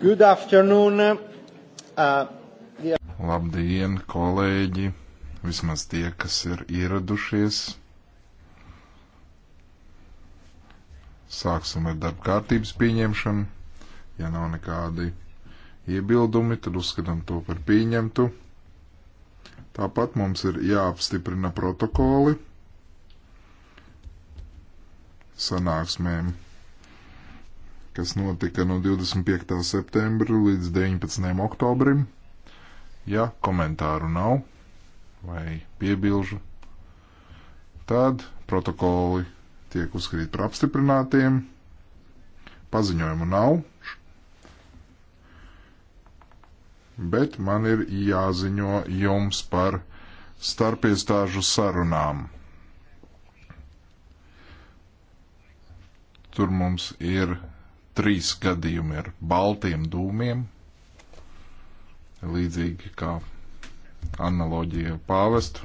Good afternoon. Uh, yeah. Labdien, kolēģi, vismaz tie, kas ir ieradušies. Sāksim ar darba kārtības pieņemšanu. Ja nav nekādi iebildumi, tad uzskatām to par pieņemtu. Tāpat mums ir jāapstiprina protokoli sanāksmēm kas notika no 25. septembra līdz 19. oktobrim. Ja komentāru nav vai piebilžu, tad protokoli tiek uzskatīti par apstiprinātiem. Paziņojumu nav, bet man ir jāziņo jums par starpiestāžu sarunām. Tur mums ir Trīs gadījumi ar baltiem dūmiem, līdzīgi kā analoģija pāvestu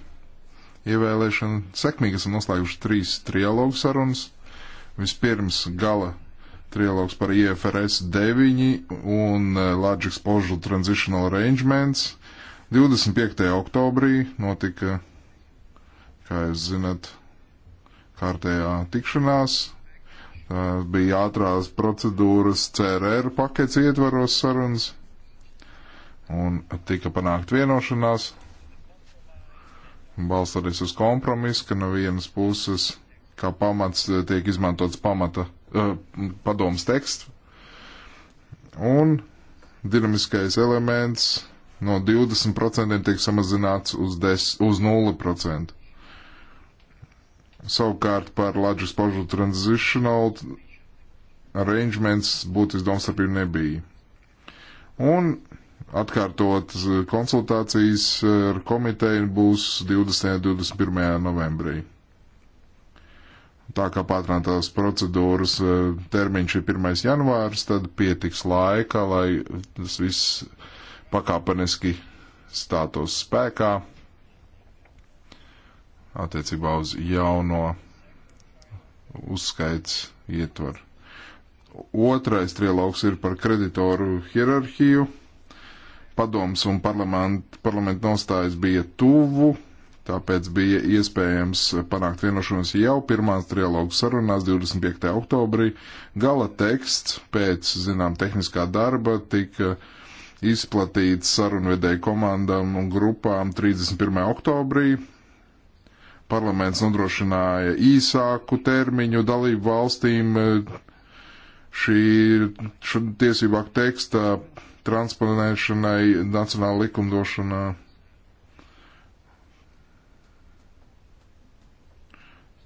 ievēlēšana. Sekmīgi esam noslēguši trīs trialogu sarunas. Vispirms gala trialogs par IFRS 9 un e, Large Exposure Transitional Arrangements. 25. oktobrī notika, kā jūs zinat, kārtējā tikšanās Eh, bija ātrās procedūras CRR pakets ietvaros sarunas un tika panākt vienošanās. Balstoties uz kompromisu, ka no vienas puses, kā pamats, eh, tiek izmantots pamata uh, eh, padoms teksts un dinamiskais elements no 20% tiek samazināts uz, 10, uz 0%. Savukārt par Large Exposure Transitional Arrangements būtis domstarpību nebija. Un atkārtot konsultācijas ar komiteju būs 20. un 21. novembrī tā kā pātrinātās procedūras e, termiņš ir 1. janvārs, tad pietiks laika, lai tas viss pakāpeniski stātos spēkā attiecībā uz jauno uzskaits ietvaru. Otrais trialogs ir par kreditoru hierarhiju. Padoms un parlamenta parlament nostājas bija tuvu, tāpēc bija iespējams panākt vienošanos jau pirmās trialogu sarunās 25. oktobrī. Gala teksts pēc, zinām, tehniskā darba tika izplatīts sarunvedēju komandām un grupām 31. oktobrī, parlaments nodrošināja īsāku termiņu dalību valstīm e, šī, šī tiesību akta teksta transponēšanai nacionāla likumdošanā.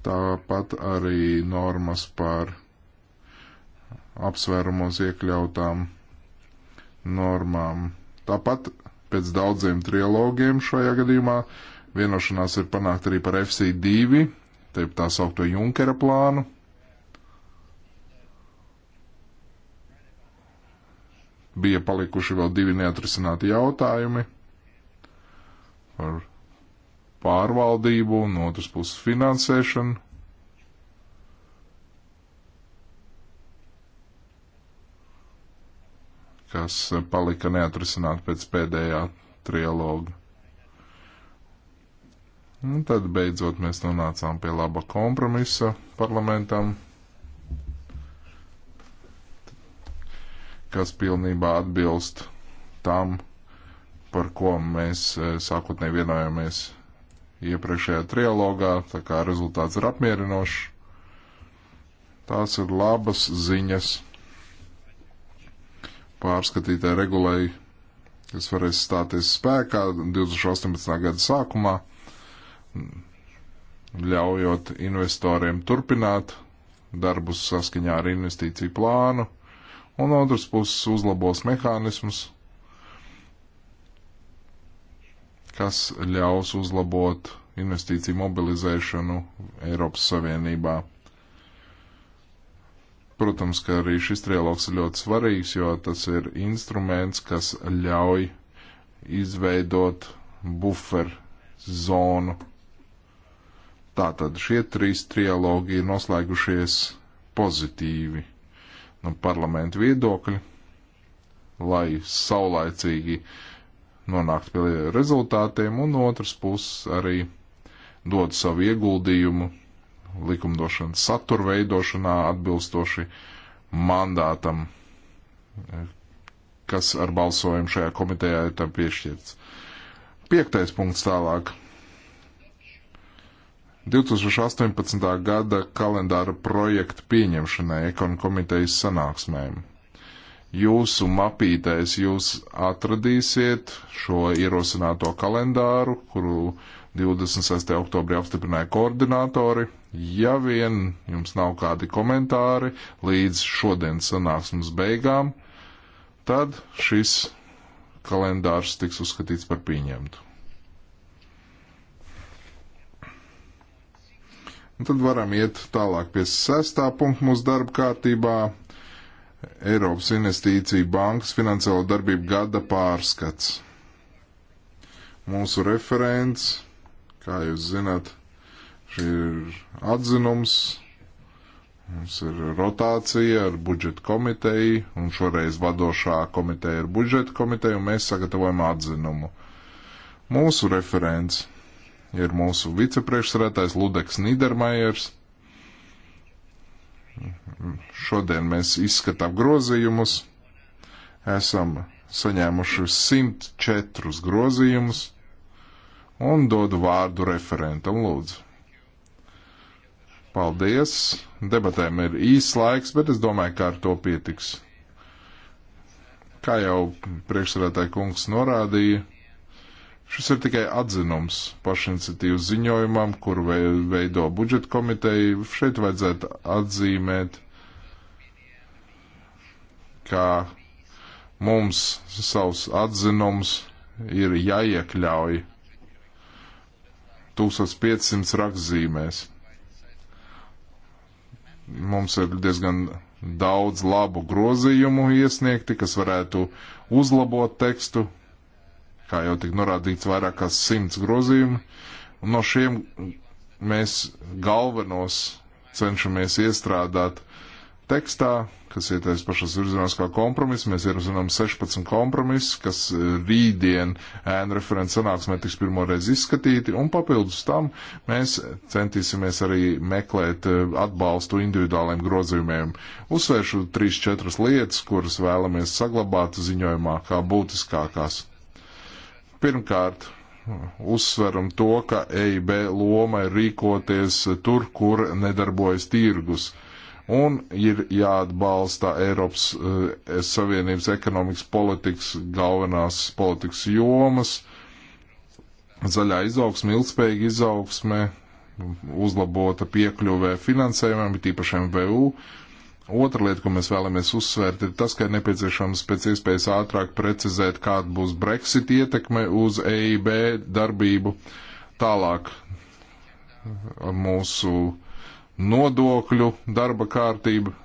Tāpat arī normas par apsvērumos iekļautām normām. Tāpat pēc daudziem trilogiem šajā gadījumā uh, Vienošanās ir panākt arī par FC2, teip tā saukto Junkera plānu. Bija palikuši vēl divi neatrisināti jautājumi par pārvaldību un no otras puses finansēšanu. kas palika neatrisināt pēc pēdējā trialoga. Un tad beidzot mēs nonācām pie laba kompromisa parlamentam, kas pilnībā atbilst tam, par ko mēs e, sākotnēji vienojāmies iepriekšējā trialogā, tā kā rezultāts ir apmierinošs. Tās ir labas ziņas pārskatītāji regulēji, kas varēs stāties spēkā 2018. gada sākumā. Mm. ļaujot investoriem turpināt darbus saskaņā ar investīciju plānu, un otrs puses uzlabos mehānismus, kas ļaus uzlabot investīciju mobilizēšanu Eiropas Savienībā. Protams, ka arī šis trialogs ir ļoti svarīgs, jo tas ir instruments, kas ļauj izveidot buferu zonu Tātad šie trīs trialogi ir noslēgušies pozitīvi no parlamenta viedokļa, lai saulaicīgi nonāktu pie rezultātiem, un otrs puses arī dod savu ieguldījumu likumdošanas satura veidošanā atbilstoši mandātam, kas ar balsojumu šajā komitejā ir tam piešķirts. Piektais punkts tālāk 2018. gada kalendāra projekta pieņemšanai ekonu komitejas sanāksmēm. Jūsu mapītēs jūs atradīsiet šo ierosināto kalendāru, kuru 26. oktobrī apstiprināja koordinātori. Ja vien jums nav kādi komentāri līdz šodienas sanāksmes beigām, tad šis kalendārs tiks uzskatīts par pieņemtu. Un tad varam iet tālāk pie sestā punkta mūsu darba kārtībā. Eiropas Investīcija Bankas finansiālo darbību gada pārskats. Mūsu referents, kā jūs zināt, šī ir atzinums, mums ir rotācija ar budžeta komiteju, un šoreiz vadošā komiteja ir budžeta komiteja, un mēs sagatavojam atzinumu. Mūsu referents ir mūsu vicepriekšsarētājs Ludeks Nidermajers. Šodien mēs izskatām grozījumus. Esam saņēmuši 104 grozījumus un dodu vārdu referentam lūdzu. Paldies! Debatēm ir īsts laiks, bet es domāju, ka ar to pietiks. Kā jau priekšsarētāja kungs norādīja, Šis ir tikai atzinums pašiniciatīvas ziņojumam, kur veido budžeta komiteju. Šeit vajadzētu atzīmēt, ka mums savs atzinums ir jāiekļauj 1500 rakstzīmēs. Mums ir diezgan daudz labu grozījumu iesniegti, kas varētu uzlabot tekstu, kā jau tik norādīts, vairāk kā simts grozījumu. Un no šiem mēs galvenos cenšamies iestrādāt tekstā, kas ietais pašas virzienās kā kompromiss. Mēs ierosinām 16 kompromisus, kas eh, rītdien ēnu referents sanāksmē tiks pirmoreiz izskatīti, un papildus tam mēs centīsimies arī meklēt eh, atbalstu individuāliem grozījumiem. Uzsvēršu 3-4 lietas, kuras vēlamies saglabāt ziņojumā kā būtiskākās. Pirmkārt, uzsveram to, ka EIB loma ir rīkoties tur, kur nedarbojas tirgus. Un ir jāatbalsta Eiropas eh, Savienības ekonomikas politikas galvenās politikas jomas, zaļā izaugsme, ilgspējīga izaugsme, uzlabota piekļuvē finansējumam, it īpašiem VU, uh, Otra lieta, ko mēs vēlamies uzsvērt, ir tas, ka ir nepieciešams pēc iespējas ātrāk precizēt, kāda būs Brexit ietekme uz EIB darbību tālāk mūsu nodokļu darba kārtība.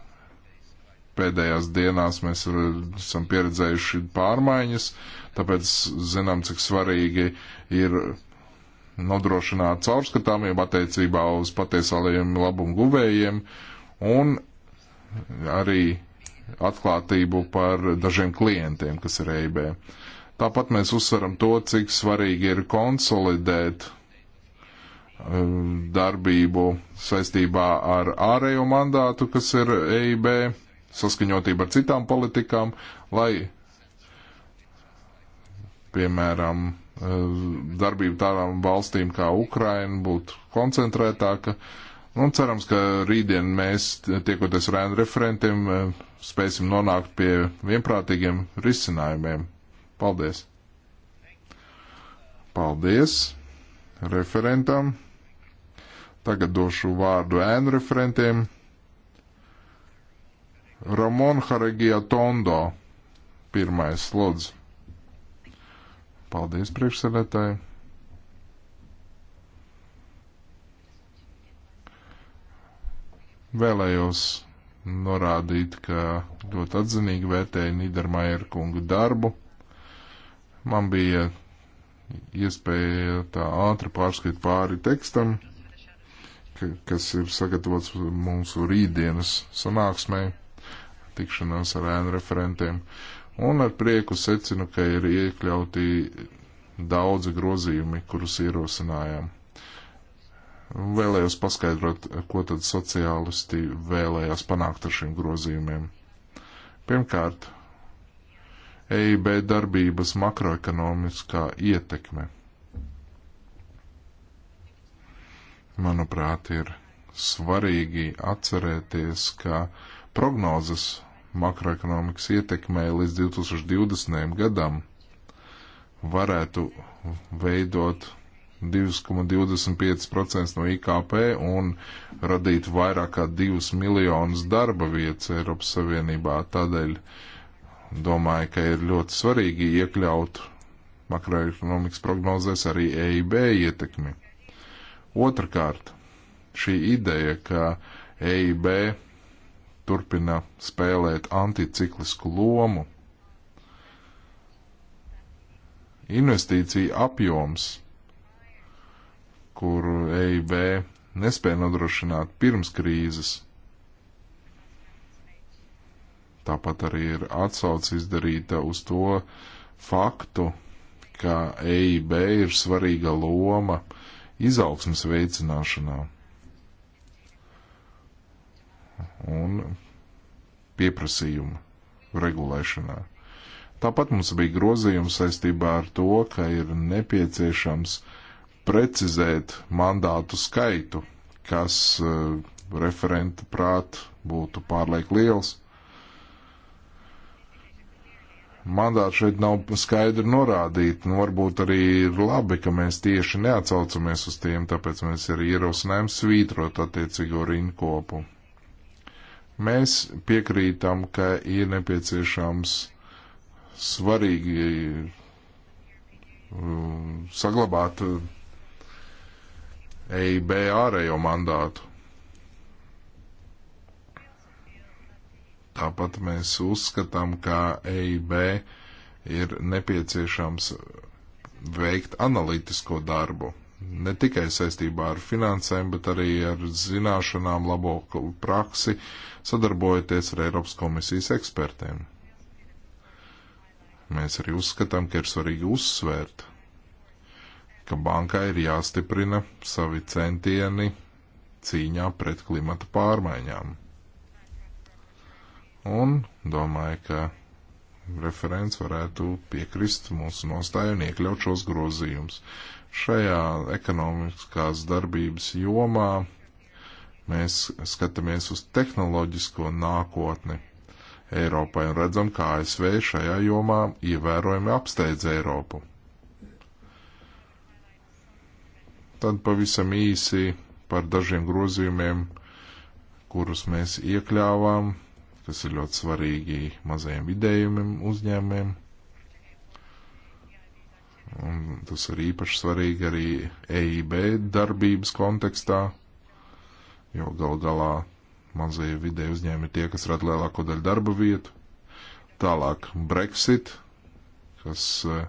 Pēdējās dienās mēs esam pieredzējuši pārmaiņas, tāpēc zinām, cik svarīgi ir nodrošināt caurskatāmību attiecībā uz patiesālajiem labumu guvējiem un arī atklātību par dažiem klientiem, kas ir EIB. Tāpat mēs uzsveram to, cik svarīgi ir konsolidēt um, darbību saistībā ar ārējo mandātu, kas ir EIB, saskaņotība ar citām politikām, lai, piemēram, uh, darbība tādām valstīm kā Ukraina būtu koncentrētāka. Uh, Un nu, cerams, ka rītdien mēs, tiekoties ar ēnu referentiem, eh, spēsim nonākt pie vienprātīgiem risinājumiem. Paldies! Paldies referentam! Tagad došu vārdu ēnu referentiem. Ramon Haragija Tondo, pirmais slodz. Paldies priekšsēdētāji. Vēlējos norādīt, ka ļoti atzinīgi vērtēju Nīdermajer kungu darbu. Man bija iespēja tā ātri pārskatīt pāri tekstam, kas ir sagatavots mūsu rītdienas sanāksmē, tikšanās ar ēnu referentiem. Un ar prieku secinu, ka ir iekļauti daudzi grozījumi, kurus ierosinājām vēlējos paskaidrot, ko tad sociālisti vēlējās panākt ar šiem grozījumiem. Pirmkārt, EIB darbības makroekonomiskā ietekme. Manuprāt, ir svarīgi atcerēties, ka prognozes makroekonomikas ietekmē līdz 2020. gadam varētu veidot 2,25% no IKP un radītu vairāk kā 2 miljonus darba vietas Eiropas Savienībā. Tādēļ domāju, ka ir ļoti svarīgi iekļaut makroekonomikas prognozēs arī EIB ietekmi. Otrakārt, šī ideja, ka EIB turpina spēlēt anticiklisku lomu, investīcija apjoms kuru EIB nespēja nodrošināt pirms krīzes. Tāpat arī ir atsauce izdarīta uz to faktu, ka EIB ir svarīga loma izaugsmas veicināšanā. Un pieprasījuma regulēšanā. Tāpat mums bija grozījums saistībā ar to, ka ir nepieciešams uh, precizēt mandātu skaitu, kas e, referenta prāt būtu pārliek liels. Mandāti šeit nav skaidri norādīti, nu varbūt arī ir labi, ka mēs tieši neatsaucamies uz tiem, tāpēc mēs arī ierosinājām svītrot attiecīgo rinkopu. Mēs piekrītam, ka ir nepieciešams svarīgi um, saglabāt EIB ārējo mandātu. Tāpat mēs uzskatām, ka EIB ir nepieciešams veikt analītisko darbu. Ne tikai saistībā ar finansēm, bet arī ar zināšanām, labo praksi, sadarbojoties ar Eiropas komisijas ekspertiem. Mēs arī uzskatām, ka ir svarīgi uzsvērt, ka bankai ir jāstiprina savi centieni cīņā pret klimata pārmaiņām. Un domāju, ka referents varētu piekrist mūsu nostāju un iekļaut šos grozījumus. Šajā ekonomiskās darbības jomā mēs skatāmies uz tehnoloģisko nākotni Eiropai un redzam, kā ASV šajā jomā ievērojami apsteidz Eiropu. Tad pavisam īsi par dažiem grozījumiem, kurus mēs iekļāvām, kas ir ļoti svarīgi mazajiem vidējumiem uzņēmumiem. Un tas ir īpaši svarīgi arī EIB darbības kontekstā, jo gal galā mazie vidēji uzņēmumi ir tie, kas rada lielāko daļu darba vietu. Tālāk Brexit, kas uh,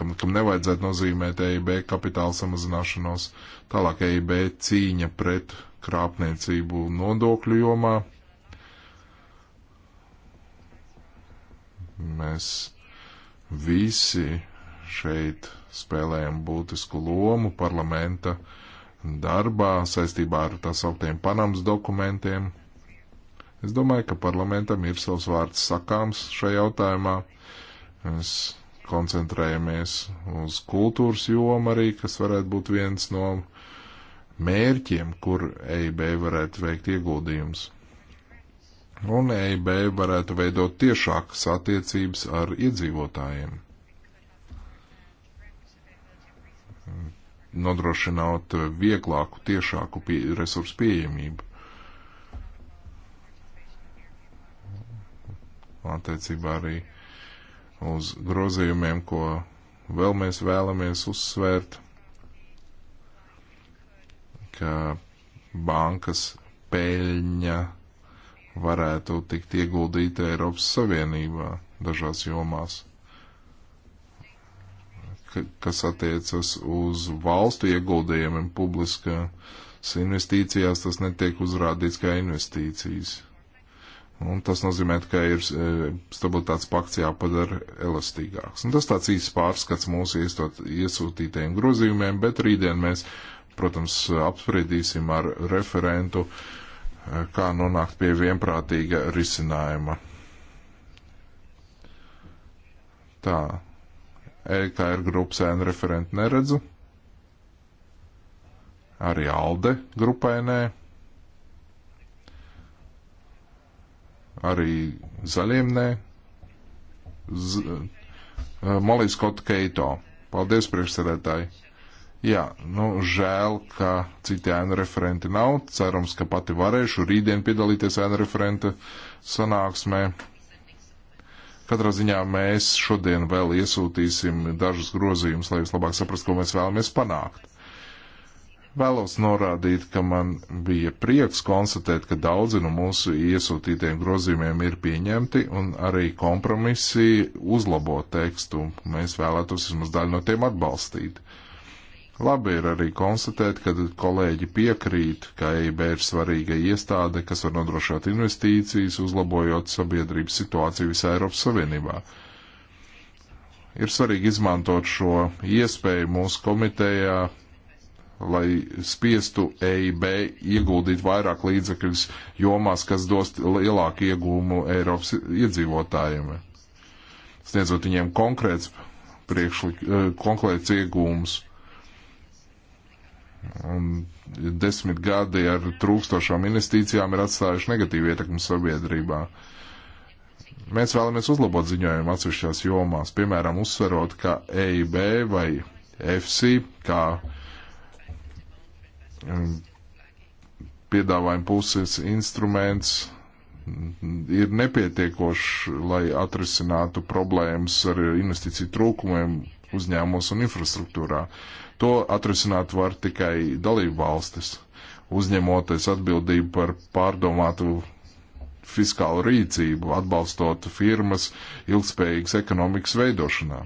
kam, kam nevajadzētu nozīmēt EIB kapitāla samazināšanos, tālāk EIB cīņa pret krāpniecību nodokļu jomā. Mēs visi šeit spēlējam būtisku lomu parlamenta darbā saistībā ar tā sauktiem Panamas dokumentiem. Es domāju, ka parlamentam ir savs vārds sakāms šajā jautājumā. Es koncentrējamies uz kultūras jomu arī, kas varētu būt viens no mērķiem, kur EIB varētu veikt ieguldījums. Un EIB varētu veidot tiešākas attiecības ar iedzīvotājiem. Nodrošinot vieglāku, tiešāku pie, resursu pieejamību. Attiecībā arī uh, uz grozījumiem, ko vēl mēs vēlamies uzsvērt, ka bankas peļņa varētu tikt ieguldīta Eiropas Savienībā dažās jomās, kas attiecas uz valstu ieguldījumiem publiskās investīcijās, tas netiek uzrādīts kā investīcijas. Un tas nozīmē, ka ir e, stabilitātes pakts jāpadara elastīgāks. Un tas tāds īsts pārskats mūsu iestot, iesūtītajiem grozījumiem, bet rītdien mēs, protams, apspriedīsim ar referentu, e, kā nonākt pie vienprātīga risinājuma. Tā, EKR grupas ēnu referentu neredzu. Arī ALDE grupai nē. Ne arī zaļiem nē. Z, eh, Molijas Kotu Keito. Paldies, priekšsēdētāji. Jā, nu, žēl, ka citi ēnu referenti nav. Cerams, ka pati varēšu rītdien piedalīties ēnu referenta sanāksmē. Katrā ziņā mēs šodien vēl iesūtīsim dažus grozījumus, lai jūs labāk saprastu, ko mēs vēlamies panākt. Vēlos norādīt, ka man bija prieks konstatēt, ka daudzi no mūsu iesūtītiem grozījumiem ir pieņemti un arī kompromisi uzlabo tekstu. Mēs vēlētos vismaz daļu no tiem atbalstīt. Labi ir arī konstatēt, ka kolēģi piekrīt, ka EIB ir svarīga iestāde, kas var nodrošināt investīcijas, uzlabojot sabiedrības situāciju visā Eiropas Savienībā. Ir svarīgi izmantot šo iespēju mūsu komitejā lai spiestu EIB ieguldīt vairāk līdzekļus jomās, kas dos lielāku iegūmu Eiropas iedzīvotājiem, sniedzot viņiem konkrēts priekšlik, eh, konkrēts iegūmus. Un desmit gadi ar trūkstošām investīcijām ir atstājuši negatīvu ietekmi sabiedrībā. Mēs vēlamies uzlabot ziņojumu atsevišķās jomās, piemēram, uzsverot, ka EIB vai FC, kā uh, piedāvājuma puses instruments ir nepietiekošs, lai atrisinātu problēmas ar investīciju trūkumiem uzņēmumos un infrastruktūrā. To atrisināt var tikai dalību valstis, uzņemoties atbildību par pārdomātu fiskālu rīcību, atbalstot firmas ilgspējīgas ekonomikas veidošanā.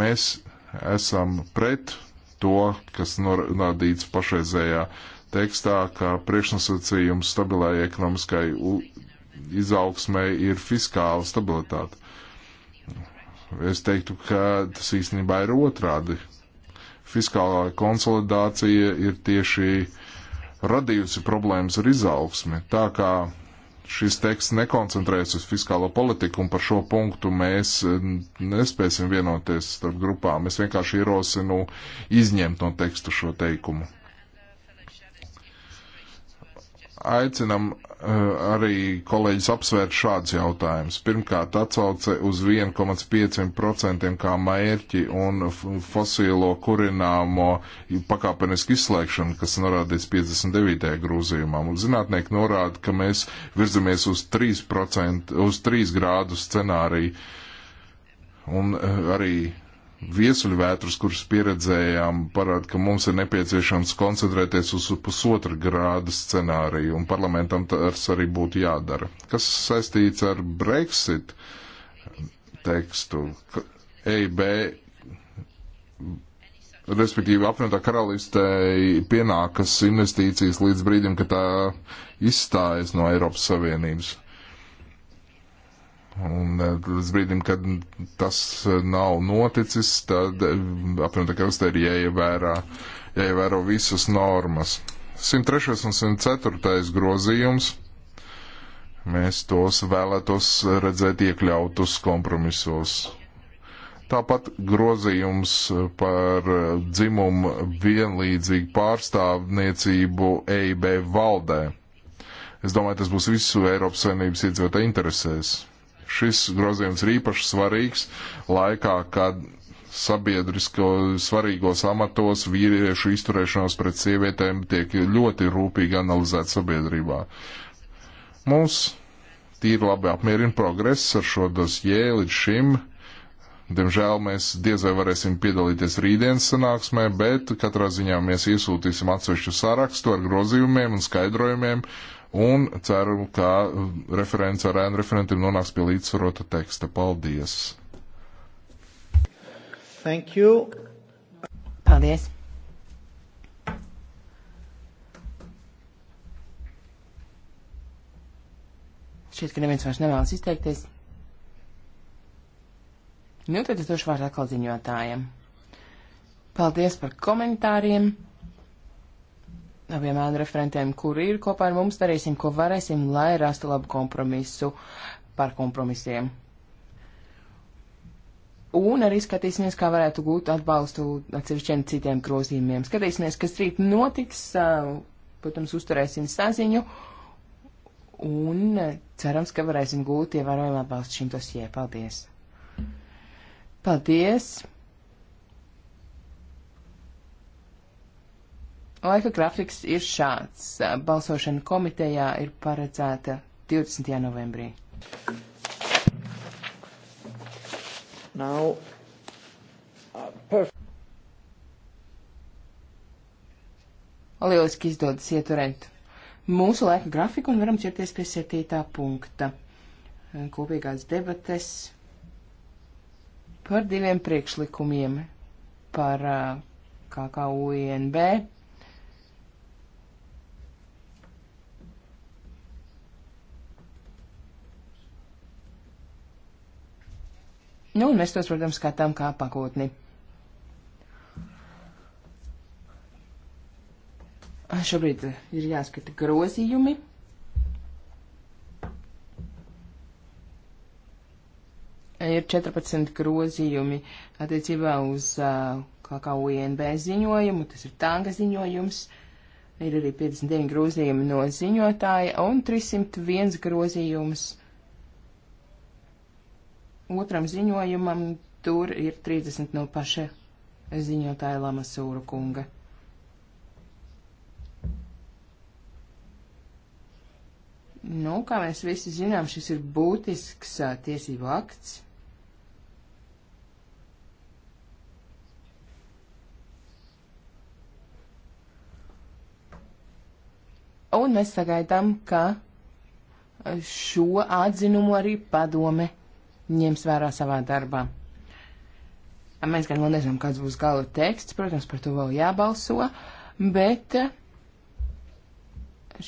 Mēs esam pret to, kas norādīts pašreizējā tekstā, ka priekšnosacījums stabilai ekonomiskai izaugsmai ir fiskāla stabilitāte. Es teiktu, ka tas īstenībā ir otrādi. Fiskālā konsolidācija ir tieši radījusi problēmas ar izaugsmi. Tā kā šis teksts nekoncentrējas uz fiskālo politiku, un par šo punktu mēs eh, nespēsim vienoties starp grupām. Es vienkārši ierosinu izņemt no teksta šo teikumu. Aicinam eh, arī kolēģis apsvērt šādus jautājumus. Pirmkārt, atsauce uz 1,5% kā mērķi un fosīlo kurināmo pakāpenisku izslēgšanu, kas norādīts 59. grūzījumā. Un zinātnieki norāda, ka mēs virzamies uz 3%, uz 3 grādu scenāriju. Un eh, arī viesuļvētrus, kurus pieredzējām, parāda, ka mums ir nepieciešams koncentrēties uz pusotra grāda scenāriju, un parlamentam tas arī būtu jādara. Kas saistīts ar Brexit tekstu? EIB, respektīvi apvienotā karalistē pienākas investīcijas līdz brīdim, kad tā izstājas no Eiropas Savienības. Un eh, līdz brīdim, kad tas eh, nav noticis, tad eh, apvienotā karalistē ir jāievērā, jāievēro visas normas. 103. un 104. grozījums. Mēs tos vēlētos redzēt iekļautus kompromisos. Tāpat grozījums par dzimumu vienlīdzīgu pārstāvniecību EIB valdē. Es domāju, tas būs visu Eiropas Savienības iedzīvotāju interesēs. Šis grozījums ir īpaši svarīgs laikā, kad sabiedrisko svarīgos amatos vīriešu izturēšanos pret sievietēm tiek ļoti rūpīgi analizēta sabiedrībā. Mums tīri labi apmierina progress ar šo dosjē līdz šim. Diemžēl mēs diez vai varēsim piedalīties rītdienas sanāksmē, bet katrā ziņā mēs iesūtīsim atsevišķu sarakstu ar grozījumiem un skaidrojumiem, un ceru, ka referents ar ēnu referentiem nonāks pie līdzsvarota teksta. Paldies! Thank you! Paldies! Šķiet, ka neviens vairs nevēlas izteikties. Nu, tad es došu vārdu atkal ziņotājiem. Paldies par komentāriem! abiem ēnu referentiem, kuri ir kopā ar mums, darīsim, ko varēsim, lai rastu labu kompromisu par kompromisiem. Un arī skatīsimies, kā varētu gūt atbalstu atsevišķiem citiem grozījumiem. Skatīsimies, kas rīt notiks, protams, uzturēsim saziņu un cerams, ka varēsim gūt ievērojumu atbalstu šim dosijai. Paldies! Paldies! Laika grafiks ir šāds. Balsošana komitejā ir paredzēta 20. novembrī. Now, uh, Lieliski izdodas ieturēt mūsu laika grafiku un varam ķerties pie 7. punkta. Kopīgās debates par diviem priekšlikumiem par uh, KKUNB Nu, un mēs tos, protams, skatām kā pakotni. Ah, šobrīd eh, ir jāskata grozījumi. Ir 14 grozījumi attiecībā uz eh, kakao UNB ziņojumu, tas ir tanga ziņojums. Ir arī 59 grozījumi no ziņotāja un 301 grozījums Otram ziņojumam tur ir 30 no paša ziņotāja Lamasūra kunga. Nu, kā mēs visi zinām, šis ir būtisks tiesību akts. Un mēs sagaidām, ka šo atzinumu arī padome ņems vērā savā darbā. Mēs gan vēl nezinām, kāds būs gala teksts, protams, par to vēl jābalso, bet eh,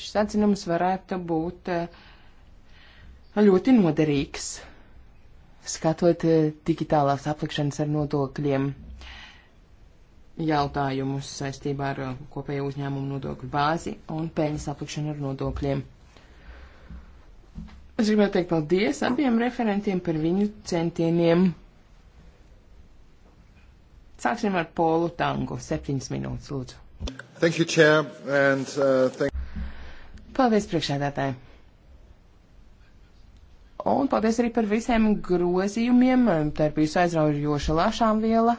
šis atzinums varētu būt eh, ļoti noderīgs, skatot eh, digitālās aplikšanas ar nodokļiem jautājumus saistībā ar kopējo uzņēmumu nodokļu bāzi un peļņas aplikšanu ar nodokļiem. Es gribētu teikt paldies abiem referentiem par viņu centieniem. Sāksim ar Polu Tangu. Septiņas minūtes, lūdzu. Thank you, Chair, and, uh, thank... Paldies priekšādātāji. Un paldies arī par visiem grozījumiem. Tā ir bijusi aizraujoša lašām viela.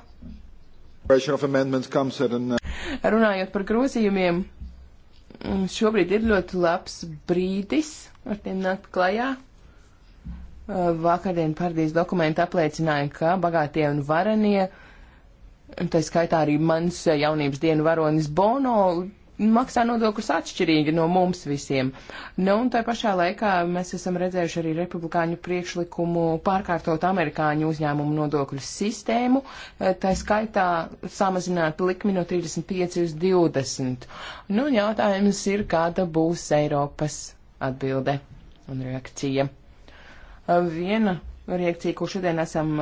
An... Uh, Runājot par grozījumiem, šobrīd ir ļoti labs brīdis ar tiem nākt klajā. Uh, vakardien pārdīs dokumenti apliecināja, ka bagātie un varenie, tā skaitā arī mans jaunības dienu varonis Bono, maksā nodokļus atšķirīgi no mums visiem. Nu, un tā pašā laikā mēs esam redzējuši arī republikāņu priekšlikumu pārkārtot amerikāņu uzņēmumu nodokļu sistēmu, uh, tā skaitā samazināt likmi no 35 uz 20. Nu, jautājums ir, kāda būs Eiropas atbilde un reakcija. Viena reakcija, ko šodien esam,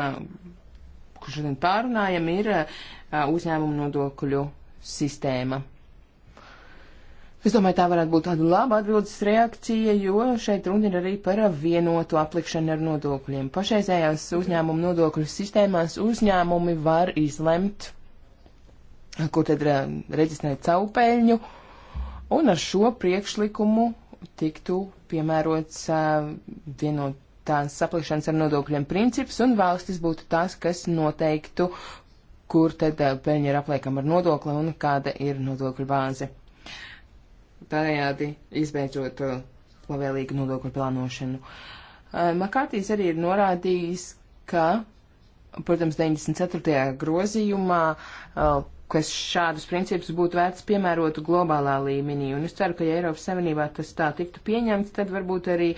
ko šodien pārunājam, ir uzņēmumu nodokļu sistēma. Es domāju, tā varētu būt tāda laba atbildes reakcija, jo šeit runa ir arī par vienotu aplikšanu ar nodokļiem. Pašreizējās uzņēmumu nodokļu sistēmās uzņēmumi var izlemt, kur tad reģistrēt savu peļņu, un ar šo priekšlikumu tiktu piemērots vienotās saplikšanas ar nodokļiem princips, un valstis būtu tās, kas noteiktu, kur tad peļņa ir apliekama ar nodokli un kāda ir nodokļu bāze. Tādējādi izbeidzot labvēlīgu nodokļu plānošanu. Makārtīs arī ir norādījis, ka, protams, 94. grozījumā ka šādus principus būtu vērts piemērot globālā līmenī. Un es ceru, ka ja Eiropas Savienībā tas tā tiktu pieņemts, tad varbūt arī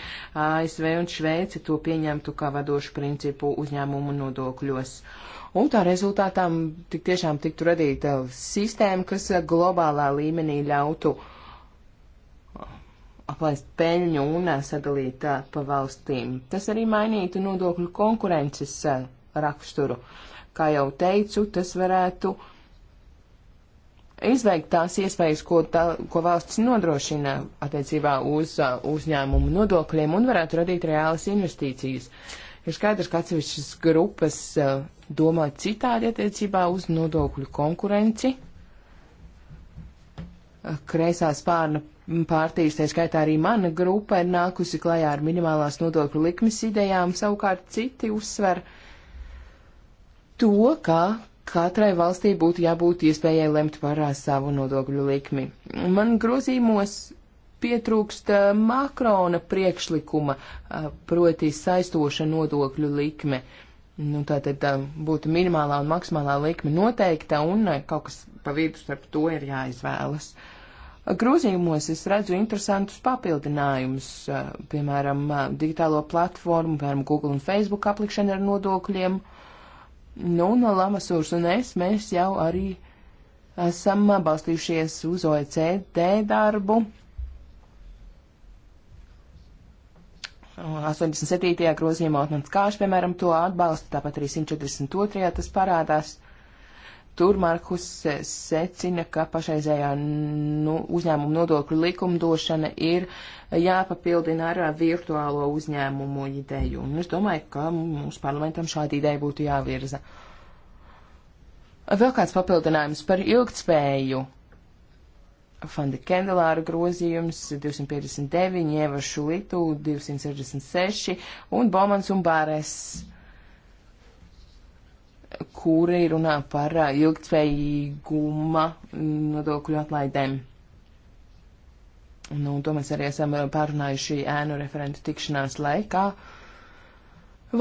ASV un Šveici to pieņemtu kā vadošu principu uzņēmumu nodokļos. Un tā rezultātā tik tiešām tiktu radīta sistēma, kas globālā līmenī ļautu aplaist peļņu un sadalīt pa valstīm. Tas arī mainītu nodokļu konkurences raksturu. Kā jau teicu, tas varētu uh, izveikt tās iespējas, ko, tā, ko valsts nodrošina attiecībā uz uh, uzņēmumu nodokļiem un varētu radīt reālas investīcijas. Ir skaidrs, ka atsevišķas grupas uh, domā citādi attiecībā uz nodokļu konkurenci. Uh, kreisā spārna pārtīrs, tā skaitā arī mana grupa, ir nākusi klajā ar minimālās nodokļu likmes idejām, savukārt citi uzsver to, ka katrai valstī būtu jābūt iespējai lemt par savu nodokļu likmi. Man grozījumos pietrūkst Makrona priekšlikuma, proti saistoša nodokļu likme. Nu, tā tad būtu minimālā un maksimālā likme noteikta, un kaut kas pa vidu starp to ir jāizvēlas. Grozījumos es redzu interesantus papildinājumus, piemēram, digitālo platformu, piemēram, Google un Facebook aplikšana ar nodokļiem. Uh, Nu, no Lamasūras un es, mēs jau arī esam balstījušies uz OECD darbu. 87. grozījumā Otmans Kāš, piemēram, to atbalsta, tāpat arī 142. tas parādās. Tur Markus eh, secina, ka pašreizējā nu, uzņēmuma nodokļu likumdošana ir eh, jāpapildina ar eh, virtuālo uzņēmumu ideju. Un es domāju, ka mums parlamentam šāda ideja būtu jāvirza. Vēl kāds papildinājums par ilgtspēju. Fanda Kendelāra grozījums 259, Ievašu Litu 266 un Bomans un Bāres kūrei runā par ilgtspējīguma nodokļu atlaidēm. Nu, to mēs arī esam pārunājuši ēnu referentu tikšanās laikā.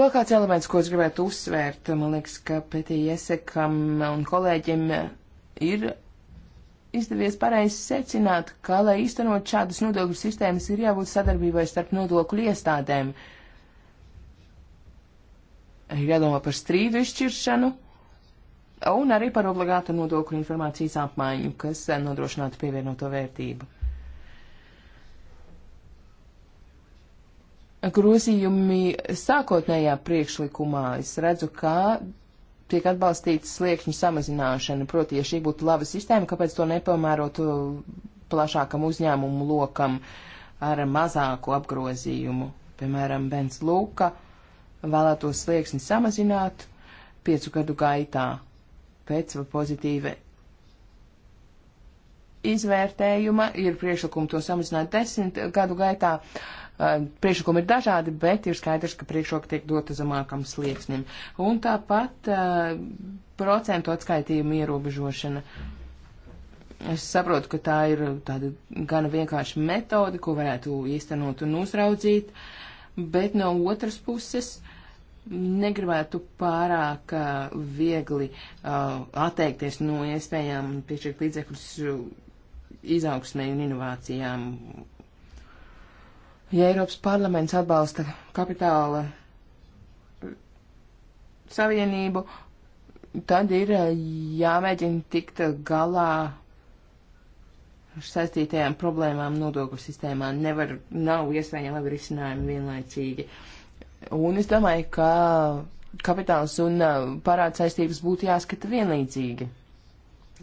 Vēl kāds elements, ko es gribētu uzsvērt, man liekas, ka pētī iesakam un kolēģim ir izdevies pareizi secināt, ka, lai īstenot šādas nodokļu sistēmas, ir jābūt sadarbībai starp nodokļu iestādēm. Uh, ir jādomā par strīdu izšķiršanu un arī par obligātu nodokļu informācijas apmaiņu, kas eh, nodrošinātu pievienoto vērtību. Grozījumi sākotnējā priekšlikumā es redzu, ka tiek atbalstīta sliekšņa samazināšana. Proti, ja šī būtu laba sistēma, kāpēc to nepamērotu plašākam uzņēmumu lokam ar mazāku apgrozījumu? Piemēram, Bens Lūka vēlētos slieksni samazināt piecu gadu gaitā pēc pozitīva izvērtējuma. Ir priekšlikumi to samazināt desmit gadu gaitā. Priekšlikumi ir dažādi, bet ir skaidrs, ka priekšroka tiek dota zemākam slieksnim. Un tāpat uh, procentu atskaitījumu ierobežošana. Es saprotu, ka tā ir tāda gana vienkārša metode, ko varētu īstenot un uzraudzīt, bet no otras puses negribētu pārāk uh, viegli uh, atteikties no iespējām piešķirt līdzekļus izaugsmē un inovācijām. Ja Eiropas parlaments atbalsta kapitāla savienību, tad ir uh, jāmēģina tikt galā saistītajām problēmām nodokļu sistēmā. Nevar, nav iespējami labi risinājumi vienlaicīgi. Uh, Un es domāju, ka kapitāls un uh, parāds saistības būtu jāskata vienlīdzīgi.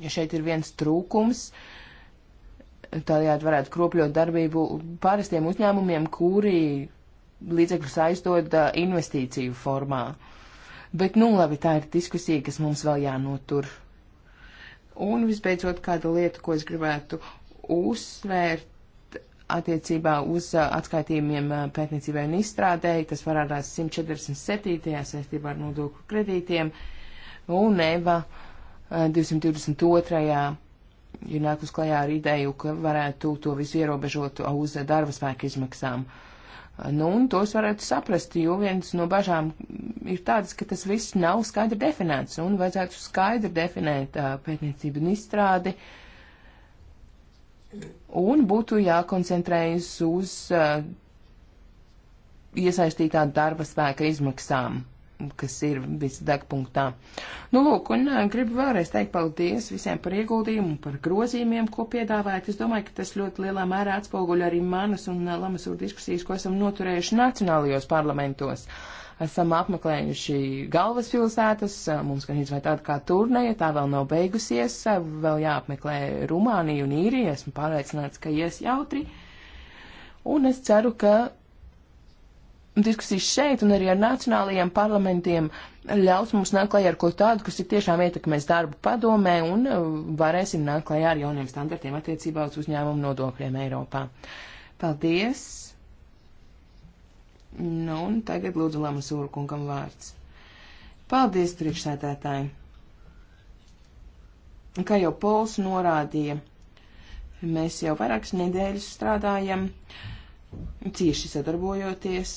Ja šeit ir viens trūkums, tādējādi varētu kropļot darbību pārestiem uzņēmumiem, kuri līdzekļus aizdod uh, investīciju formā. Bet, nu, labi, tā ir diskusija, kas mums vēl jānotur. Un visbeidzot, kāda lieta, ko es gribētu uzsvērt, attiecībā uz atskaitījumiem pētniecībai un izstrādēji, kas parādās 147. saistībā ar nodokļu kredītiem, un Eva 222. ir nākus klajā ar ideju, ka varētu to visu ierobežot uz darba spēku izmaksām. Nu, un tos varētu saprast, jo viens no bažām ir tāds, ka tas viss nav skaidri definēts, un vajadzētu skaidri definēt pētniecību un izstrādi. Uh, un būtu jākoncentrējas uz uh, iesaistītā darba spēka izmaksām, kas ir visdegpunktā. Nu, lūk, un uh, gribu vēlreiz teikt paldies visiem par ieguldījumu, par grozījumiem, ko piedāvājat. Es domāju, ka tas ļoti lielā mērā atspoguļo arī manas un uh, Lamasūra diskusijas, ko esam noturējuši nacionālajos parlamentos. Uh, esam apmeklējuši galvaspilsētas, mums gan izvēl tāda kā turneja, tā vēl nav beigusies, vēl jāapmeklē Rumānija un Īrija, esmu pārliecināts, ka ies jautri. Un es ceru, ka diskusijas šeit un arī ar nacionālajiem parlamentiem ļaus mums nākt klajā ar ko tādu, kas ir tiešām ietekmēs darbu padomē un varēsim nākt klajā ar jauniem standartiem attiecībā uz uzņēmumu nodokļiem Eiropā. Paldies! Nu, un tagad lūdzu Lamasūru kungam vārds. Paldies, priekšsētētāji! Kā jau Pols norādīja, mēs jau vairākas nedēļas strādājam, cieši sadarbojoties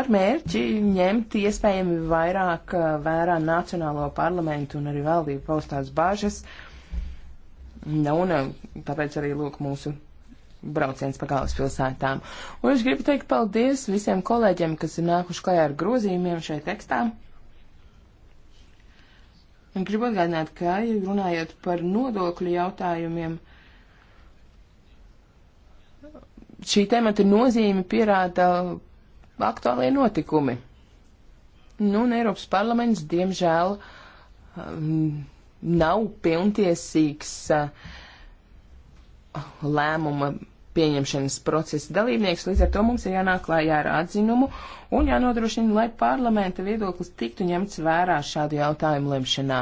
ar mērķi ņemt iespējami vairāk eh, vērā Nacionālo parlamentu un arī valdību paustās bāžas. Nu, un eh, tāpēc arī lūk mūsu brauciens pa galvaspilsētām. Un es gribu teikt paldies visiem kolēģiem, kas ir nākuši klajā ar grozījumiem šeit tekstā. Un gribu atgādināt, ka runājot par nodokļu jautājumiem, šī temata nozīme pierāda aktuālie notikumi. Nu, un Eiropas parlaments, diemžēl, um, nav pilntiesīgs uh, lēmuma pieņemšanas procesa dalībnieks, līdz ar to mums ir jānāk klājā ar atzinumu un jānodrošina, lai parlamenta viedoklis tiktu ņemts vērā šādu jautājumu lemšanā.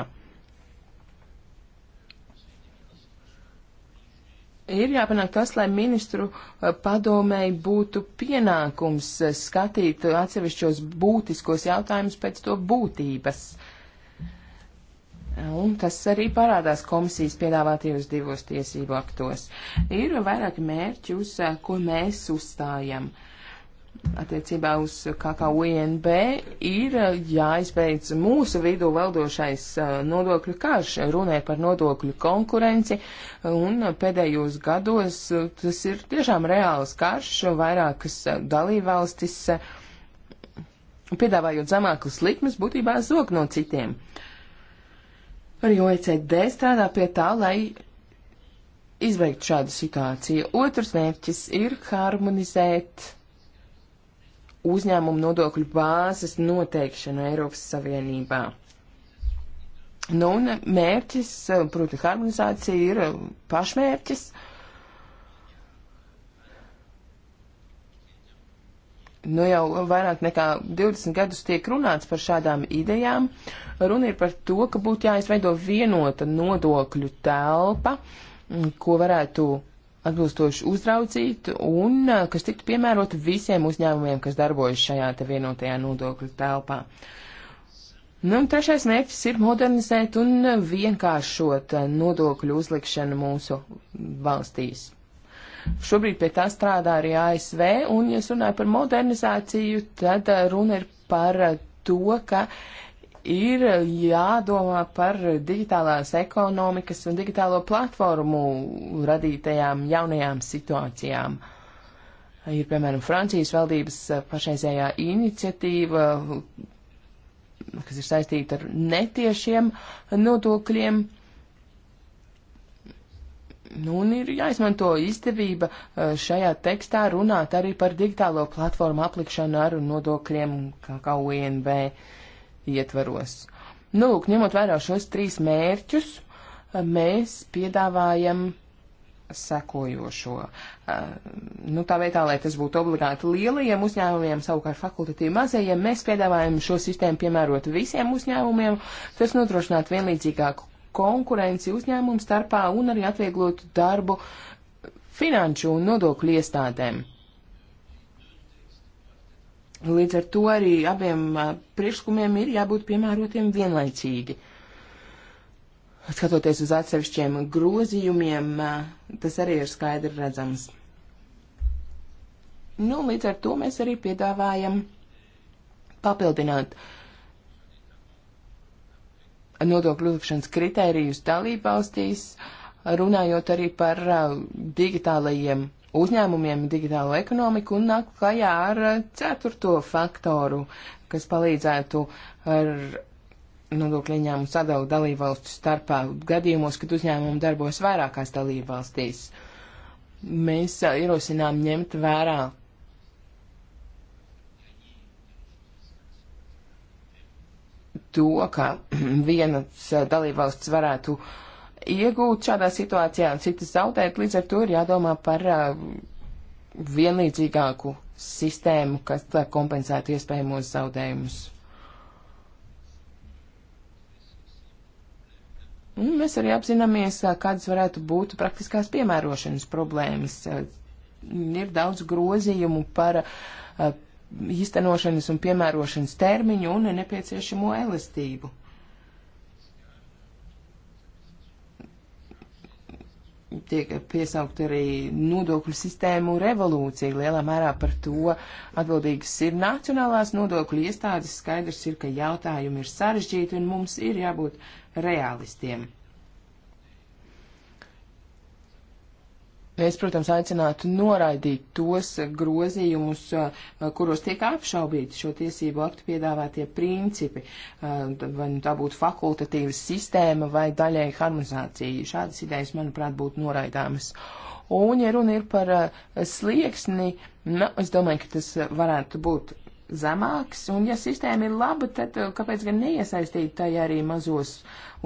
Ir jāpanāk tas, lai ministru eh, padomēji būtu pienākums eh, skatīt atsevišķos būtiskos jautājumus pēc to būtības. Uh, Un tas arī parādās komisijas piedāvātajos divos tiesību aktos. Ir vairāki mērķi, uz eh, ko mēs uzstājam. Attiecībā uz KKUNB ir eh, jāizbeidz mūsu vidū valdošais eh, nodokļu karš, runē par nodokļu konkurenci, un pēdējos gados tas ir tiešām reāls karš, vairākas dalībvalstis, piedāvājot zemākas likmes, būtībā zog no citiem. Uh, Arī OECD strādā pie tā, lai izbeigtu šādu situāciju. Otrs mērķis ir harmonizēt uzņēmumu nodokļu bāzes noteikšanu Eiropas Savienībā. Nu, un mērķis, proti, harmonizācija ir pašmērķis. Uh, Nu jau vairāk nekā 20 gadus tiek runāts par šādām idejām. Runa ir par to, ka būtu jāizveido vienota nodokļu telpa, ko varētu atbilstoši uzraudzīt un kas tiktu piemērota visiem uzņēmumiem, kas darbojas šajā te vienotajā nodokļu telpā. Nu, un trešais mērķis ir modernizēt un vienkāršot nodokļu uzlikšanu mūsu valstīs. Šobrīd pie tā strādā arī ASV, un, ja es runāju par modernizāciju, tad uh, runa ir par uh, to, ka ir jādomā par digitālās ekonomikas un digitālo platformu radītajām jaunajām situācijām. Ir, piemēram, Francijas valdības uh, pašreizējā iniciatīva, kas ir saistīta ar netiešiem nodokļiem. Nu, un ir jāizmanto izdevība e, šajā tekstā runāt arī par digitālo platformu aplikšanu ar nodokļiem, kā, kā UNB ietvaros. Nu, lūk, ņemot vērā šos trīs mērķus, e, mēs piedāvājam sekojošo. E, nu, tā vietā, lai tas būtu obligāti lielajiem uzņēmumiem, savukārt fakultatīvi mazajiem, mēs piedāvājam šo sistēmu piemērot visiem uzņēmumiem. Tas nodrošinātu vienlīdzīgāku konkurenci uzņēmumu starpā un arī atvieglotu darbu finanšu un nodokļu iestādēm. Līdz ar to arī abiem priekšlikumiem ir jābūt piemērotiem vienlaicīgi. Skatoties uz atsevišķiem grozījumiem, tas arī ir skaidri redzams. Nu, līdz ar to mēs arī piedāvājam papildināt uh, nodokļu uzlikšanas kritērijus dalībvalstīs, runājot arī par uh, digitālajiem uzņēmumiem, digitālo ekonomiku un nāk klajā ar uh, ceturto faktoru, kas palīdzētu ar nodokļu ieņēmumu sadalu dalībvalstu starpā gadījumos, kad uzņēmumi darbos vairākās dalībvalstīs. Mēs uh, ierosinām ņemt vērā to, ka vienas eh, dalībvalsts varētu iegūt šādā situācijā un citas zaudēt, līdz ar to ir jādomā par eh, vienlīdzīgāku sistēmu, kas kompensētu iespējamos zaudējumus. Un mēs arī apzināmies, eh, kādas varētu būt praktiskās piemērošanas problēmas. Ir daudz grozījumu par īstenošanas un piemērošanas termiņu un nepieciešamo elastību. Tiek piesaukt arī nodokļu sistēmu revolūcija. Lielā mērā par to atbildīgas ir nacionālās nodokļu iestādes. Skaidrs ir, ka jautājumi ir sarežģīti un mums ir jābūt realistiem. Es, protams, aicinātu noraidīt tos grozījumus, kuros tiek apšaubīti šo tiesību aktu piedāvātie principi, vai nu tā būtu fakultatīva sistēma vai daļēji harmonizācija. Šādas idejas, manuprāt, būtu noraidāmas. Un, ja runa ir par slieksni, nu, es domāju, ka tas varētu būt zemāks, un ja sistēma ir laba, tad eh, kāpēc gan neiesaistīt tajā arī mazos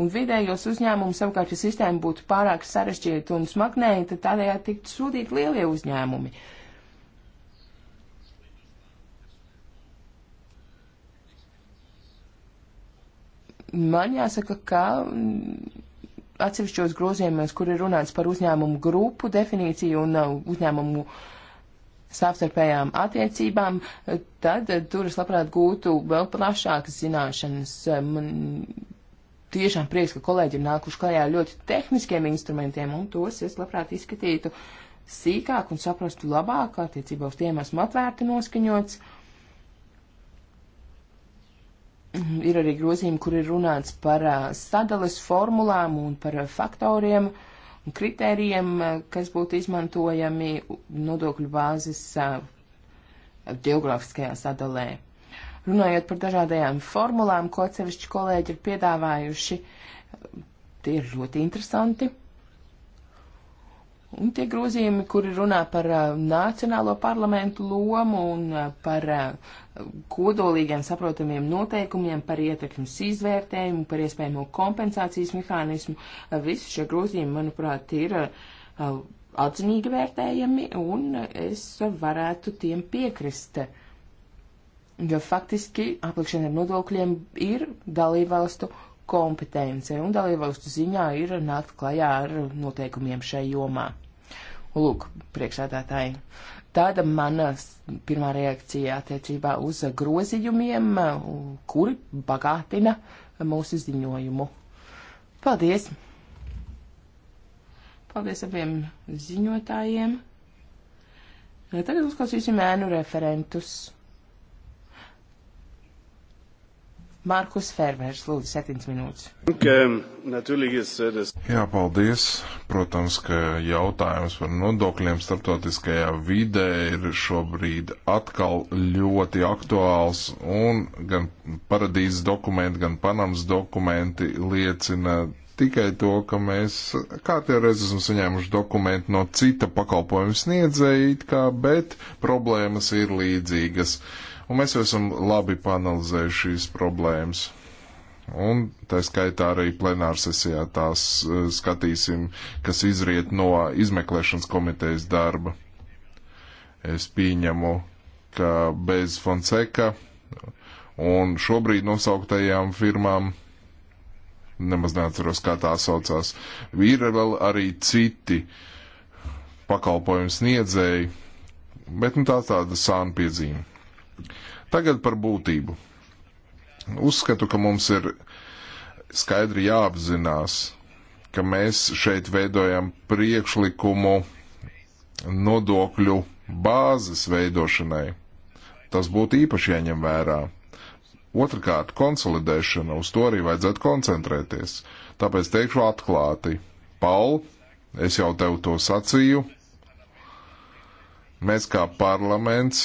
un vidējos uzņēmumus? Savukārt, ja sistēma būtu pārāk sarežģīta un smagnēja, tad tādējādi tiktu sūtīti lielie uzņēmumi. Man jāsaka, ka mm, atsevišķos grozījumos, kur ir runāts par uzņēmumu grupu definīciju un uh, uzņēmumu uh, savstarpējām attiecībām, tad eh, tur es labprāt gūtu vēl plašākas zināšanas. Eh, man tiešām prieks, ka kolēģi ir nākuši klajā ļoti tehniskiem instrumentiem, un tos es labprāt izskatītu sīkāk un saprastu labāk, attiecībā uz tiem esmu atvērti noskaņots. Ir arī grozījumi, kur ir runāts par eh, sadales formulām un par faktoriem. Uh, kritērijiem, kas būtu izmantojami nodokļu bāzes geogrāfiskajā sadalē. Runājot par dažādajām formulām, ko atsevišķi kolēģi ir piedāvājuši, tie ir ļoti interesanti. Un tie grozījumi, kuri runā par uh, nacionālo parlamentu lomu un uh, par uh, kodolīgiem saprotamiem noteikumiem par ietekmes izvērtējumu, par iespējamo kompensācijas mehānismu. Visi šie grozījumi, manuprāt, ir atzinīgi vērtējami, un es varētu tiem piekrist. Jo faktiski aplikšana ar nodokļiem ir dalībvalstu kompetence, un dalībvalstu ziņā ir nākt klajā ar noteikumiem šai jomā. Lūk, priekšādātāji, Tāda mana pirmā reakcija attiecībā uz grozījumiem, kuri bagātina mūsu ziņojumu. Paldies! Paldies abiem ziņotājiem! Tagad uzklausīsim ēnu referentus. Mārkus Fervers, lūdzu, 7 minūtes. Jā, paldies. Protams, ka jautājums par nodokļiem starptautiskajā vidē ir šobrīd atkal ļoti aktuāls, un gan paradīzes dokumenti, gan Panamas dokumenti liecina tikai to, ka mēs kārtē reiz esam saņēmuši dokumentu no cita pakalpojuma sniedzēja, bet problēmas ir līdzīgas. Uh, Un mēs jau esam labi panalizējuši šīs problēmas. Un tā skaitā arī plenārsesijā tās eh, skatīsim, kas izriet no izmeklēšanas komitejas darba. Es pieņemu, ka bez Fonseka un šobrīd nosauktajām firmām, nemaz neatceros, kā tā saucās, ir vēl arī citi pakalpojumu sniedzēji, bet nu tā tāda sāna piezīme. Tagad par būtību. Uzskatu, ka mums ir skaidri jāapzinās, ka mēs šeit veidojam priekšlikumu nodokļu bāzes veidošanai. Tas būtu īpaši jāņem vērā. Otrakārt, konsolidēšana, uz to arī vajadzētu koncentrēties. Tāpēc teikšu atklāti, Paul, es jau tev to sacīju, mēs kā parlaments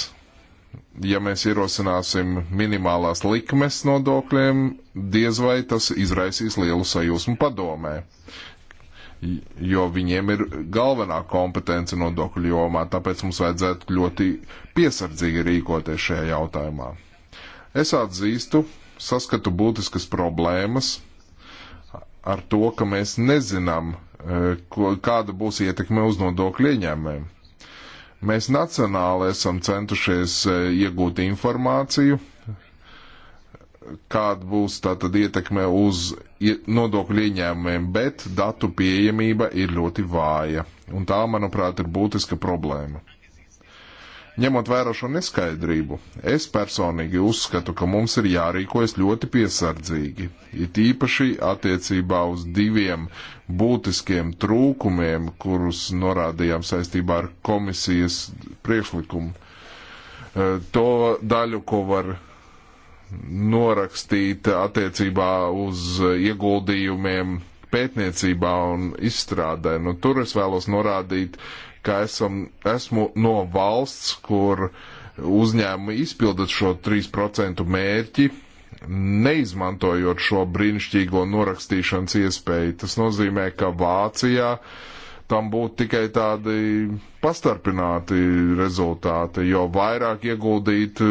ja mēs ierosināsim minimālās likmes nodokļiem, diez vai tas izraisīs lielu sajūsmu padomē. Jo viņiem ir galvenā kompetence nodokļu jomā, tāpēc mums vajadzētu ļoti piesardzīgi rīkoties šajā jautājumā. Es atzīstu, saskatu būtiskas problēmas ar to, ka mēs nezinām, eh, kāda būs ietekme uz nodokļu ieņēmēm Mēs nacionāli esam centušies e, iegūt informāciju, kāda būs tātad ietekme uz nodokļu ieņēmumiem, bet datu pieejamība ir ļoti vāja. Un tā, manuprāt, ir būtiska problēma. Ņemot vērā šo neskaidrību, es personīgi uzskatu, ka mums ir jārīkojas ļoti piesardzīgi, it īpaši attiecībā uz diviem būtiskiem trūkumiem, kurus norādījām saistībā ar komisijas priekšlikumu. E, to daļu, ko var norakstīt attiecībā uz ieguldījumiem pētniecībā un izstrādē. Nu, tur es vēlos norādīt ka esam, esmu no valsts, kur uzņēmumi izpildot šo 3% mērķi, neizmantojot šo brīnišķīgo norakstīšanas iespēju. Tas nozīmē, ka Vācijā tam būtu tikai tādi pastarpināti rezultāti, jo vairāk ieguldīt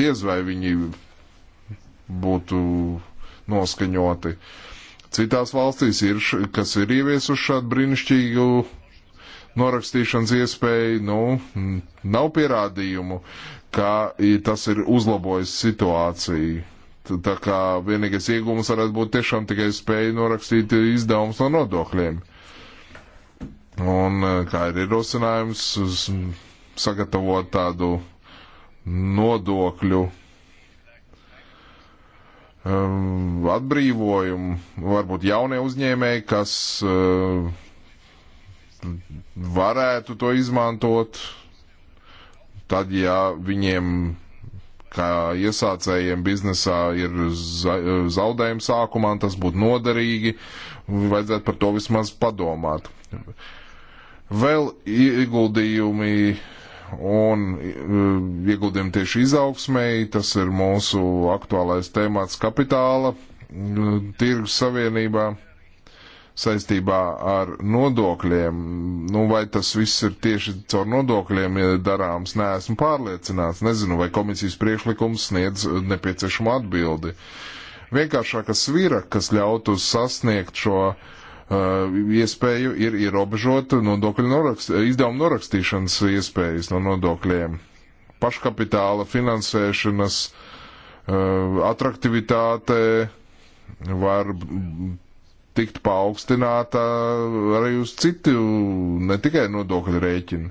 diez vai viņi būtu noskaņoti. Citās valstīs, ir, kas ir ieviesuši šādu brīnišķīgu norakstīšanas iespēju, nu, nav pierādījumu, ka tas ir uzlabojis situāciju. Tā kā vienīgais iegūms varētu būt tiešām tikai spēja norakstīt izdevumus no nodokļiem. Un e, kā ir ierosinājums, sagatavot tādu nodokļu um, atbrīvojumu, varbūt jaunie uzņēmēji, kas uh, varētu to izmantot, tad, ja viņiem kā iesācējiem biznesā ir zaudējums sākumā, tas būtu noderīgi, vajadzētu par to vismaz padomāt. Vēl ieguldījumi un eh, ieguldījumi tieši izaugsmēji, tas ir mūsu aktuālais tēmāts kapitāla mm, tirgus savienībā saistībā ar nodokļiem. Nu, vai tas viss ir tieši caur nodokļiem ja darāms, neesmu pārliecināts. Nezinu, vai komisijas priekšlikums sniedz nepieciešamu atbildi. Vienkāršāka svira, kas ļautu sasniegt šo uh, iespēju, ir ierobežota nodokļu norakst, izdevumu norakstīšanas iespējas no nodokļiem. Paškapitāla finansēšanas uh, atraktivitāte var tikt paaugstināta arī uz citu, ne tikai nodokļu rēķinu.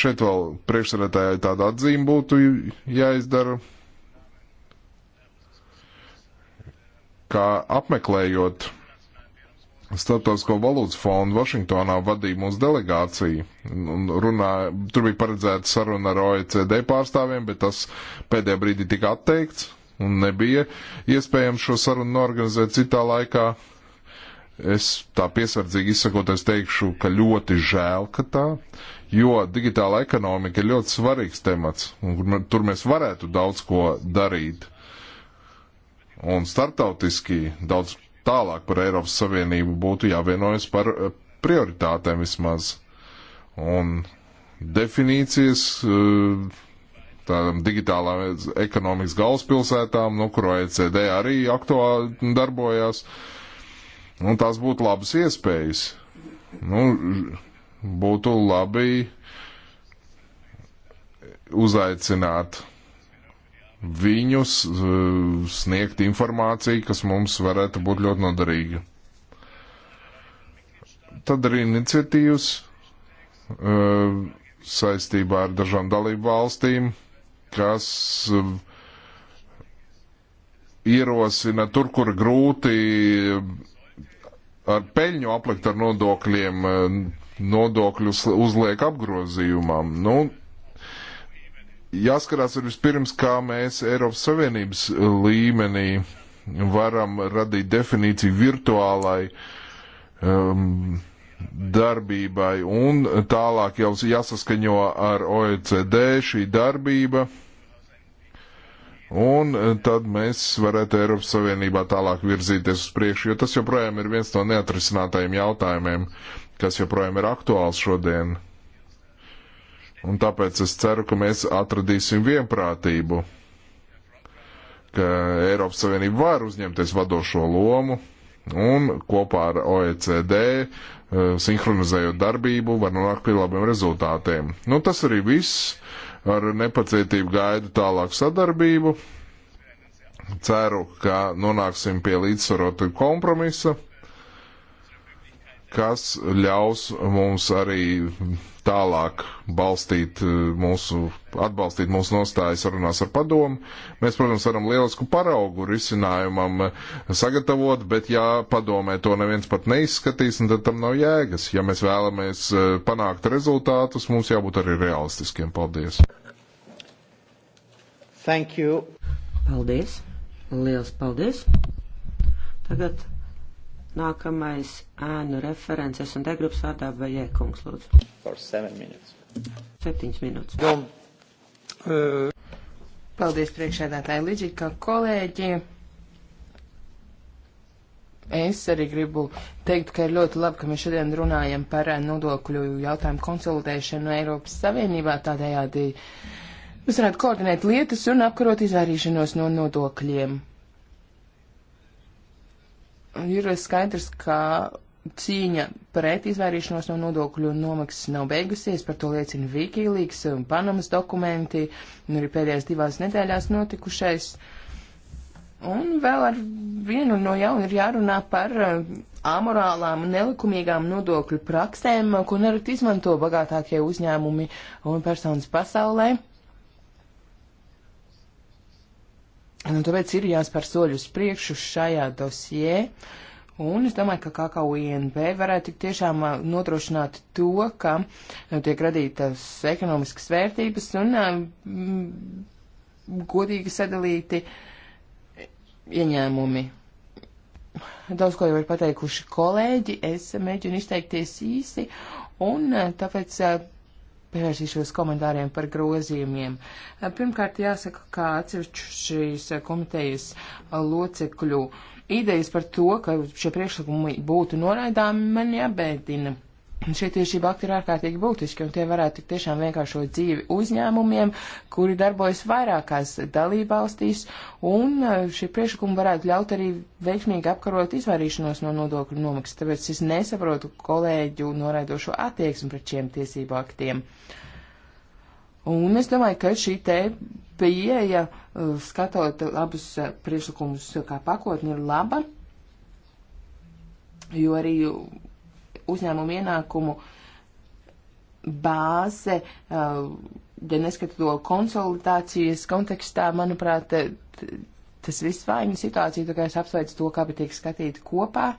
Šeit vēl priekšsarētāji tāda atzīme būtu jāizdara, kā apmeklējot Startautisko valūtas fondu Vašingtonā vadīja mūsu delegāciju. Runā, tur bija paredzēta saruna ar OECD pārstāvjiem, bet tas pēdējā brīdī tika atteikts un nebija iespējams šo sarunu norganizēt citā laikā. Es tā piesardzīgi izsakoties teikšu, ka ļoti žēl, ka tā, jo digitāla ekonomika ir ļoti svarīgs temats, un tur mēs varētu daudz ko darīt. Un startautiski daudz tālāk par Eiropas Savienību būtu jāvienojas par eh, prioritātēm vismaz. Un definīcijas uh, tādām digitālām ekonomikas galvaspilsētām, nu, kur OECD arī aktuāli darbojās. Nu, tās būtu labas iespējas. Nu, būtu labi uzaicināt viņus, eh, sniegt informāciju, kas mums varētu būt ļoti noderīga. Tad arī iniciatīvas eh, saistībā ar dažām dalību valstīm kas um, ierosina tur, kur grūti um, ar peļņu aplikt ar nodokļiem, um, nodokļus uzliek apgrozījumam. Nu, jāskarās ir vispirms, kā mēs Eiropas Savienības līmenī varam radīt definīciju virtuālai um, darbībai, un tālāk jau jāsaskaņo ar OECD šī darbība Un eh, tad mēs varētu Eiropas Savienībā tālāk virzīties uz priekšu, jo tas joprojām ir viens no neatrisinātajiem jautājumiem, kas joprojām ir aktuāls šodien. Un tāpēc es ceru, ka mēs atradīsim vienprātību, ka Eiropas Savienība var uzņemties vadošo lomu un kopā ar OECD eh, sinhronizējot darbību var nonākt pie labiem rezultātiem. Nu, tas arī viss Ar nepacietību gaidu tālāku sadarbību. Ceru, ka nonāksim pie līdzsvarotu kompromisa kas ļaus mums arī tālāk balstīt eh, mūsu, atbalstīt mūsu nostājas sarunās ar padomu. Mēs, protams, varam lielisku paraugu risinājumam eh, sagatavot, bet ja padomē to neviens pat neizskatīs, tad tam nav jēgas. Ja mēs vēlamies eh, panākt rezultātus, mums jābūt arī realistiskiem. Paldies! Thank you! Paldies! Liels paldies! Tagad Nākamais ēnu referents S&D grupas vārdā vai Jēkungs, lūdzu. For seven minutes. Septiņas minūtes. Dom. Uh. Paldies priekšēdētāji līdzīgi kā kolēģi. Es arī gribu teikt, ka ir ļoti labi, ka mēs šodien runājam par nodokļu jautājumu konsolidēšanu Eiropas Savienībā. Tādējādi mēs varētu koordinēt lietas un apkarot izvairīšanos no nodokļiem ir skaidrs, ka cīņa pret izvairīšanos no nodokļu nomaksas nav beigusies, par to liecina Wikileaks, Panamas dokumenti, un arī pēdējās divās nedēļās notikušais. Un vēl ar vienu no jaunu ir jārunā par eh, amorālām un nelikumīgām nodokļu praksēm, ko nerad izmanto bagātākie uzņēmumi un personas pasaulē. Un tāpēc ir jāspēr soļus priekšu šajā dosjē. Un es domāju, ka KKUNB varētu tiešām uh, notrošināt to, ka uh, tiek radītas ekonomiskas vērtības un mm, godīgi sadalīti ieņēmumi. Daudz ko jau ir pateikuši kolēģi, es mēģinu izteikties īsi un tāpēc pievēršīšos komentāriem par grozījumiem. Pirmkārt, jāsaka, kā atsevišķu šīs komitejas locekļu idejas par to, ka šie priekšlikumi būtu noraidāmi, man jābēdina. Šie tiešība akti ir ārkārtīgi būtiski, un tie varētu tik tiešām vienkāršot dzīvi uzņēmumiem, kuri darbojas vairākās dalībvalstīs, un e, šie priekšlikumi varētu ļaut arī veiksmīgi apkarot izvairīšanos no nodokļu nomaksas. Tāpēc es nesaprotu kolēģu noraidošo attieksmi pret šiem tiesību aktiem. Un es domāju, ka šī te pieeja, e, skatot abus e, priekšlikumus kā pakotni, ir laba, jo arī uzņēmumu ienākumu bāze, uh, ja neskatu to konsolidācijas kontekstā, manuprāt, tas viss vājina situāciju, tā kā es apsveicu to, kā bija tiek skatīti kopā.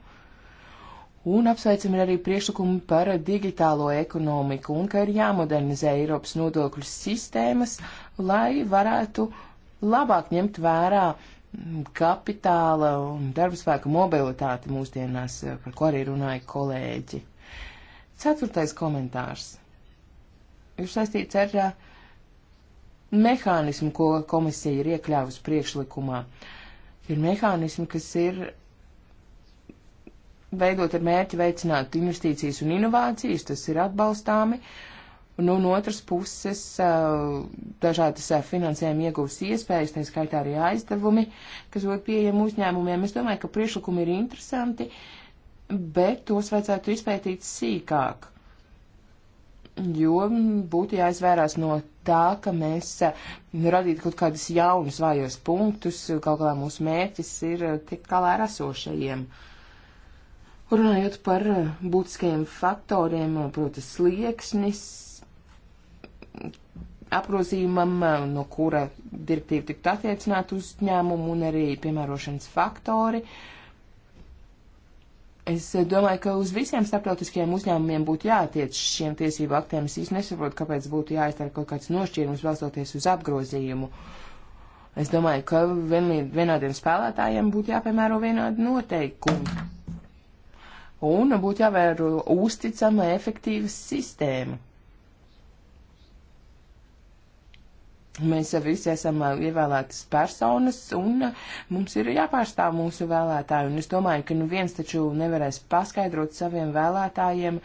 Un apsveicam ir arī priekšlikumi par digitālo ekonomiku un ka ir jāmodernizē Eiropas nodokļu sistēmas, lai varētu labāk ņemt vērā uh, kapitāla un darbspēka mobilitāti mūsdienās, eh, par ko arī runāja kolēģi. Ceturtais komentārs ir saistīts ar uh, mehānismu, ko komisija ir iekļāvusi priekšlikumā. Ir mehānismi, kas ir veidot ar mērķi veicināt investīcijas un inovācijas, tas ir atbalstāmi. Uh, Nu, un no otras puses eh, dažādas eh, finansējuma iegūs iespējas, tā skaitā arī aizdevumi, kas būtu pieejami uzņēmumiem. Es domāju, ka priešlikumi ir interesanti, bet tos vajadzētu izpētīt sīkāk. Jo mm, būtu jāizvērās no tā, ka mēs eh, radītu kaut kādus jaunus vājos punktus, kaut kādā mūsu mērķis ir tikt galā ar esošajiem. Runājot par būtiskajiem faktoriem, protams, slieksnis, apgrozījumam, eh, no kura direktīva tiktu attiecināt uzņēmumu un arī piemērošanas faktori. Es domāju, ka uz visiem starptautiskajiem uzņēmumiem būtu jātiec šiem tiesību aktiem. Es īsti nesaprotu, kāpēc būtu jāizdara kaut kāds nošķīrums balstoties uz apgrozījumu. Es domāju, ka vienādiem spēlētājiem būtu jāpiemēro vienādi noteikumi. Un būtu jāvēro uzticama, efektīva sistēma. Mēs visi esam ievēlētas personas, un mums ir jāpārstāv mūsu vēlētāji. Un es domāju, ka nu viens taču nevarēs paskaidrot saviem vēlētājiem,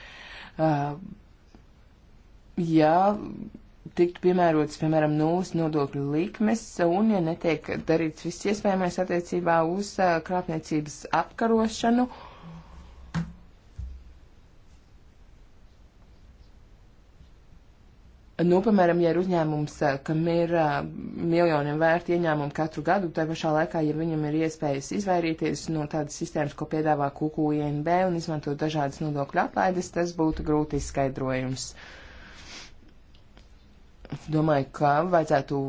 ja tiktu piemērotas, piemēram, nulles nodokļu likmes, un ja netiek darīts viss iespējamais attiecībā uz krāpniecības apkarošanu. Uh, Nu, piemēram, ja ir uzņēmums, eh, kam ir uh, miljoniem vērti ieņēmumi katru gadu, tā pašā laikā, ja viņam ir iespējas izvairīties no tādas sistēmas, ko piedāvā KUKUINB un izmantot dažādas nodokļu atlaides, tas būtu grūti izskaidrojums. Domāju, ka vajadzētu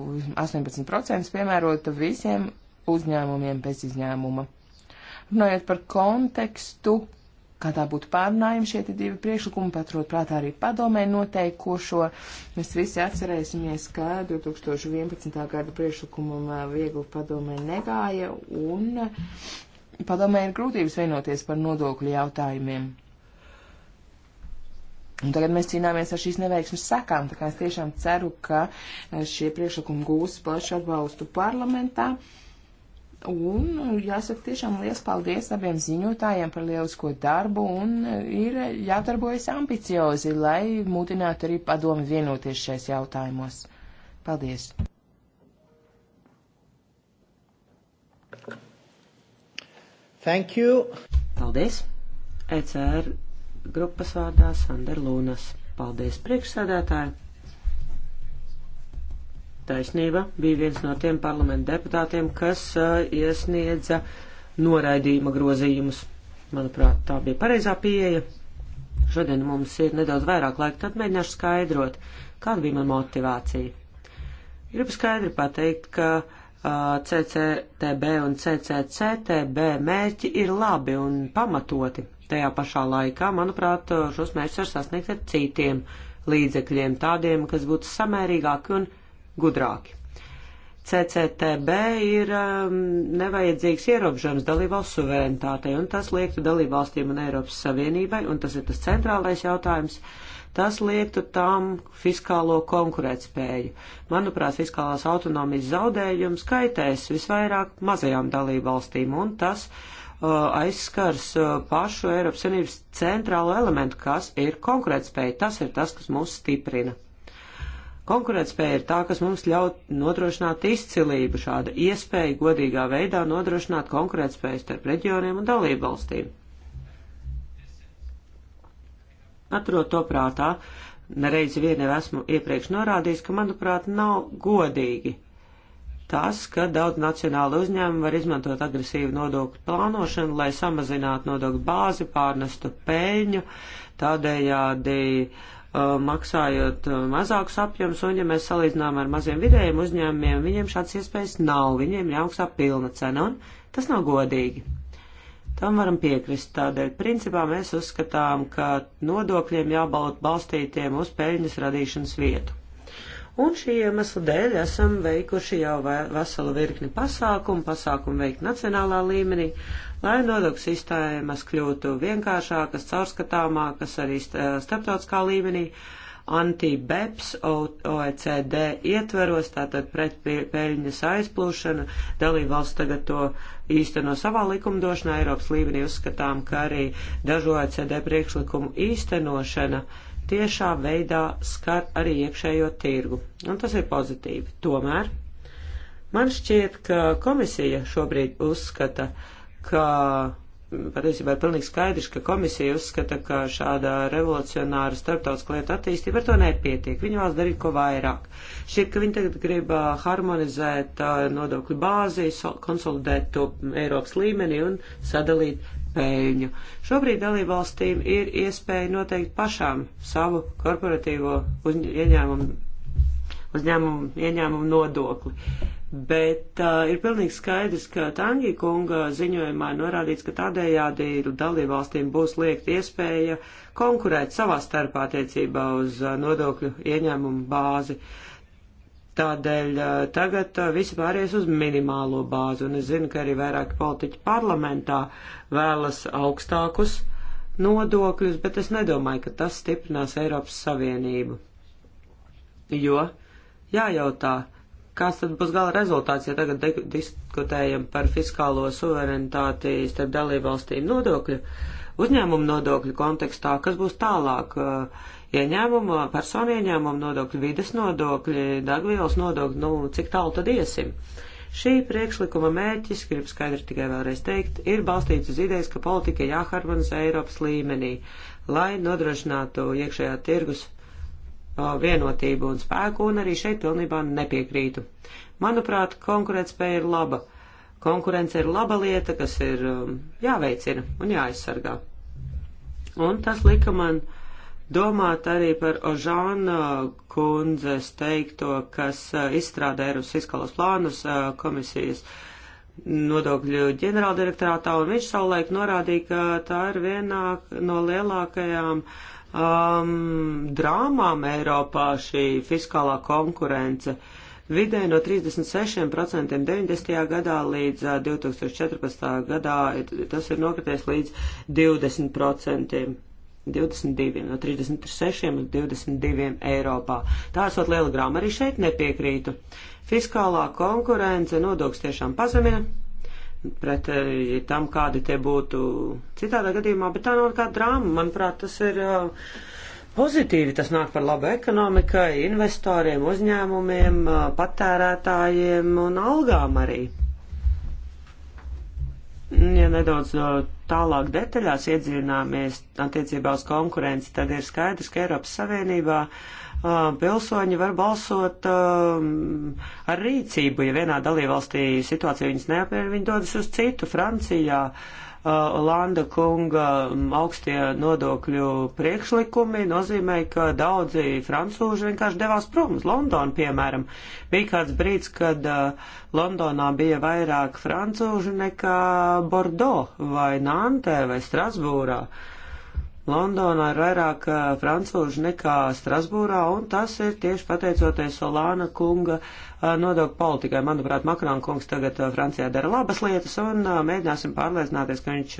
18% piemērot visiem uzņēmumiem bez izņēmuma. Runājot par kontekstu, kādā būtu pārunājumi šie divi priekšlikumi, paturot prātā arī padomē noteikošo. Mēs visi atcerēsimies, ka 2011. gada priekšlikumam viegli padomē negāja un padomē ir grūtības vienoties par nodokļu jautājumiem. Un tagad mēs cīnāmies ar šīs neveiksmes sekām, tā kā es tiešām ceru, ka šie priekšlikumi gūs plašu atbalstu parlamentā. Uh, Un jāsaka tiešām liels paldies abiem ziņotājiem par lielisko darbu un ir jādarbojas ambiciozi, lai mudinātu arī padomu vienoties šais jautājumos. Paldies! Thank you! Paldies! ECR grupas vārdā Sander Lūnas. Paldies priekšsēdētāji! Taisnība bija viens no tiem parlamenta deputātiem, kas uh, iesniedza noraidījuma grozījumus. Manuprāt, tā bija pareizā pieeja. Šodien mums ir nedaudz vairāk laika, tad mēģināšu skaidrot, kāda bija mana motivācija. Gribu skaidri pateikt, ka uh, CCTB un CCCTB mērķi ir labi un pamatoti. Tajā pašā laikā, manuprāt, uh, šos mērķus var sasniegt ar citiem līdzekļiem, tādiem, kas būtu samērīgāki un ielikumi gudrāki. CCTB ir um, nevajadzīgs ierobežojums dalībvalsts suverenitātei, un tas liektu dalībvalstīm un Eiropas Savienībai, un tas ir tas centrālais jautājums, tas liektu tam fiskālo konkurētspēju. Manuprāt, fiskālās autonomijas zaudējums kaitēs visvairāk mazajām dalībvalstīm, un tas uh, aizskars uh, pašu Eiropas Savienības centrālo elementu, kas ir konkurētspēja. Tas ir tas, kas mūs stiprina. Konkurētspēja ir tā, kas mums ļauj nodrošināt izcilību, šāda iespēja godīgā veidā nodrošināt konkurētspēju starp reģioniem un dalībvalstīm. Atrot to prātā, nereiz vien jau esmu iepriekš norādījis, ka, manuprāt, nav godīgi tas, ka daudz nacionāla uzņēmuma var izmantot agresīvu nodokļu plānošanu, lai samazinātu nodokļu bāzi, pārnestu peļņu, tādējādi uh, maksājot uh, mazākus apjomus, un ja mēs salīdzinām ar maziem vidējiem uzņēmumiem, viņiem šāds iespējas nav, viņiem jāmaksā pilna cena, un tas nav godīgi. Tam varam piekrist. Tādēļ, principā, mēs uzskatām, ka nodokļiem jābūt balstītiem uz peļņas radīšanas vietu. Un šī iemesla dēļ esam veikuši jau veselu virkni pasākumu, pasākumu veikt nacionālā līmenī, lai nodokļu sistēmas kļūtu vienkāršākas, caurskatāmākas arī eh, starptautiskā līmenī, anti-BEPS, OECD ietveros, tātad pretpēļņas aizplūšana, dalība valsts tagad to īsteno savā likumdošanā, Eiropas līmenī uzskatām, ka arī dažu OECD priekšlikumu īstenošana uh, tiešā veidā skar arī iekšējo tirgu, un tas ir pozitīvi. Tomēr man šķiet, ka komisija šobrīd uzskata, ka patiesībā ir pilnīgi skaidrs, ka komisija uzskata, ka šāda revolucionāra starptautiskā lieta attīstība ar to nepietiek. Viņi vēlas darīt ko vairāk. Šķiet, ka viņi tagad grib harmonizēt nodokļu bāzi, konsolidēt to Eiropas līmenī un sadalīt peļņu. Šobrīd dalībvalstīm ir iespēja noteikt pašām savu korporatīvo uzņ ieņēmumu, uzņēmumu ieņēmumu nodokli. Bet uh, ir pilnīgi skaidrs, ka Tangi kunga ziņojumā norādīts, ka tādējādi dalībvalstīm būs liekt iespēja konkurēt savā starpā attiecībā uz uh, nodokļu ieņēmumu bāzi. Uh, Tādēļ tagad visi pāries uz minimālo bāzi, un es zinu, ka arī vairāki politiķi parlamentā vēlas augstākus nodokļus, bet es nedomāju, ka tas stiprinās Eiropas Savienību. Jo jājautā, kāds tad būs gala rezultāts, ja tagad diskutējam par fiskālo suverenitāti starp dalībvalstīm nodokļu uzņēmumu nodokļu kontekstā, kas būs tālāk, ieņēmumu, personu ieņēmumu nodokļu, vides nodokļu, dagvielas nodokļu, nu, cik tālu tad iesim. Šī priekšlikuma mērķis, gribu skaidri tikai vēlreiz teikt, ir balstīts uz idejas, ka politika jāharmonizē Eiropas līmenī, lai nodrošinātu iekšējā tirgus vienotību un spēku, un arī šeit pilnībā nepiekrītu. Manuprāt, konkurētspēja ir laba. Konkurence ir laba lieta, kas ir um, jāveicina un jāaizsargā. Un tas lika man uh, domāt arī par Ožāna kundzes teikto, kas eh, izstrādā Eiropas fiskālos plānus eh, komisijas nodokļu ģenerāldirektorātā, un viņš savulaik norādīja, ka tā ir viena no lielākajām um, drāmām Eiropā šī fiskālā konkurence. Vidē no 36% 90. gadā līdz 2014. Eh, gadā tas ir nokrities līdz 20%. 22 no 36 uz 22 Eiropā. Tā esot liela grāma, arī šeit nepiekrītu. Fiskālā konkurence nodoklis tiešām pazemina pret eh, tam, kādi tie būtu citādā gadījumā, bet tā nav kā drāma. Manuprāt, tas ir eh, pozitīvi, tas nāk par labu ekonomikai, investoriem, uzņēmumiem, eh, patērētājiem un algām arī. Ja nedaudz tālāk detaļās iedzināmies attiecībā uz konkurenci, tad ir skaidrs, ka Eiropas Savienībā pilsoņi var balsot ar rīcību, ja vienā dalībvalstī situācija viņas neapmierina, viņi dodas uz citu, Francijā Uh, Landa kunga um, augstie nodokļu priekšlikumi nozīmēja, ka daudzi francūži vienkārši devās prom uz Londonu, piemēram. Bija kāds brīdis, kad uh, Londonā bija vairāk francūži nekā Bordeaux vai Nantē vai Strasbūrā. Uh, Londonā ir vairāk francūžu nekā Strasbūrā, un tas ir tieši pateicoties Solāna kunga nodokļu politikai. Manuprāt, Makrona kungs tagad Francijā dara labas lietas, un mēģināsim pārliecināties, ka viņš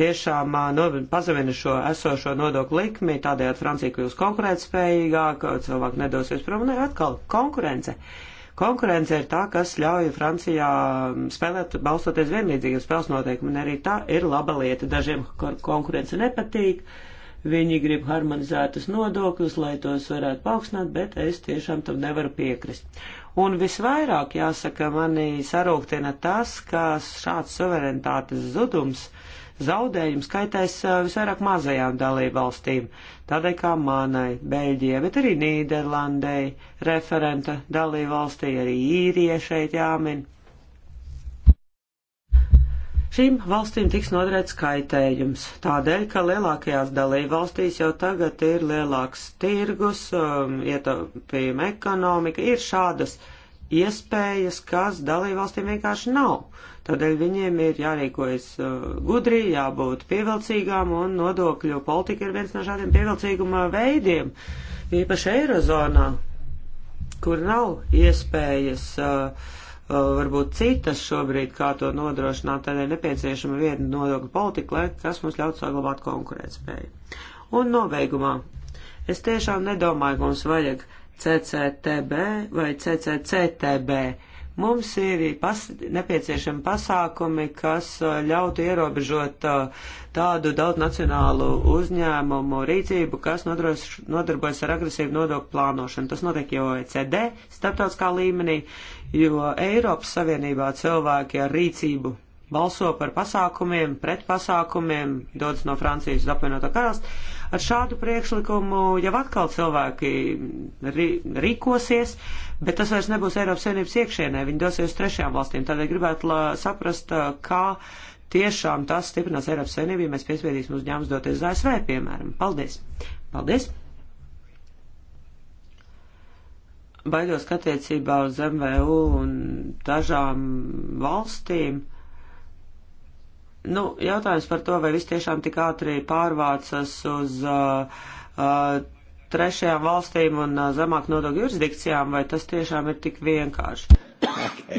tiešām no, pazemina šo esošo nodokļu likmi, tādējādi Francija kļūs konkurētspējīgāk, cilvēki nedosies prom, un atkal konkurence. Uh, Konkurence ir tā, kas ļauj Francijā spēlēt balstoties vienlīdzīgiem spēles noteikumiem, un arī tā ir laba lieta. Dažiem konkurence nepatīk, viņi grib harmonizētas nodokļus, lai tos varētu paaugstināt, bet es tiešām tam nevaru piekrist. Un visvairāk, jāsaka, mani sarūktina tas, ka šāds suverenitātes zudums uh, zaudējums kaitēs eh, visvairāk mazajām dalībvalstīm, tādai kā manai, Beļģijai, bet arī Nīderlandei, referenta dalībvalstī, arī īrie šeit jāmin. Šīm valstīm tiks nodarīts kaitējums, tādēļ, ka lielākajās dalībvalstīs jau tagad ir lielāks tirgus, um, ietaupījuma ekonomika, ir šādas iespējas, kas dalībvalstīm vienkārši nav Tādēļ viņiem ir jārīkojas uh, gudri, jābūt pievilcīgām, un nodokļu politika ir viens no šādiem pievilcīguma veidiem, īpaši Eirozonā, kur nav iespējas uh, uh varbūt citas šobrīd, kā to nodrošināt, tad ir nepieciešama viena nodokļa politika, lai kas mums ļautu saglabāt konkurētspēju. Un nobeigumā, es tiešām nedomāju, ka mums vajag CCTB vai CCCTB. Mums ir pas, nepieciešami pasākumi, kas uh, ļautu ierobežot uh, tādu daudznacionālu uzņēmumu rīcību, kas nodros, nodarbojas ar agresīvu nodokļu plānošanu. Tas notiek jau OECD starptautiskā līmenī, jo Eiropas Savienībā cilvēki ar rīcību balso par pasākumiem, pret pasākumiem, dodas no Francijas uz apvienoto karalstu Ar šādu priekšlikumu jau atkal cilvēki ri, rīkosies, bet tas vairs nebūs Eiropas Savienības iekšienē, viņi dosies uz trešajām valstīm. Tādēļ gribētu la, saprast, kā tiešām tas stiprinās Eiropas Savienību, ja mēs piespiedīsim uzņēmumus doties uz ASV, piemēram. Paldies! Paldies! Baidos, ka attiecībā uz MVU un dažām valstīm Nu, jautājums par to, vai viss tiešām tik ātri pārvācas uz uh, uh, trešajām valstīm un uh, zemāk nodokļu jurisdikcijām, vai tas tiešām ir tik vienkārši. Okay.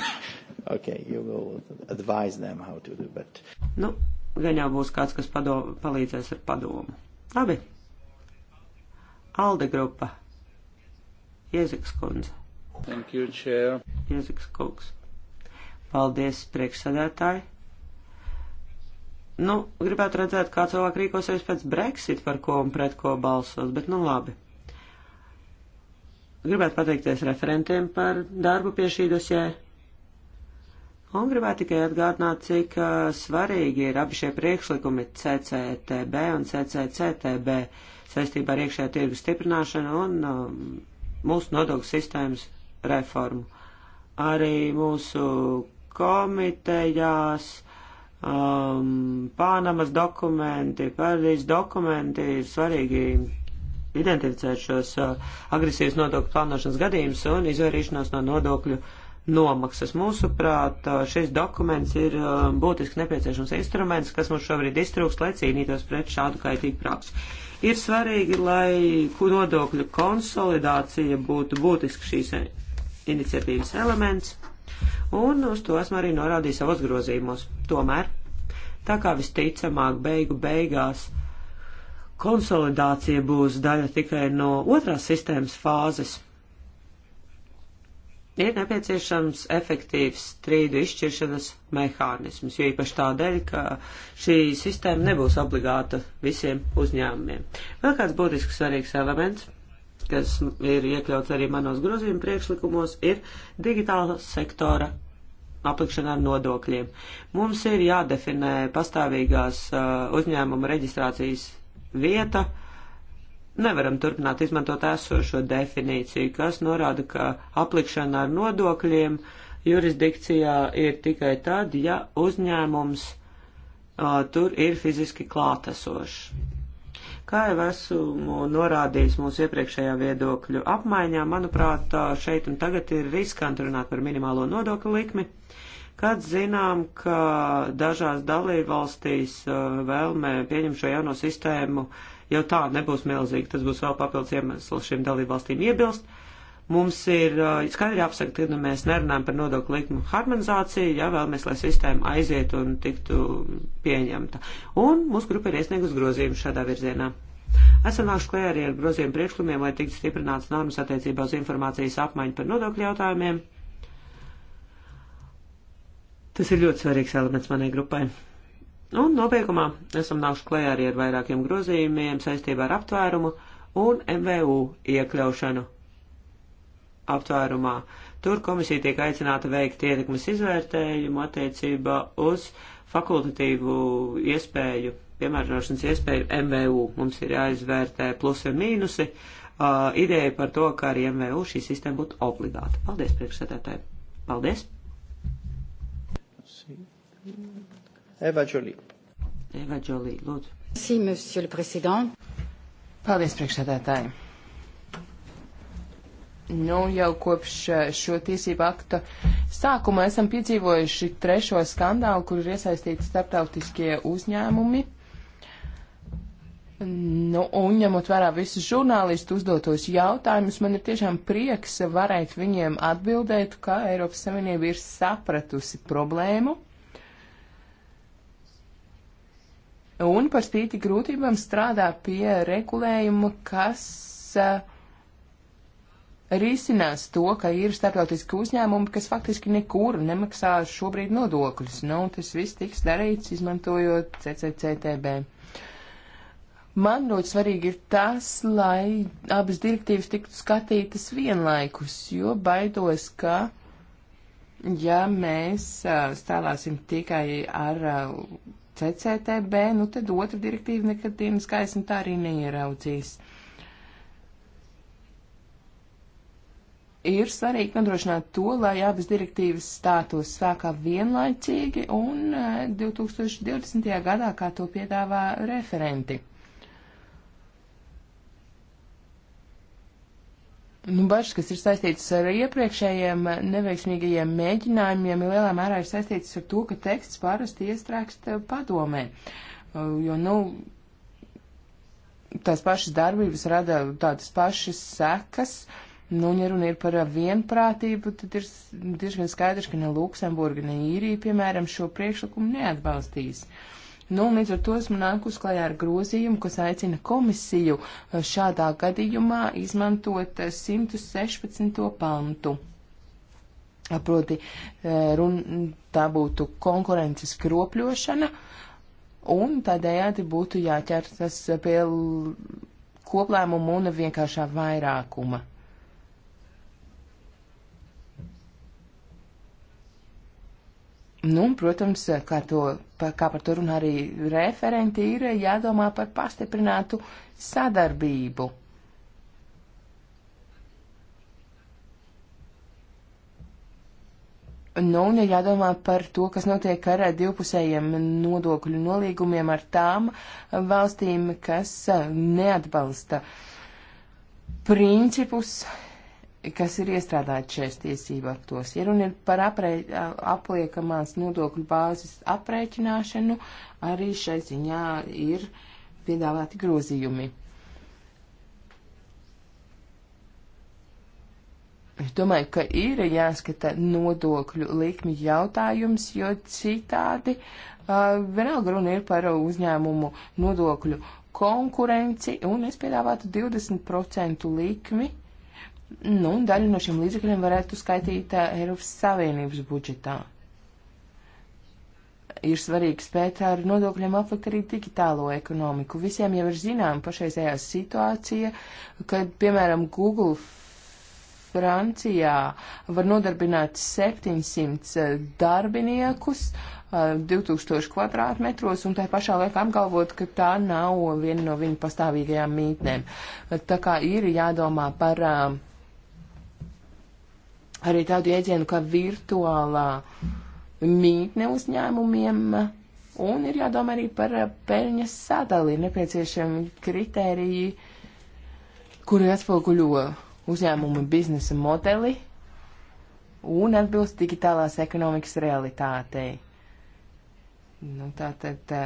Okay, you will advise them how to do, but... Nu, gan jau būs kāds, kas padom, palīdzēs ar padomu. Labi. Alde grupa. Jeziks kundze. Thank you, chair. Jeziks kungs. Paldies, priekšsēdētāji nu, gribētu redzēt, kā cilvēki rīkosies pēc Brexit, par ko un pret ko balsos, bet nu labi. Gribētu pateikties referentiem par darbu pie šī dosē. Un gribētu tikai atgādināt, cik uh, svarīgi ir abi šie priekšlikumi CCTB un CCCTB saistībā ar iekšējā tirgus stiprināšanu un um, mūsu nodokļu sistēmas reformu. Arī mūsu komitejās um, Pānamas dokumenti, Pārdīs dokumenti ir svarīgi identificēt šos uh, agresīvas nodokļu plānošanas gadījumus un izvairīšanos no nodokļu nomaksas. Mūsuprāt, uh, šis dokuments ir uh, būtiski nepieciešams instruments, kas mums šobrīd iztrūks, lai cīnītos pret šādu kaitīgu praksu. Ir svarīgi, lai nodokļu konsolidācija būtu būtiski šīs iniciatīvas elements. Un uz to esmu arī norādījis savos grozījumos. Tomēr, tā kā visticamāk beigu beigās konsolidācija būs daļa tikai no otrās sistēmas fāzes, ir nepieciešams efektīvs strīdu izšķiršanas mehānisms, jo īpaši tādēļ, ka šī sistēma nebūs obligāta visiem uzņēmumiem. Vēl kāds būtisks svarīgs elements kas ir iekļauts arī manos grozījuma priekšlikumos, ir digitāla sektora aplikšana ar nodokļiem. Mums ir jādefinē pastāvīgās uh, uzņēmuma reģistrācijas vieta. Nevaram turpināt izmantot esošo definīciju, kas norāda, ka aplikšana ar nodokļiem jurisdikcijā ir tikai tad, ja uzņēmums uh, tur ir fiziski klātesošs. Kā jau esmu norādījis mūsu iepriekšējā viedokļu apmaiņā, manuprāt, šeit un tagad ir riskanti runāt par minimālo nodokļu likmi, kad zinām, ka dažās dalībvalstīs vēlme pieņemt šo jauno sistēmu jau tā nebūs milzīga. Tas būs vēl papildus iemesls šīm dalībvalstīm iebilst. Uh, Mums ir skaidri jāpasaka, ka nu, mēs nerunājam par nodokļu likumu harmonizāciju, ja vēlamies, lai sistēma aizietu un tiktu pieņemta. Un mūsu grupa ir iesniegus grozījumus šādā virzienā. Esam nākuši klajā arī ar grozījumu priekšlikumiem, lai tiktu stiprināts normas attiecībā uz informācijas apmaiņu par nodokļu jautājumiem. Tas ir ļoti svarīgs elements manai grupai. Un nobeigumā esam nākuši klajā arī ar vairākiem grozījumiem saistībā ar aptvērumu un MVU iekļaušanu aptvērumā. Tur komisija tiek aicināta veikt ietekmes izvērtējumu attiecībā uz fakultatīvu iespēju, piemērošanas iespēju MVU. Mums ir jāizvērtē plusi un mīnusi. Uh, ideja par to, ka arī MVU šī sistēma būtu obligāta. Paldies, priekšsēdētāji. Paldies. Eva Jolie. Eva Jolie, lūdzu. Merci, monsieur le président. Paldies, priekšsēdētāji. Nu, jau kopš eh, šo tiesību akta sākuma esam piedzīvojuši trešo skandālu, kur ir iesaistīti starptautiskie uzņēmumi. Nu, un ņemot vērā visus žurnālistu uzdotos jautājumus, man ir tiešām prieks varēt viņiem atbildēt, ka Eiropas Savienība ir sapratusi problēmu. Un par spīti grūtībām strādā pie regulējuma, kas uh, risinās to, ka ir starptautiski uzņēmumi, kas faktiski nekur nemaksā šobrīd nodokļus. Nu, tas viss tiks darīts, izmantojot CCCTB. Man ļoti svarīgi ir tas, lai abas direktīvas tiktu skatītas vienlaikus, jo baidos, ka, ja mēs stāvēsim tikai ar CCTB, nu tad otra direktīva nekad dienas gaismu tā arī neieraudzīs. Uh, ir svarīgi nodrošināt to, lai abas direktīvas stātos spēkā vienlaicīgi un 2020. Eh, gadā, kā to piedāvā referenti. Nu, bažas, kas ir saistītas ar iepriekšējiem neveiksmīgajiem mēģinājumiem, lielā mērā ir saistītas ar to, ka teksts parasti iestrēgst eh, padomē. Eh, jo, nu, tās pašas darbības rada tādas pašas sekas. Uh, Nu, un, ja runa ir par uh, vienprātību, tad ir diezgan skaidrs, ka ne Luksemburga, ne Īrija, piemēram, šo priekšlikumu neatbalstīs. Nu, un līdz ar to esmu nākus klajā ar grozījumu, kas aicina komisiju uh, šādā gadījumā izmantot 116. Uh, pantu. Proti, run, tā būtu konkurences kropļošana, un tādējādi būtu jāķertas pie koplēmumu un vienkāršā vairākuma. Nu, un, protams, kā, to, kā par to runā arī referenti, ir jādomā par pastiprinātu sadarbību. Nu, un ir jādomā par to, kas notiek ar divpusējiem nodokļu nolīgumiem ar tām valstīm, kas neatbalsta principus, kas ir iestrādāti šajos tiesību aktos. Ja runa ir par aprei, apliekamās nodokļu bāzes aprēķināšanu, arī šai ziņā ir piedāvāti grozījumi. Es domāju, ka ir jāskata nodokļu likmi jautājums, jo citādi uh, vienalga runa ir par uzņēmumu nodokļu konkurenci, un es piedāvātu 20% likmi uh, Nu, un daļu no šiem līdzekļiem varētu skaitīt Eiropas Savienības budžetā. Ir svarīgi spēt ar nodokļiem aplikt arī digitālo ekonomiku. Visiem jau ir zinām pašreizējā situācija, kad, piemēram, Google Francijā var nodarbināt 700 darbiniekus 2000 kvadrātmetros un tā pašā laikā apgalvot, ka tā nav viena no viņu pastāvīgajām mītnēm. Tā kā ir jādomā par arī tādu jēdzienu kā virtuālā mītne uzņēmumiem. Un ir jādomā arī par peļņas sadali. Ir nepieciešami kritēriji, kuri atspoguļo uzņēmumu biznesa modeli un atbilst digitālās ekonomikas realitātei. Nu, tā tad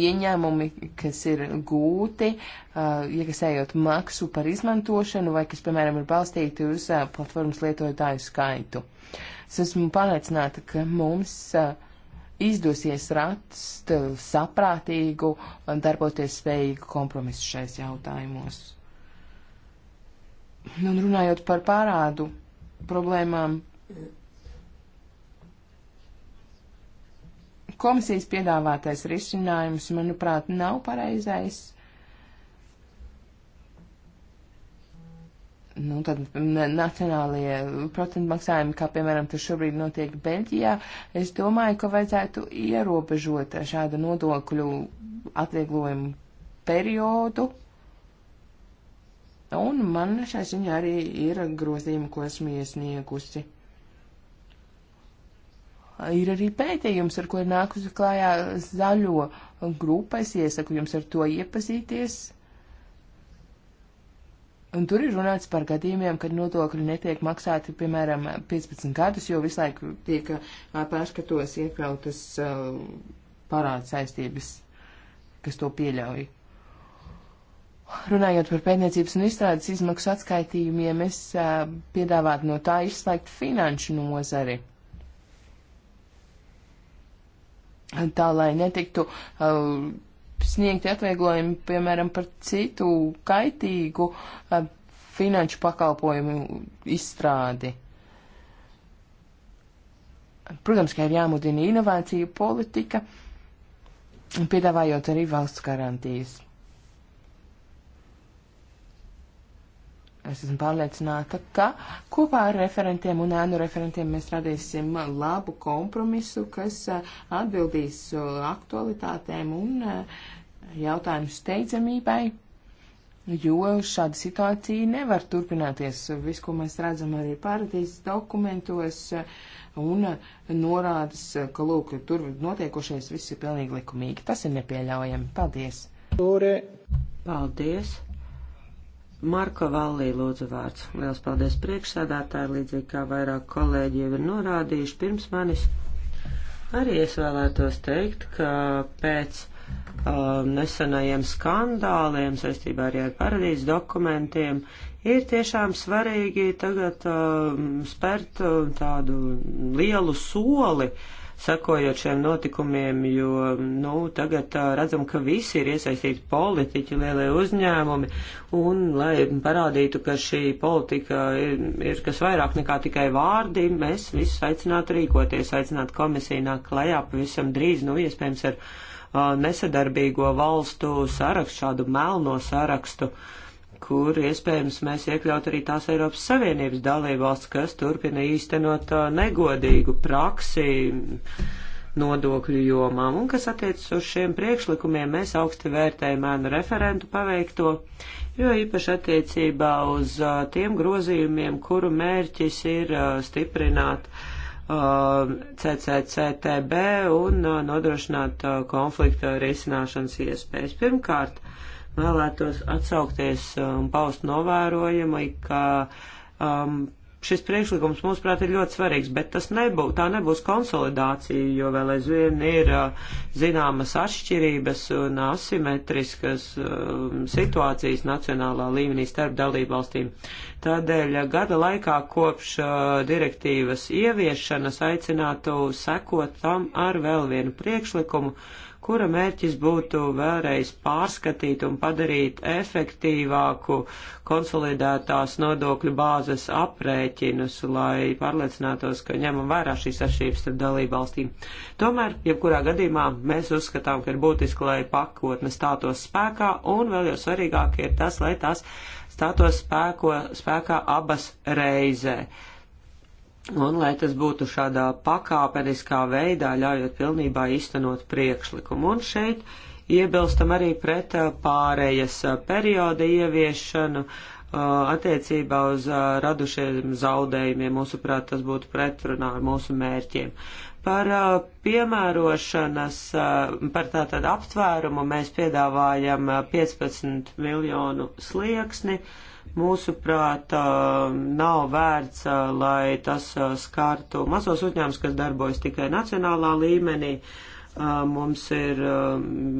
ieņēmumi, kas ir gūti, uh, iekasējot maksu par izmantošanu vai kas, piemēram, ir balstīti uz uh, platformas lietotāju skaitu. Es esmu pārliecināta, ka mums uh, izdosies rast uh, saprātīgu un darboties spējīgu kompromisu šais jautājumos. Nu, un runājot par pārādu problēmām, Komisijas piedāvātais risinājums, manuprāt, nav pareizais. nu, tad nacionālie procentu maksājumi, kā piemēram tas šobrīd notiek Beļģijā, es domāju, ka vajadzētu ierobežot šādu nodokļu atvieglojumu periodu. Un man šai ziņā arī ir grozījumi, ko esmu iesniegusi. Ir arī pētījums, ar ko ir nākusi klājā zaļo grupa. Es iesaku jums ar to iepazīties. Un tur ir runāts par gadījumiem, kad nodokļi netiek maksāti, piemēram, 15 gadus, jo visu laiku tiek pārskatos iekļautas uh, parāds saistības, kas to pieļauj. Runājot par pētniecības un izstrādes izmaksu atskaitījumiem, es uh, piedāvātu no tā izslēgt finanšu nozari. No tā lai netiktu uh, sniegti atvieglojumi, piemēram, par citu kaitīgu uh, finanšu pakalpojumu izstrādi. Protams, ka ir jāmudina inovāciju politika, piedāvājot arī valsts garantijas. Es esmu pārliecināta, ka kopā ar referentiem un ēnu referentiem mēs radīsim labu kompromisu, kas uh, atbildīs uh, aktualitātēm un uh, jautājumu steidzamībai, jo šāda situācija nevar turpināties. Viss, ko mēs redzam arī pārādīs dokumentos un norādes, ka, lūk, tur notiekošais viss ir pilnīgi likumīgi. Tas ir nepieļaujami. Paldies! Paldies! Marko Vallī lūdzu vārds. Liels paldies priekšsādātāji, līdzīgi kā vairāk kolēģi jau ir norādījuši pirms manis. Arī es vēlētos teikt, ka pēc uh, nesenajiem skandāliem saistībā arī ar paradīzes dokumentiem ir tiešām svarīgi tagad uh, spērt uh, tādu lielu soli uh, sakojot šiem notikumiem, jo, nu, tagad redzam, ka visi ir iesaistīti politiķi, lielie uzņēmumi, un, lai parādītu, ka šī politika ir, ir kas vairāk nekā tikai vārdi, mēs visus aicinātu rīkoties, aicinātu komisiju nāk klajā pavisam drīz, nu, iespējams, ar uh, nesadarbīgo valstu sarakstu, šādu melno sarakstu. Uh, kur iespējams mēs iekļaut arī tās Eiropas Savienības dalībvalsts, kas turpina īstenot uh, negodīgu praksi nodokļu jomām. Un kas attiecas uz šiem priekšlikumiem, mēs augsti vērtējam ēnu referentu paveikto, jo īpaši attiecībā uz uh, tiem grozījumiem, kuru mērķis ir uh, stiprināt CCCTB un nodrošināt konflikta risināšanas iespējas. Pirmkārt, vēlētos atsaukties un um, paust novērojumi, ka um, šis priekšlikums, mūsuprāt, ir ļoti svarīgs, bet tas nebū, tā nebūs konsolidācija, jo vēl aizvien ir uh, zināmas atšķirības un asimetriskas um, situācijas nacionālā līmenī starp dalībvalstīm. Tādēļ uh, gada laikā kopš uh, direktīvas ieviešanas aicinātu sekot tam ar vēl vienu priekšlikumu, kura mērķis būtu vēlreiz pārskatīt un padarīt efektīvāku konsolidētās nodokļu bāzes aprēķinus, lai pārliecinātos, ka ņemam vērā šīs atšķirības starp dalību valstīm. Tomēr, jebkurā gadījumā, mēs uzskatām, ka ir būtiski, lai pakotne stātos spēkā, un vēl jau svarīgāk ir tas, lai tās stātos spēko, spēkā abas reizē. Uh, un lai tas būtu šādā pakāpeniskā veidā, ļaujot pilnībā iztenot priekšlikumu. Un šeit iebilstam arī pret uh, pārējas uh, perioda ieviešanu uh, attiecībā uz radušiem zaudējumiem. Mūsuprāt, tas būtu pretrunā ar mūsu mērķiem. Par piemērošanas, par tātad aptvērumu mēs piedāvājam 15 miljonu slieksni. Uh, mūsuprāt, um, nav vērts, uh, lai tas uh, skārtu mazos uzņēmumus, kas darbojas tikai nacionālā līmenī. Uh, mums ir,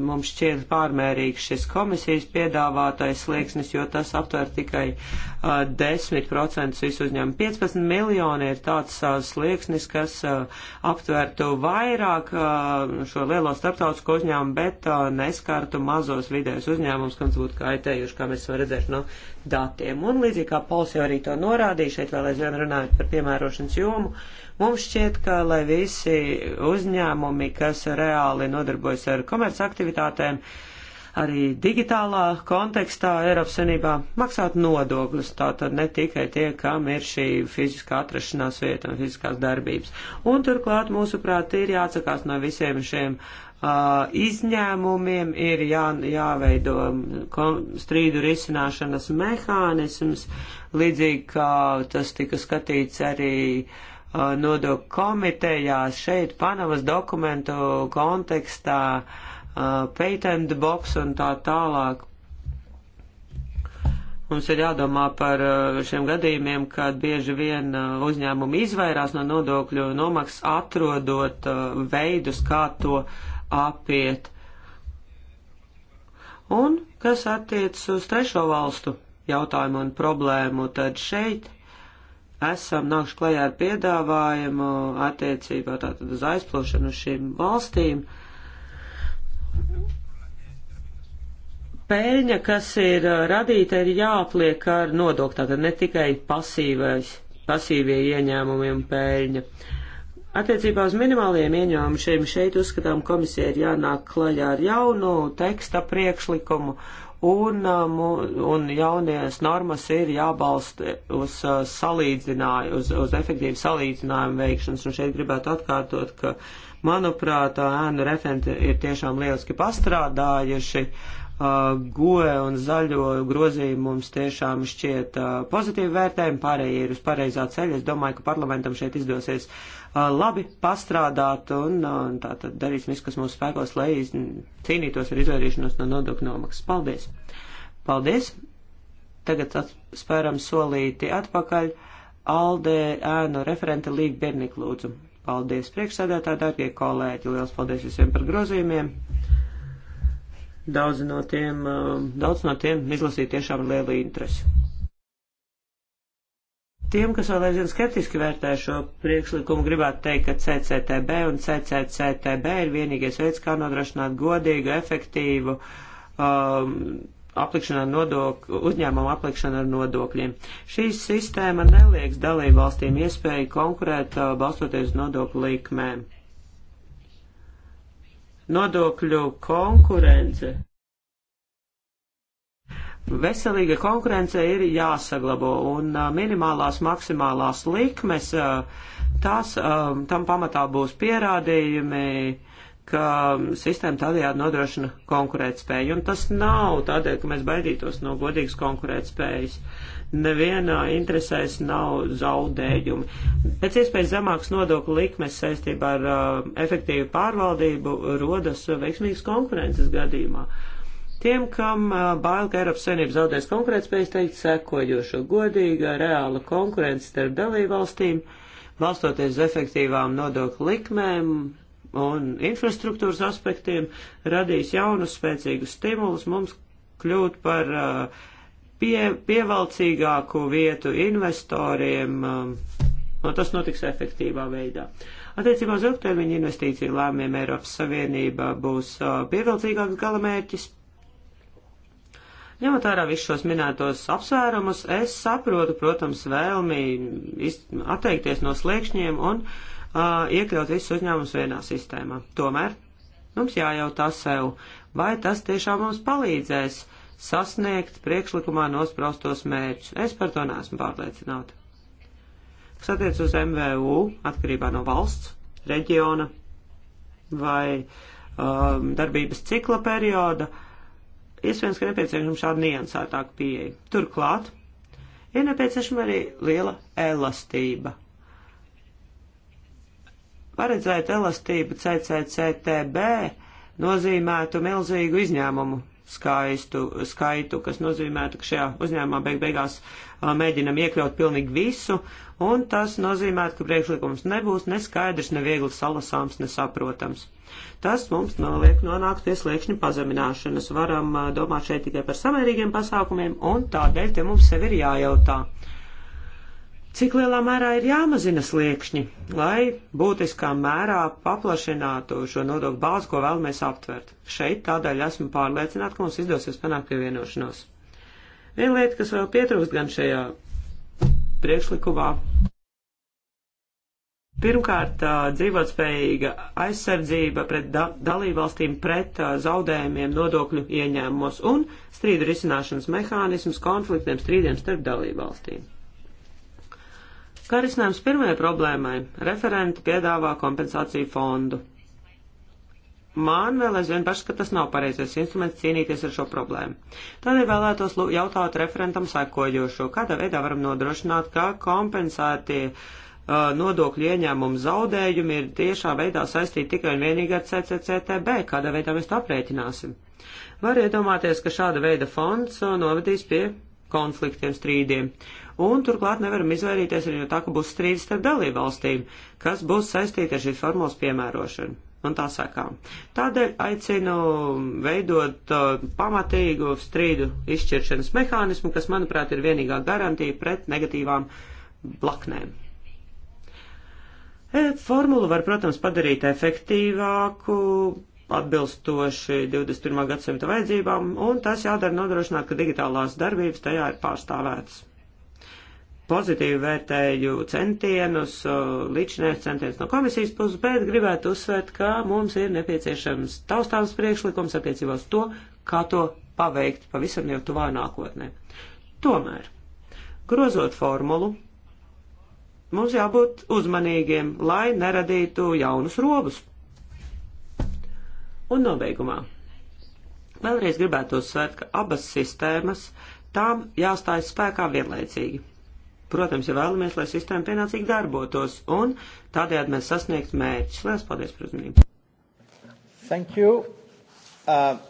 mums šķiet pārmērīgs šis komisijas piedāvātais slieksnis, jo tas aptver tikai 10% visu uzņēmumu. 15 miljoni ir tāds slieksnis, kas aptvertu vairāk šo lielo starptautisko uzņēmumu, bet neskartu mazos vidējos uzņēmumus, kas būtu kaitējuši, kā mēs varam redzēt no datiem. Un līdzīgi kā Pols jau arī to norādīja, šeit vēl aizvien runājot par piemērošanas jomu Mums šķiet, ka lai visi uzņēmumi, kas reāli nodarbojas ar komercaktivitātēm, arī digitālā kontekstā Eiropas Savienībā maksāt nodokļus, tātad ne tikai tie, kam ir šī fiziskā atrašanās vieta un fiziskās darbības. Un turklāt, mūsuprāt, ir jāatsakās no visiem šiem Uh, izņēmumiem ir jā, jāveido um, strīdu risināšanas mehānisms, līdzīgi kā tas tika skatīts arī uh, Uh, nodokļu komitejās šeit Panamas dokumentu kontekstā, uh, patent box un tā tālāk. Mums ir jādomā par uh, šiem gadījumiem, kad bieži vien uzņēmumi izvairās no nodokļu nomaksas, atrodot veidus, kā to apiet. Un kas attiec uz trešo valstu jautājumu un problēmu, tad šeit esam nākuši klajā ar piedāvājumu attiecībā tātad uz aizplošanu uz šīm valstīm. Pēļņa, kas ir uh, radīta, ir jāapliek ar nodokli, tātad ne tikai pasīvais, pasīvie ieņēmumi un pēļņa. Attiecībā uz minimāliem ieņēmumiem šeit uzskatām komisija ir jānāk klajā ar jaunu teksta priekšlikumu, uh, un, uh, un jaunies normas ir jābalsta uz uh, salīdzinājumu, uz, uz efektīvu salīdzinājumu veikšanas. Un šeit gribētu atkārtot, ka, manuprāt, uh, ēnu referenti ir tiešām lieliski pastrādājuši. Goe un zaļo grozījumu mums tiešām šķiet pozitīvi vērtējumi, pārējie ir uz pareizā ceļa. Es domāju, ka parlamentam šeit izdosies uh, labi pastrādāt un, un tātad darīsim visu, kas mūsu spēkos, lai cīnītos ar izvairīšanos no nodokļu nomaksas. Paldies! Paldies! Tagad spēram solīti atpakaļ. Alde ēnu referente Līga Birnik lūdzu. Paldies priekšsēdētā, dārgie kolēģi, liels paldies visiem par grozījumiem. Daudz no tiem, daudz no tiem izlasīja tiešām lielu interesi. Tiem, kas vēl aizvien skeptiski vērtē šo priekšlikumu, gribētu teikt, ka CCTB un CCCTB ir vienīgais veids, kā nodrošināt godīgu, efektīvu um, aplikšanu ar nodokļu, uzņēmumu aplikšanu ar nodokļiem. Šī sistēma nelieks dalību valstīm iespēju konkurēt uh, balstoties uz nodokļu likmēm. Nodokļu konkurence veselīga konkurence ir jāsaglabo, un minimālās, maksimālās likmes, tās, tam pamatā būs pierādījumi, ka sistēma tādējādi nodrošina konkurētspēju, un tas nav tādēļ, ka mēs baidītos no godīgas konkurētspējas. Nevienā interesēs nav zaudējumi. Pēc iespējas zemāks nodokļu likmes saistībā ar uh, efektīvu pārvaldību rodas veiksmīgas konkurences gadījumā. Uh, Tiem, kam bail, ka Eiropas Savienība zaudēs konkurētspējas, teikt sekojošo godīga, reāla konkurence starp dalībvalstīm, balstoties uz efektīvām nodokļu likmēm, un infrastruktūras aspektiem radīs jaunus spēcīgus stimulus mums kļūt par pie, pievalcīgāku vietu investoriem, un tas notiks efektīvā veidā. Attiecībā uz ilgtermiņa investīciju lēmiem Eiropas Savienība būs pievilcīgāks galamērķis Ņemot vērā visus šos minētos apsvērumus, es saprotu, protams, vēlmi atteikties no sliekšņiem un uh, iekļaut visus uzņēmumus vienā sistēmā. Tomēr mums jājautā sev, vai tas tiešām mums palīdzēs sasniegt priekšlikumā nospraustos mērķus. Es par to neesmu pārliecināta. Kas attiec uz MVU atkarībā no valsts, reģiona vai um, darbības cikla perioda, uh, Iespējams, ka nepieciešama šāda niansētāka pieeja. Turklāt ir nepieciešama arī liela elastība. Paredzēt elastību CCCTB nozīmētu milzīgu izņēmumu skaistu, skaitu, kas nozīmētu, ka šajā uzņēmumā beig beigās mēģinam iekļaut pilnīgi visu, un tas nozīmētu, ka priekšlikums nebūs neskaidrs, neviegli salasāms, nesaprotams. Tas mums noliek nonākt pie sliekšņa pazemināšanas. Varam domāt šeit tikai par samērīgiem pasākumiem, un tādēļ te mums sev ir jājautā. Cik lielā mērā ir jāmazina sliekšņi, lai būtiskā mērā paplašinātu šo nodokļu bāzi, ko vēlamies aptvert? Šeit tādēļ esmu pārliecināta, ka mums izdosies panākt pievienošanos. Viena lieta, kas vēl pietrūkst gan šajā priekšlikumā, Pirmkārt, dzīvotspējīga aizsardzība pret da dalībvalstīm pret zaudējumiem nodokļu ieņēmumos un strīdu risināšanas mehānisms konfliktiem strīdiem starp dalībvalstīm. Kā risinājums pirmajai problēmai, referenti piedāvā kompensāciju fondu. Man vēl aizvien pašas, ka tas nav pareizais instruments cīnīties ar šo problēmu. Tādēļ vēlētos jautāt referentam sakojošo, kādā veidā varam nodrošināt, ka kompensētie uh, nodokļu ieņēmumu zaudējumi ir tiešā veidā saistīti tikai un vienīgi ar CCCTB, kādā veidā mēs to aprēķināsim. Var iedomāties, ka šāda veida fonds novedīs pie konfliktiem, strīdiem. Un turklāt nevaram izvairīties arī no tā, ka būs strīds starp dalībvalstīm, kas būs saistīti ar šīs formulas piemērošanu. Un tā sakām. Tādēļ aicinu veidot uh, pamatīgu strīdu izšķiršanas mehānismu, kas, manuprāt, ir vienīgā garantija pret negatīvām blaknēm. E, formulu var, protams, padarīt efektīvāku, atbilstoši 21. gadsimta vajadzībām, un tas jādara nodrošināt, ka digitālās darbības tajā ir pārstāvētas. Pozitīvi vērtēju centienus, e, līdzinājums centienus no komisijas puses, bet gribētu uzsvērt, ka mums ir nepieciešams taustāms priekšlikums attiecībā uz to, kā to paveikt pavisam jau tuvā nākotnē. Tomēr, grozot formulu, Mums jābūt uzmanīgiem, lai neradītu jaunus robus. Un nobeigumā. Vēlreiz gribētu uzsvērt, ka abas sistēmas tām jāstājas spēkā vienlaicīgi. Protams, ja vēlamies, lai sistēma pienācīgi darbotos, un tādējādi mēs sasniegtu mērķus. Lielas paldies par uzmanību! Thank you. Uh,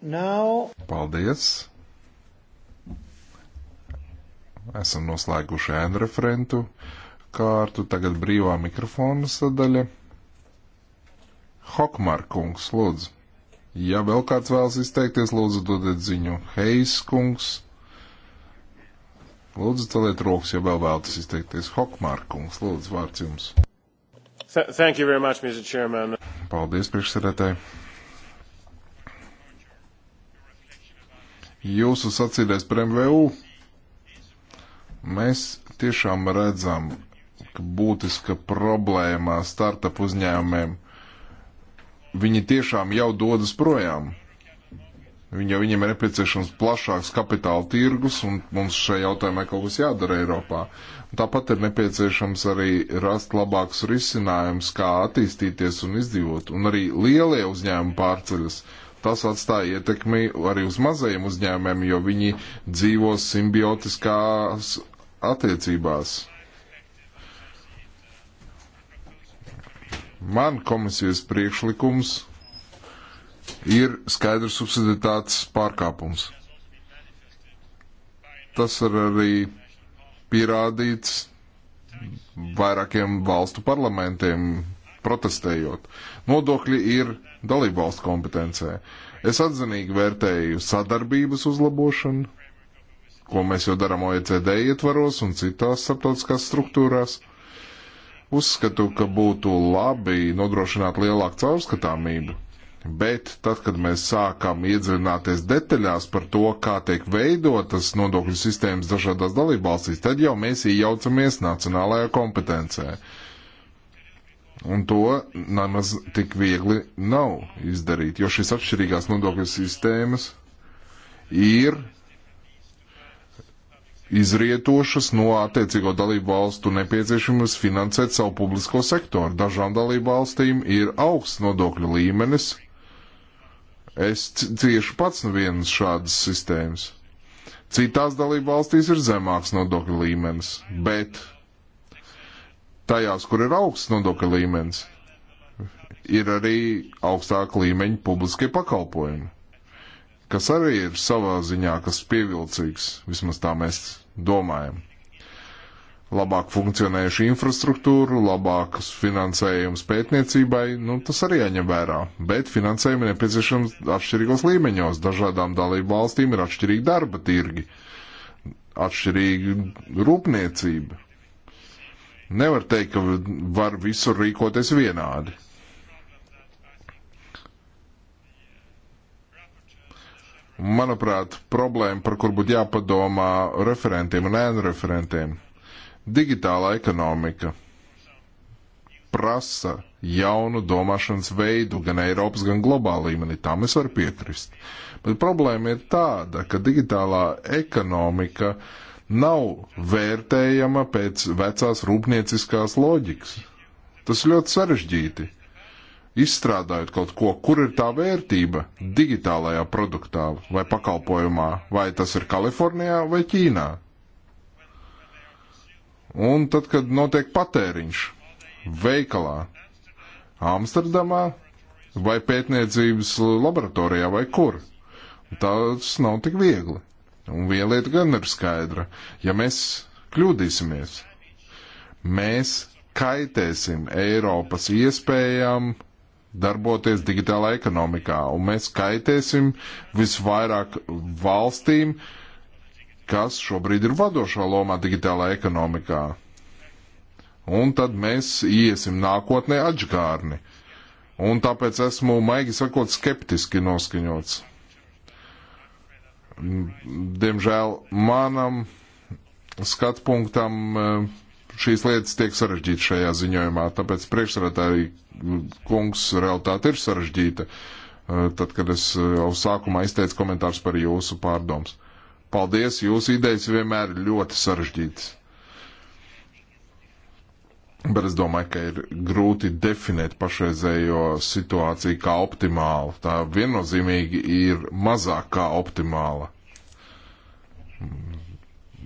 now... Paldies! Esam noslēguši ēnu referentu kārtu. Tagad brīvā mikrofona sadaļa. Hokmarkungs, lūdzu. Ja vēl kāds vēlas izteikties, lūdzu dodiet ziņu. Heiskungs. Lūdzu, celiet rokas, ja vēl vēlaties izteikties. Hokmarkungs, lūdzu, vārds jums. Thank you very much, Mr. Chairman. Paldies, priekšsēdētāji. Jūsu sacīdēs par MVU mēs tiešām redzam, būtiska, būtiska problēma startup uzņēmumiem. Viņi tiešām jau dodas projām. Viņi jau viņiem ir nepieciešams plašāks kapitāla tirgus, un mums šajā jautājumā kaut kas jādara Eiropā. Tāpat ir nepieciešams arī rast labāks risinājums, kā attīstīties un izdzīvot, un arī lielie uzņēmumi pārceļas. Tas atstāja ietekmi arī uz mazajiem uzņēmumiem, jo viņi dzīvo simbiotiskās attiecībās. Man komisijas priekšlikums ir skaidrs subsiditātes pārkāpums. Tas ir arī pierādīts vairākiem valstu parlamentiem protestējot. Nodokļi ir dalību valstu kompetencē. Es atzinīgi vērtēju sadarbības uzlabošanu, ko mēs jau darām OECD ietvaros un citās starptautiskās struktūrās. Uzskatu, ka būtu labi nodrošināt lielāku caurskatāmību, bet tad, kad mēs sākam iedziļināties detaļās par to, kā tiek veidotas nodokļu sistēmas dažādās dalībvalstīs, tad jau mēs iejaucamies nacionālajā kompetencē. Un to nemaz tik viegli nav izdarīt, jo šīs atšķirīgās nodokļu sistēmas ir izrietošas no attiecīgo dalību valstu nepieciešamības finansēt savu publisko sektoru. Dažām dalību valstīm ir augsts nodokļu līmenis. Es cieši pats no vienas šādas sistēmas. Citās dalību valstīs ir zemāks nodokļu līmenis, bet tajās, kur ir augsts nodokļu līmenis, ir arī augstāka līmeņa publiskie pakalpojumi kas arī ir savā ziņā kas pievilcīgs, vismaz tā mēs domājam. Labāk funkcionējuši infrastruktūru, labākas finansējums pētniecībai, nu tas arī jāņem vērā. Bet finansējumi nepieciešams atšķirīgos līmeņos. Dažādām dalību valstīm ir atšķirīgi darba tirgi, atšķirīga rūpniecība. Nevar teikt, ka var visur rīkoties vienādi manuprāt, problēma, par kur būtu jāpadomā referentiem un ēnu referentiem. Digitāla ekonomika prasa jaunu domāšanas veidu gan Eiropas, gan globālā līmenī. Tam es varu piekrist. Bet problēma ir tāda, ka digitālā ekonomika nav vērtējama pēc vecās rūpnieciskās loģikas. Tas ir ļoti sarežģīti izstrādājot kaut ko, kur ir tā vērtība digitālajā produktā vai pakalpojumā, vai tas ir Kalifornijā vai Ķīnā. Un tad, kad notiek patēriņš veikalā, Amsterdamā vai pētniecības laboratorijā vai kur, tas nav tik viegli. Un viena lieta gan ir skaidra. Ja mēs kļūdīsimies, mēs kaitēsim Eiropas iespējām darboties digitālā ekonomikā, un mēs kaitēsim visvairāk valstīm, kas šobrīd ir vadošā lomā digitālā ekonomikā. Un tad mēs iesim nākotnē atžgārni. Un tāpēc esmu, maigi sakot, skeptiski noskaņots. Diemžēl manam skatpunktam uh, šīs lietas tiek sarežģītas šajā ziņojumā, tāpēc priekšsarētāji kungs realitāte ir sarežģīta, tad, kad es jau sākumā izteicu komentārus par jūsu pārdoms. Paldies, jūsu idejas vienmēr ir ļoti sarežģītas. Bet es domāju, ka ir grūti definēt pašreizējo situāciju kā optimālu. Tā viennozīmīgi ir mazāk kā optimāla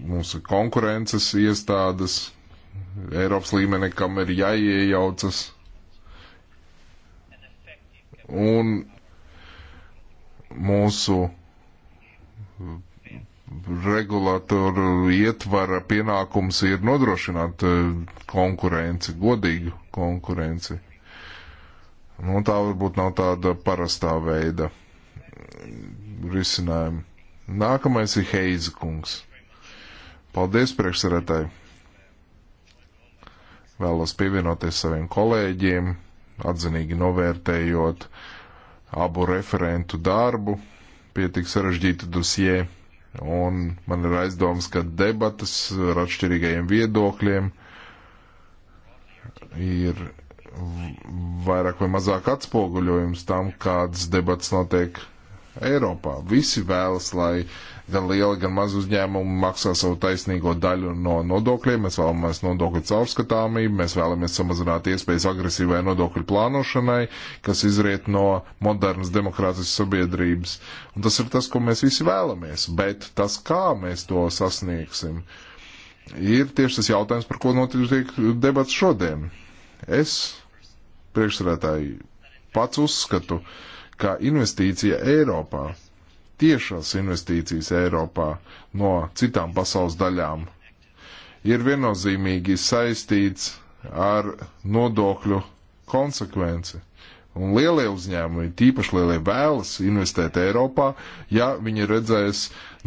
mums ir konkurences iestādes, Eiropas līmenī, kam ir jāiejaucas. Un mūsu regulātoru ietvara pienākums ir nodrošināt e, konkurenci, godīgu konkurenci. Nu, tā varbūt nav tāda parastā veida risinājuma. Nākamais ir Heiza kungs. Paldies priekšsarētāji! Vēlos pievienoties saviem kolēģiem, atzinīgi novērtējot abu referentu darbu pie tik sarežģīta dosjē. Un man ir aizdoms, ka debatas ar atšķirīgajiem viedokļiem ir vairāk vai mazāk atspoguļojums tam, kādas debatas notiek Eiropā. Visi vēlas, lai uh, gan lieli, gan mazi uzņēmumi maksā savu taisnīgo daļu no nodokļiem. Mēs vēlamies nodokļu caurskatāmību, mēs vēlamies samazināt iespējas agresīvai nodokļu plānošanai, kas izriet no modernas demokrātiskas sabiedrības. Un tas ir tas, ko mēs visi vēlamies, bet tas, kā mēs to sasniegsim, ir tieši tas jautājums, par ko notiek debats šodien. Es priekšsarētāji pats uzskatu, ka investīcija Eiropā tiešās investīcijas Eiropā no citām pasaules daļām ir viennozīmīgi saistīts ar nodokļu konsekvenci. Un lielie uzņēmumi, tīpaši lielie, vēlas investēt Eiropā, ja viņi redzēs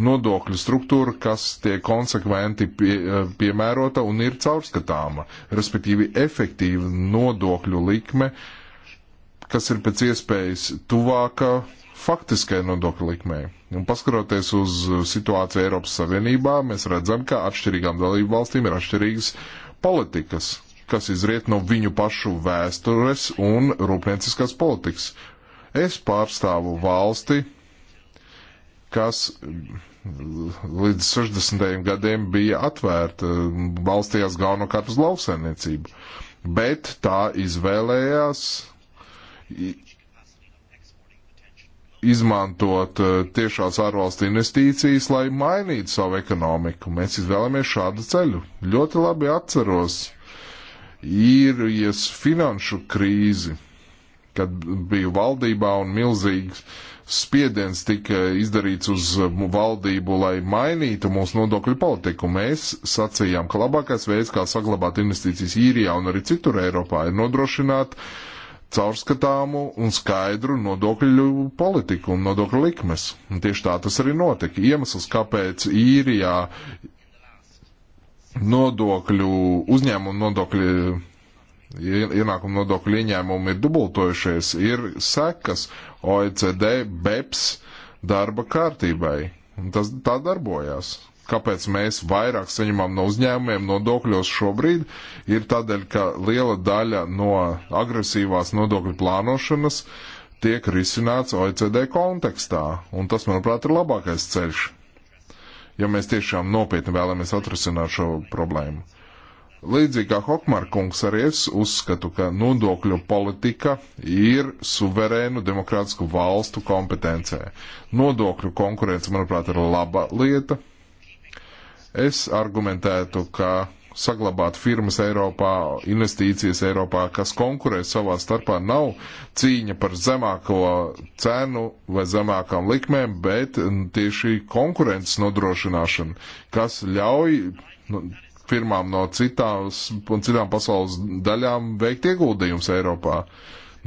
nodokļu struktūru, kas tiek konsekventi pie, piemērota un ir caurskatāma, respektīvi efektīva nodokļu likme, kas ir pēc iespējas tuvāka faktiskai nodokļu likmei. Un paskaroties uz situāciju Eiropas Savienībā, mēs redzam, ka atšķirīgām dalību valstīm ir atšķirīgas politikas, kas izriet no viņu pašu vēstures un rūpnieciskās politikas. Es pārstāvu valsti, kas līdz 60. gadiem bija atvērta, balstījās galvenokārt uz lauksainiecību, bet tā izvēlējās izmantot eh, tiešās ārvalstu investīcijas, lai mainītu savu ekonomiku. Mēs izvēlamies šādu ceļu. Ļoti labi atceros īrijas finanšu krīzi, kad biju valdībā un milzīgs spiediens tika izdarīts uz valdību, lai mainītu mūsu nodokļu politiku. Mēs sacījām, ka labākais veids, kā saglabāt investīcijas īrijā un arī citur Eiropā, ir nodrošināt uh, caurskatāmu un skaidru nodokļu politiku un nodokļu likmes. Un tieši tā tas arī notika. Iemesls, kāpēc īrijā nodokļu uzņēmumu nodokļu ienākumu nodokļu ieņēmumi ir dubultojušies, ir sekas OECD BEPS darba kārtībai. Un tas tā darbojās kāpēc mēs vairāk saņemam no uzņēmumiem nodokļos šobrīd, ir tādēļ, ka liela daļa no agresīvās nodokļu plānošanas tiek risināts OECD kontekstā, un tas, manuprāt, ir labākais ceļš, ja mēs tiešām nopietni vēlamies atrisināt šo problēmu. Līdzīgi kā Hokmārkungs arī es uzskatu, ka nodokļu politika ir suverēnu demokrātisku valstu kompetencē. Nodokļu konkurence, manuprāt, ir laba lieta, Es argumentētu, ka saglabāt firmas Eiropā, investīcijas Eiropā, kas konkurē savā starpā, nav cīņa par zemāko cenu vai zemākām likmēm, bet tieši konkurences nodrošināšana, kas ļauj nu, firmām no citās, citām pasaules daļām veikt ieguldījums Eiropā,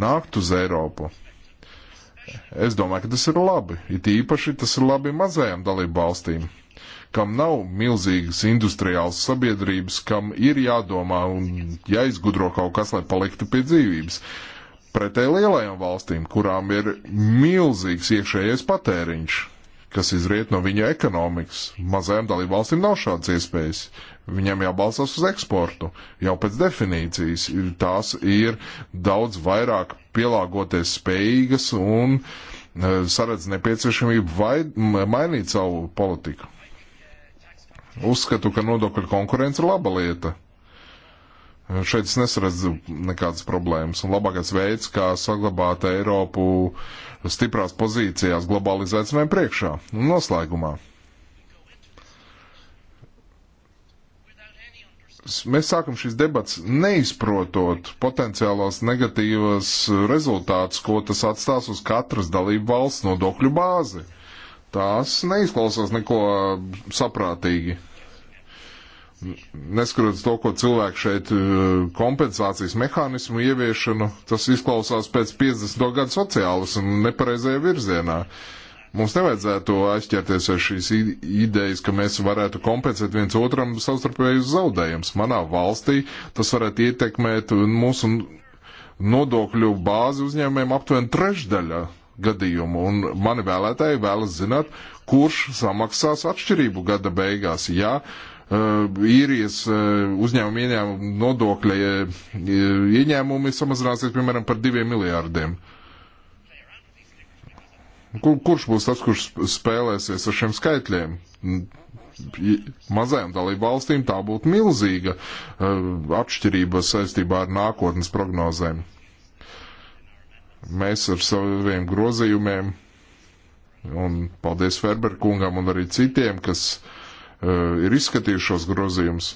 nākt uz Eiropu. Es domāju, ka tas ir labi. It īpaši tas ir labi mazajām dalību valstīm kam nav milzīgas industriālas sabiedrības, kam ir jādomā un jāizgudro kaut kas, lai paliktu pie dzīvības. Pretēji lielajām valstīm, kurām ir milzīgs iekšējais patēriņš, kas izriet no viņa ekonomikas. Mazajām dalību valstīm nav šādas iespējas. Viņam jābalstās uz eksportu. Jau pēc definīcijas tās ir daudz vairāk pielāgoties spējīgas un eh, saredz nepieciešamību vai, mainīt savu politiku. Uzskatu, ka nodokļu konkurence ir laba lieta. Šeit es nesaredzu nekādas problēmas. Un labākais veids, kā saglabāt Eiropu stiprās pozīcijās globāla izaicinājuma priekšā un noslēgumā. Mēs sākam šīs debats neizprotot potenciālās negatīvas rezultātus, ko tas atstās uz katras dalību valsts nodokļu bāzi. Tās neizklausās neko saprātīgi neskatoties to, ko cilvēki šeit eh, kompensācijas mehānismu ieviešanu, tas izklausās pēc 50. gadu sociālas un nepareizajā virzienā. Mums nevajadzētu aizķerties ar šīs idejas, ka mēs varētu kompensēt viens otram savstarpējus zaudējumus. Manā valstī tas varētu ietekmēt mūsu nodokļu bāzi uzņēmējiem aptuveni trešdaļa gadījumu, un mani vēlētāji vēlas zināt, kurš samaksās atšķirību gada beigās, ja Eh, īrijas eh, uzņēmuma ieņēmuma nodokļa eh, ieņēmumi samazināsies, piemēram, par diviem miljārdiem. Kur, kurš būs tas, kurš spēlēsies ar šiem skaitļiem? Mazajām dalību valstīm tā būtu milzīga atšķirība saistībā ar nākotnes prognozēm. Mēs ar saviem grozījumiem, un paldies Ferberkungam un arī citiem, kas uh, Eh, ir izskatījušos grozījumus,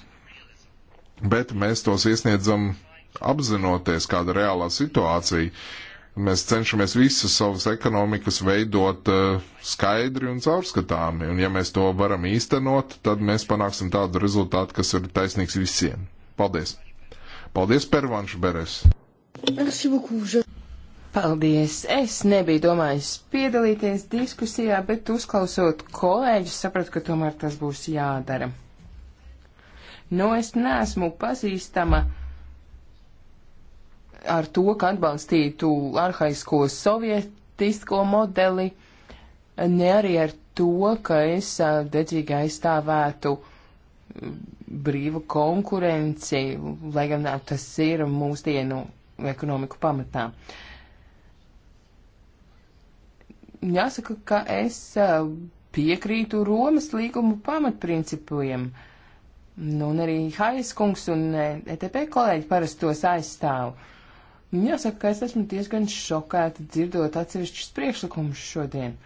bet mēs tos iesniedzam apzinoties, kāda ir reālā situācija. Mēs cenšamies visas savas ekonomikas veidot eh, skaidri un caurskatāmi, un ja mēs to varam īstenot, tad mēs panāksim tādu rezultātu, kas ir taisnīgs visiem. Paldies! Paldies, Pervanš Beres! Merci beaucoup! Je... Paldies! Es nebiju domājis piedalīties diskusijā, bet uzklausot kolēģus, sapratu, ka tomēr tas būs jādara. Nu, es neesmu pazīstama ar to, ka atbalstītu arhaisko sovietisko modeli, ne arī ar to, ka es dedzīgi aizstāvētu brīvu konkurenci, lai gan tas ir mūsdienu ekonomiku pamatā. Uh, jāsaka, ka es eh, piekrītu Romas līgumu pamatprincipiem. Nu, un arī Haijas kungs un ETP eh, e kolēģi parastos aizstāv. Jāsaka, ka es esmu diezgan šokēta dzirdot atsevišķus priekšlikumus šodien.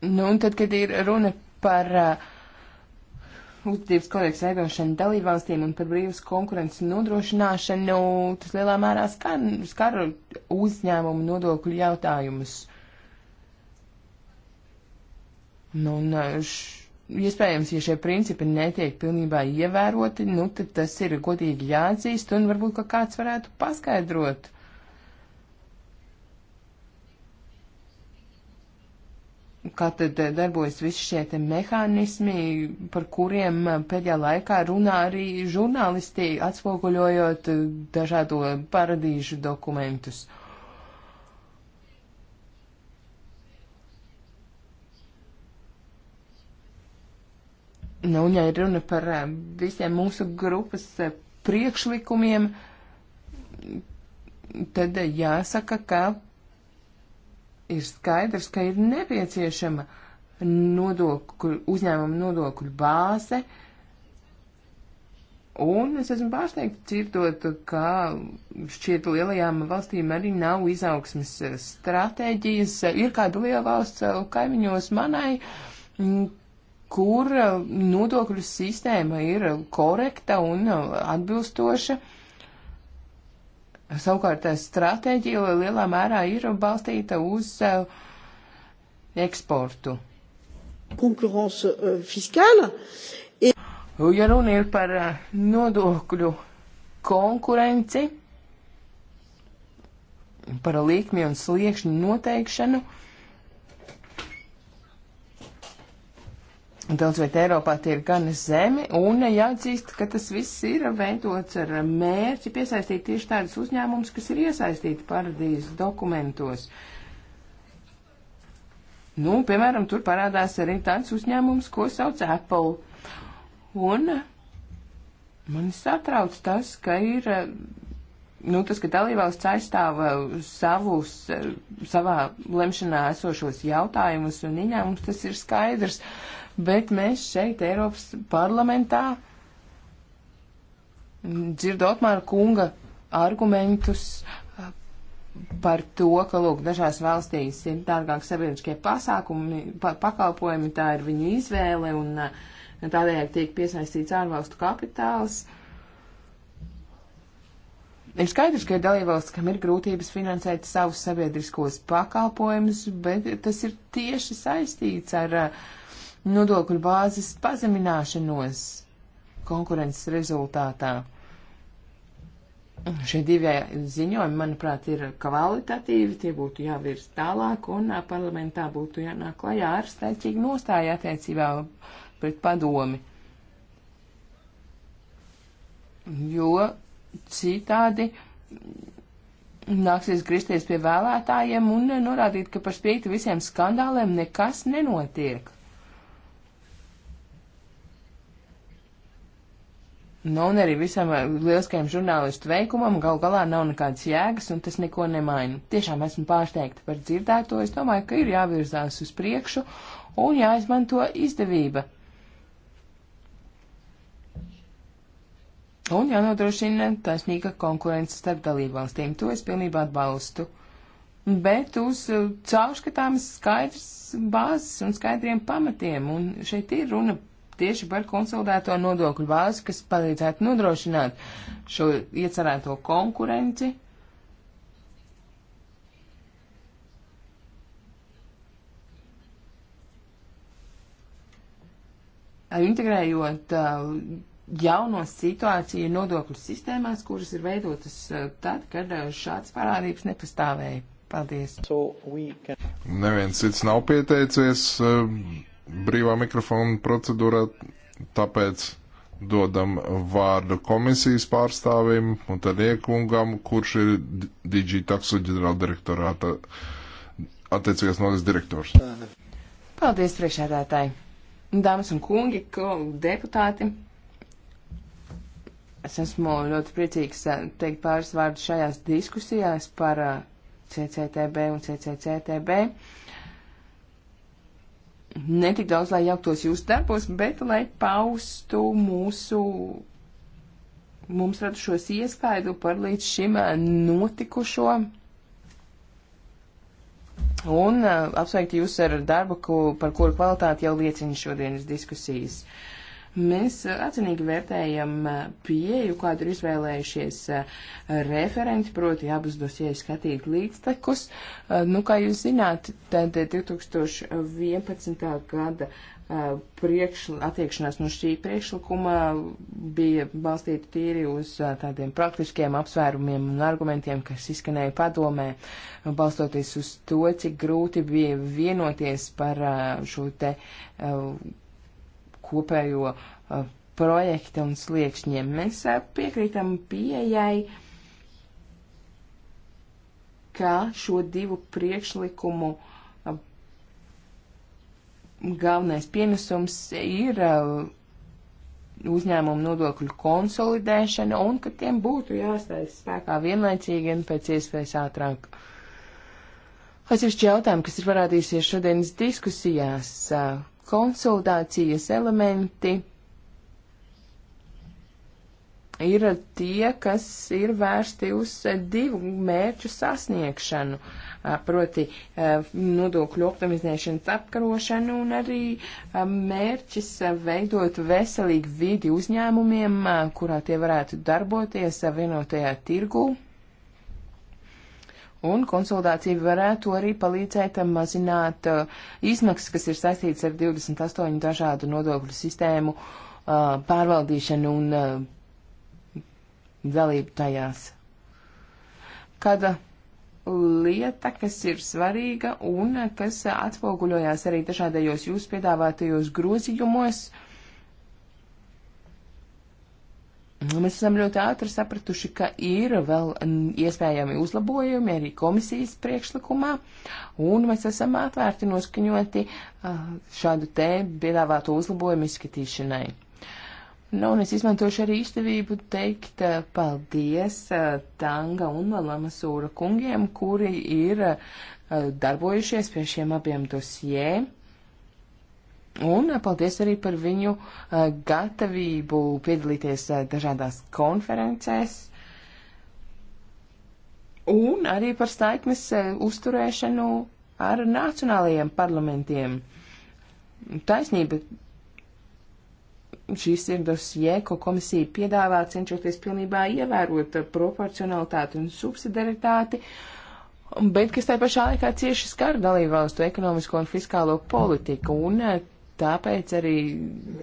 Nu, un tad, kad ir runa par uh, uzticības kodeksa veidošanu dalībvalstīm un par brīvas konkurences nodrošināšanu, tas lielā mērā skar, skar uzņēmumu nodokļu jautājumus. Nu, un, š, iespējams, ja šie principi netiek pilnībā ievēroti, nu, tad tas ir godīgi jāatzīst, un varbūt, ka kāds varētu paskaidrot, kā tad eh, darbojas visi šie mehānismi, par kuriem eh, pēdējā laikā runā arī žurnālisti, atspoguļojot eh, dažādo paradīžu dokumentus. Nu, un, ja ir runa par visiem mūsu grupas priekšlikumiem, tad jāsaka, ka ir skaidrs, ka ir nepieciešama nodokļu, uzņēmuma nodokļu bāze. Un es esmu pārsteigts dzirdot, ka šķiet lielajām valstīm arī nav izaugsmes stratēģijas. Ir kāda liela valsts kaimiņos manai, kur nodokļu sistēma ir korekta un atbilstoša. Uh, Savukārt eh, stratēģija lielā mērā ir balstīta uz eh, eksportu. Konkurence eh, fiskāla. Ja runa ir par nodokļu konkurenci, par līkmi un sliekšņu noteikšanu, uh, Daudz vietā Eiropā tie ir gan zemi, un jāatzīst, ka tas viss ir veidots ar mērķi piesaistīt tieši tādus uzņēmumus, kas ir iesaistīti paradīzes dokumentos. Nu, piemēram, tur parādās arī tāds uzņēmums, ko sauc Apple. Un man satrauc tas, ka ir, nu, tas, ka dalībvalsts aizstāv savus, savā lemšanā esošos jautājumus un ieņēmumus, tas ir skaidrs. Uh, bet mēs šeit Eiropas parlamentā dzirdot Māra kunga argumentus uh, par to, ka, lūk, dažās valstīs ir dārgāk sabiedriskie pasākumi, pa, pakalpojumi, tā ir viņu izvēle un uh, tādējādi tiek piesaistīts ārvalstu kapitāls. Ir skaidrs, ka ir dalībvalsts, kam ir grūtības finansēt savus sabiedriskos pakalpojumus, bet tas ir tieši saistīts ar uh, nodokļu bāzes pazemināšanos konkurences rezultātā. Šie divi ziņojumi, manuprāt, ir kvalitatīvi, tie būtu jāvirz tālāk, un parlamentā būtu jānāk klajā ar steidzīgu nostāju attiecībā pret padomi. Jo citādi nāksies griezties pie vēlētājiem un norādīt, ka par spīti visiem skandāliem nekas nenotiek. Nu, un arī visam eh, lieliskajam žurnālistu veikumam gal galā nav nekādas jēgas, un tas neko nemaina. Tiešām esmu pārsteigta par dzirdēto. Es domāju, ka ir jāvirzās uz priekšu un jāizmanto izdevība. un jānodrošina taisnīga konkurence starp dalībvalstīm. To es pilnībā atbalstu. Bet uz eh, caurskatāmas skaidrs bāzes un skaidriem pamatiem, un šeit ir runa tieši par konsolidēto nodokļu bāzi, kas palīdzētu nodrošināt šo iecerēto konkurenci. Integrējot uh, jauno situāciju nodokļu sistēmās, kuras ir veidotas uh, tad, kad uh, šāds parādības nepastāvēja. Paldies. So can... Neviens cits nav pieteicies. Um brīvā mikrofona procedūrā, tāpēc dodam vārdu komisijas pārstāvim un tad iekungam, kurš ir DG taksu ģenerāldirektorāta attiecīgās nodaļas direktors. Paldies, priekšēdētāji! Dāmas un kungi, deputāti! Es esmu ļoti priecīgs eh, teikt pāris vārdus šajās diskusijās par eh, CCTB un CCCTB. Uh, ne tik daudz, lai jauktos jūsu darbos, bet lai paustu mūsu, mums radušos ieskaidu par līdz šim eh, notikušo. Un eh, apsveikt jūs ar darbu, ku, par kuru kvalitāti jau liecina šodienas diskusijas. Uh, Mēs eh, atzinīgi vērtējam eh, pieeju, kādu ir izvēlējušies eh, referenti, proti abus dosieju skatīt līdztekus. Nu, kā jūs zināt, tad 2011. gada priekš, attiekšanās no šī priekšlikuma bija balstīta tīri uz tādiem praktiskiem apsvērumiem un argumentiem, kas izskanēja padomē, balstoties uz to, cik grūti bija vienoties par šo te kopējo uh, projektu un sliekšņiem. Mēs uh, piekrītam pieejai, ka šo divu priekšlikumu uh, galvenais pienesums ir uzņēmumu nodokļu konsolidēšana un ka tiem būtu jāstājas spēkā vienlaicīgi un pēc iespējas ātrāk. Atsevišķi jautājumi, kas ir parādījusies šodienas diskusijās, konsultācijas elementi ir tie, kas ir vērsti uz divu mērķu sasniegšanu, proti nodokļu optimizēšanas apkarošanu un arī mērķis veidot veselīgu vidi uzņēmumiem, kurā tie varētu darboties vienotajā tirgū Un konsultācija varētu arī palīdzēt eh, mazināt uh, izmaksas, kas ir saistītas ar 28 dažādu nodokļu sistēmu uh, pārvaldīšanu un uh, dalību tajās. Kāda lieta, kas ir svarīga un kas atspoguļojās arī dažādajos jūsu piedāvātajos grozījumos, uh, Mēs esam ļoti ātri sapratuši, ka ir vēl iespējami uzlabojumi arī komisijas priekšlikumā, un mēs esam atvērti noskaņoti šādu te piedāvāto uzlabojumu izskatīšanai. Nu, un es izmantošu arī izdevību teikt paldies Tanga un Lamasūra kungiem, kuri ir darbojušies pie šiem abiem dosjiem. Un paldies arī par viņu eh, gatavību piedalīties eh, dažādās konferencēs un arī par saiknes eh, uzturēšanu ar nacionālajiem parlamentiem. Taisnība šis ir dosie, ko komisija piedāvā, cenšoties pilnībā ievērot proporcionalitāti un subsidaritāti, bet kas tā pašā laikā cieši skar dalībvalstu ekonomisko un fiskālo politiku. Un Tāpēc arī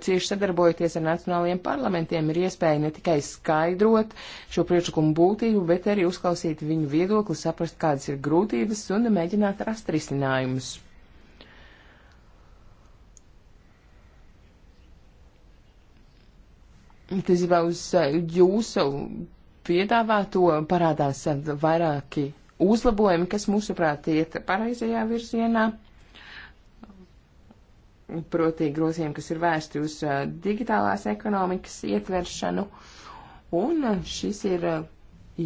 cieši sadarbojoties ar nacionālajiem parlamentiem ir iespēja ne tikai skaidrot šo priekšlikumu būtību, bet arī uzklausīt viņu viedokli, saprast, kādas ir grūtības un mēģināt rast risinājumus. Tas vēl uz eh, jūsu piedāvāto parādās vairāki uzlabojumi, kas mūsuprāt iet pareizajā virzienā proti grozījumi, kas ir vērsti uz uh, digitālās ekonomikas ietveršanu. Un šis ir uh,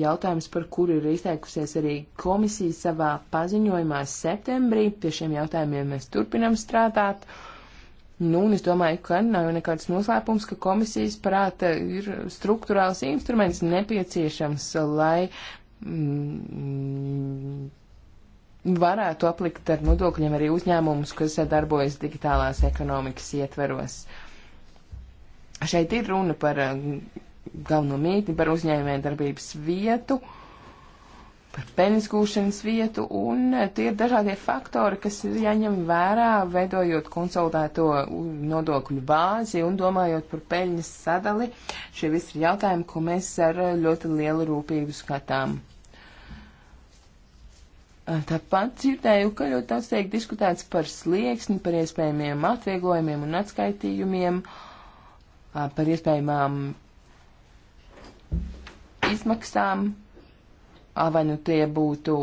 jautājums, par kuru ir izteikusies arī komisija savā paziņojumā septembrī. Pie šiem jautājumiem mēs turpinam strādāt. Nu, un es domāju, ka nav nekāds noslēpums, ka komisijas prāta ir struktūrāls instruments nepieciešams, lai mm, varētu aplikt ar nodokļiem arī uzņēmumus, kas darbojas digitālās ekonomikas ietveros. Šeit ir runa par eh, galveno mītni, par uzņēmēm darbības vietu, par peniskūšanas vietu, un eh, tie ir dažādie faktori, kas ir jāņem vērā, veidojot konsolidēto nodokļu bāzi un domājot par peļņas sadali. Šie visi ir jautājumi, ko mēs ar eh, ļoti lielu rūpību skatām. Tāpat dzirdēju, ka ļoti daudz tiek diskutēts par slieksni, par iespējamiem atvieglojumiem un atskaitījumiem, par iespējamām izmaksām, vai nu tie būtu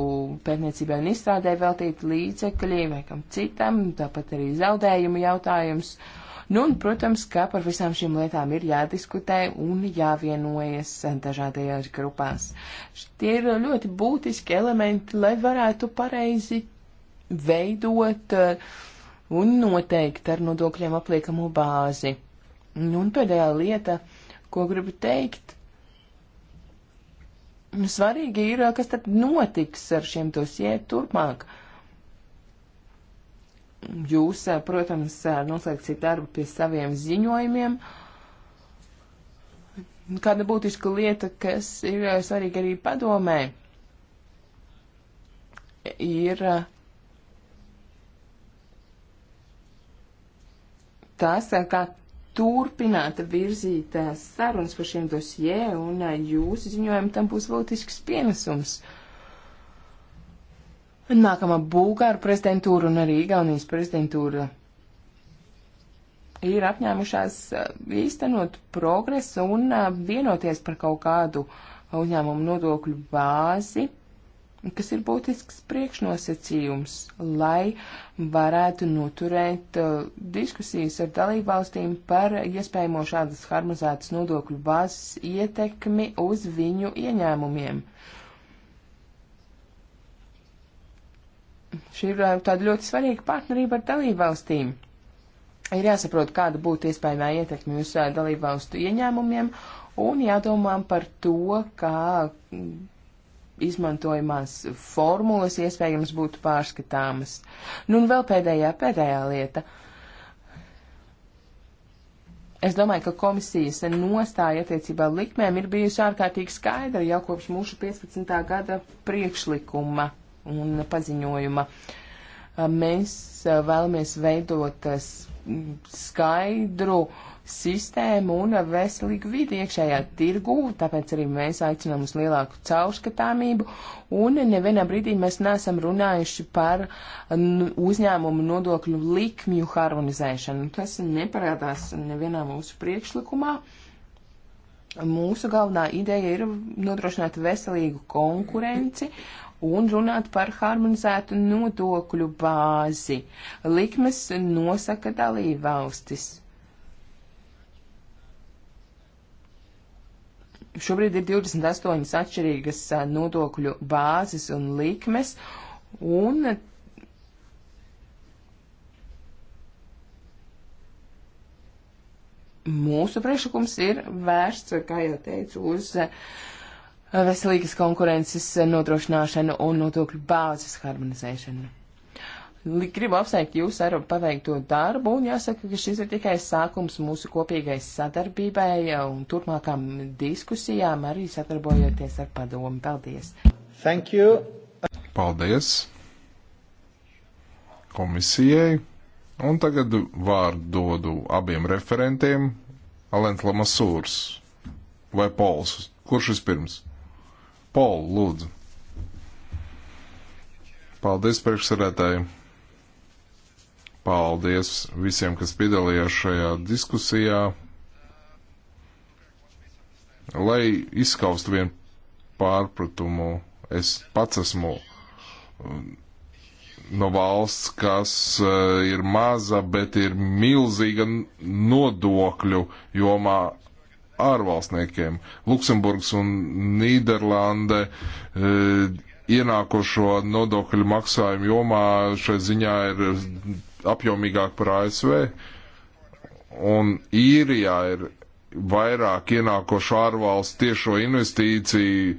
pētniecībai un izstrādē veltīti līdzekļi vai kam citam, tāpat arī zaudējumu jautājums. Uh, Nu, un, protams, ka par visām šīm lietām ir jādiskutē un jāvienojas dažādajās grupās. Tie ir ļoti būtiski elementi, lai varētu pareizi veidot eh, un noteikt ar nodokļiem apliekamo bāzi. Nu, un pēdējā lieta, ko gribu teikt, svarīgi ir, eh, kas tad notiks ar šiem dosie turpmāk. Uh, jūs, eh, protams, eh, noslēgsiet darbu pie saviem ziņojumiem. Kāda būtiska lieta, kas ir eh, svarīga arī padomē, ir tas, kā turpināt virzīt sarunas par šiem dosjē, un jūsu ziņojumam tam būs būtisks pienesums. Uh, Nākamā Bulgāru prezidentūra un arī Igaunijas prezidentūra ir apņēmušās eh, īstenot progresu un eh, vienoties par kaut kādu uzņēmumu nodokļu bāzi, kas ir būtisks priekšnosacījums, lai varētu noturēt eh, diskusijas ar dalībvalstīm par iespējamo šādas harmonizētas nodokļu bāzes ietekmi uz viņu ieņēmumiem. Uh, šī ir eh, tāda ļoti svarīga partnerība ar dalību valstīm. Ir jāsaprot, kāda būtu iespējamā ietekme uz eh, dalību valstu ieņēmumiem un jādomā par to, kā mm, izmantojamās formulas iespējams būtu pārskatāmas. Nu un vēl pēdējā, pēdējā lieta. Es domāju, ka komisijas nostāja attiecībā likmēm ir bijusi ārkārtīgi skaidra jau kopš mūsu 15. gada priekšlikuma un paziņojuma. Mēs eh, vēlamies veidot eh, skaidru sistēmu un veselīgu vidi iekšējā tirgū, tāpēc arī mēs aicinām uz lielāku caurskatāmību, un nevienā brīdī mēs neesam runājuši par uzņēmumu nodokļu likmju harmonizēšanu. Tas neparādās nevienā mūsu priekšlikumā mūsu galvenā ideja ir nodrošināt veselīgu konkurenci un runāt par harmonizētu nodokļu bāzi. Likmes nosaka dalībvalstis. Šobrīd ir 28 atšķirīgas nodokļu bāzes un likmes, un mūsu priekšlikums ir vērsts, kā jau teicu, uz veselīgas konkurences nodrošināšanu un notokļu bāzes harmonizēšanu. Gribu apsveikt jūs ar paveikto darbu un jāsaka, ka šis ir tikai sākums mūsu kopīgai sadarbībai un turpmākām diskusijām arī sadarbojoties ar padomu. Paldies! Thank you! Paldies komisijai! Un tagad vārdu dodu abiem referentiem, Alens Lamasūrs vai Pols. Kurš vispirms? Pol, lūdzu. Paldies priekšsarētāji. Paldies visiem, kas piedalījās šajā diskusijā. Lai izskaustu vienu pārpratumu, es pats esmu um, no valsts, kas uh, ir maza, bet ir milzīga nodokļu jomā ārvalstniekiem. Luksemburgs un Nīderlande e, ienākošo nodokļu maksājumu jomā šai ziņā ir apjomīgāk par ASV. Un īrijā ir vairāk ienākošu ārvalstu tiešo investīciju e,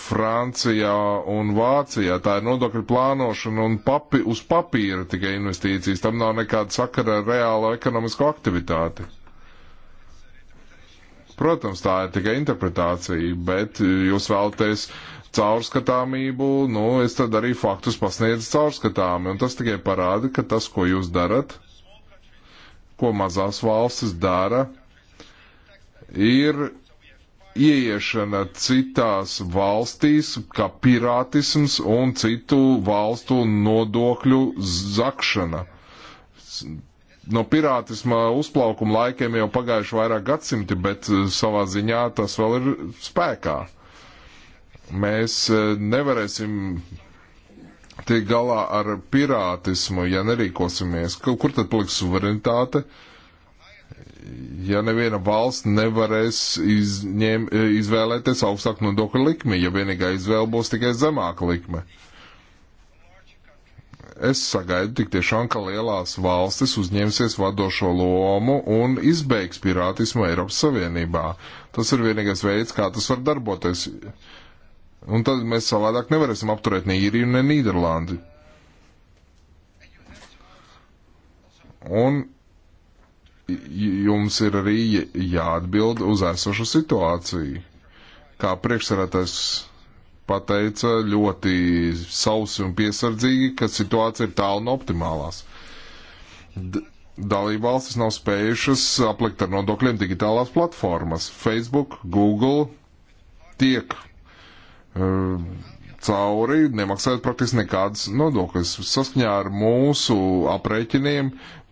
Francijā un Vācijā. Tā ir nodokļu plānošana un papi, uz papīra tikai investīcijas. Tam nav nekāda sakara ar reālo ekonomisko aktivitāti. Protams, tā ir tikai interpretācija, bet jūs vēlaties caurskatāmību, nu, es tad arī faktus pasniedzu caurskatāmi, un tas tikai parāda, ka tas, ko jūs darat, ko mazās valstis dara, ir ieiešana citās valstīs, kā pirātisms un citu valstu nodokļu zakšana no pirātisma uzplaukuma laikiem jau pagājuši vairāk gadsimti, bet eh, savā ziņā tas vēl ir spēkā. Mēs eh, nevarēsim tiek galā ar pirātismu, ja nerīkosimies. Kur tad paliks suverenitāte? Ja neviena valsts nevarēs izņem, eh, izvēlēties augstāku nodokļu likmi, ja vienīgā izvēle būs tikai zemāka likme. Uh, Es sagaidu tik tiešām, ka lielās valstis uzņemsies vadošo lomu un izbeigs pirātismu Eiropas Savienībā. Tas ir vienīgais veids, kā tas var darboties. Un tad mēs savādāk nevarēsim apturēt ne īriju, ne Nīderlandi. Un jums ir arī jāatbild uz esošu situāciju. Kā priekšsarētais pateica ļoti sausi un piesardzīgi, ka situācija ir tālu no optimālās. D Dalība valstis nav spējušas aplikt ar nodokļiem digitālās platformas. Facebook, Google tiek uh, cauri, nemaksājot praktiski nekādas nodokļas. Saskaņā ar mūsu aprēķiniem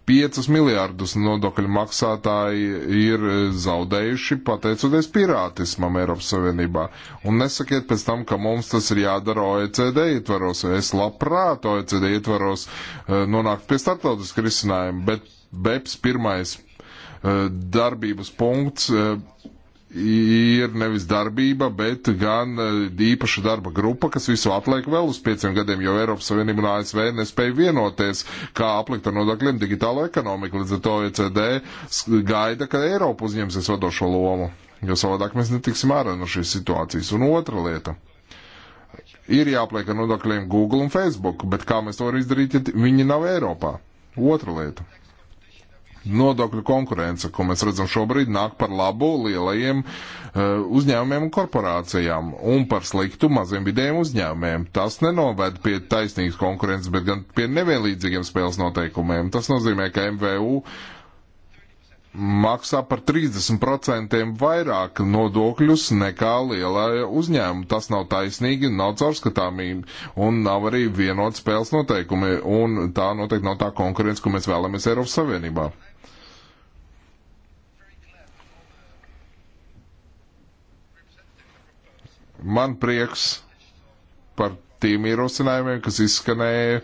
5 miljārdus nodokļu maksātāji ir zaudējuši pateicoties pirātismam Eiropas Savienībā. Un nesakiet pēc tam, ka mums tas ir jādara OECD ietvaros. Es labprāt OECD ietvaros eh, nonākt pie startautiska risinājuma, bet BEPS pirmais eh, darbības punkts eh, ir nevis darbība, bet gan e, īpaša darba grupa, kas visu atliek vēl uz pieciem gadiem, jo Eiropas Savienība un ASV nespēja vienoties, kā aplikt ar nodokļiem digitālo ekonomiku. Līdz ar to ECD gaida, ka Eiropa uzņemsies vadošo lomu, jo savādāk mēs netiksim ārā no šīs situācijas. Un otra lieta. Ir jāpliek ar nodokļiem Google un Facebook, bet kā mēs to varam izdarīt, ja viņi nav Eiropā? Otra lieta Nodokļu konkurence, ko mēs redzam šobrīd, nāk par labu lielajiem uh, uzņēmumiem un korporācijām un par sliktu maziem vidējiem uzņēmumiem. Tas nenoved pie taisnīgas konkurences, bet gan pie nevienlīdzīgiem spēles noteikumiem. Tas nozīmē, ka MVU uh, maksā par 30% vairāk nodokļus nekā lielā uzņēmuma. Tas nav taisnīgi, nav caurskatāmība un nav arī vienot spēles noteikumi. Un tā noteikti nav tā konkurence, ko mēs vēlamies Eiropas Savienībā. Man prieks par tiem ierosinājumiem, kas izskanēja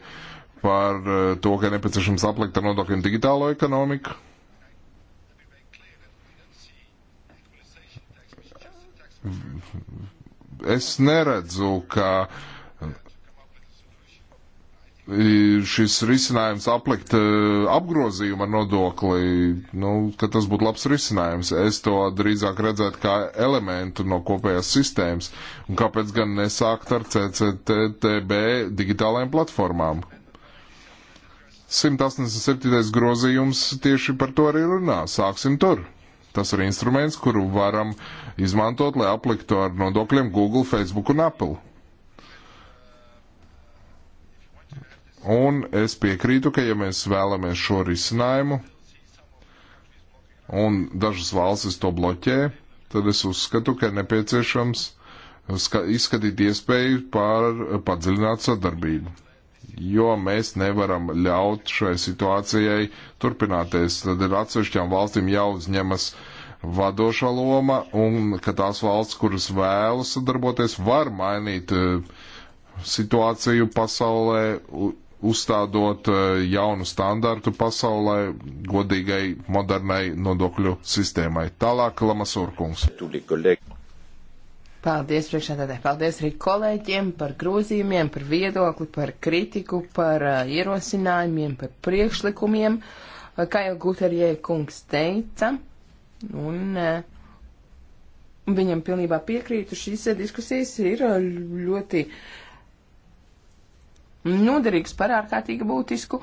par eh, to, ka nepieciešams aplikt ar nodokļiem digitālo ekonomiku es neredzu, ka šis risinājums aplikt e, apgrozījumu ar nodokli, nu, ka tas būtu labs risinājums. Es to drīzāk redzētu kā elementu no kopējās sistēmas. Un kāpēc gan nesākt ar CCTB digitālajām platformām? 187. grozījums tieši par to arī runā. Sāksim tur. Tas ir instruments, kuru varam izmantot, lai apliktu ar nodokļiem Google, Facebook un Apple. Un es piekrītu, ka ja mēs vēlamies šo risinājumu, un dažas valstis to bloķē, tad es uzskatu, ka ir nepieciešams izskatīt iespēju pār padziļināt sadarbību jo mēs nevaram ļaut šai situācijai turpināties. Tad ir atsevišķām valstīm jāuzņemas vadošā loma, un ka tās valsts, kuras vēlas sadarboties, var mainīt eh, situāciju pasaulē, uzstādot eh, jaunu standartu pasaulē godīgai modernai nodokļu sistēmai. Tālāk Lamasurkungs. Paldies priekšādātē, paldies arī kolēģiem par grozījumiem, par viedokli, par kritiku, par uh, ierosinājumiem, par priekšlikumiem, uh, kā jau Guterjē kungs teica. Un, uh, viņam pilnībā piekrītu. Šīs uh, diskusijas ir uh, ļoti noderīgs par ārkārtīgi būtisku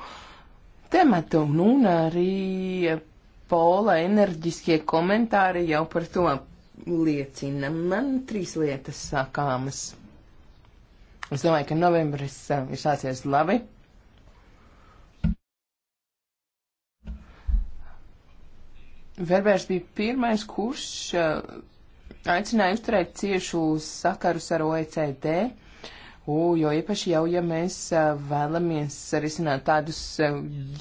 tematu. Nu, un arī uh, Pola enerģiskie komentāri jau par to liecina. Man trīs lietas sākāmas. Es domāju, ka novembris eh, ir sācies labi. Verbērs bija pirmais, kurš eh, aicināja uzturēt ciešu sakarus ar OECD. U, jo īpaši jau, ja mēs eh, vēlamies risināt tādus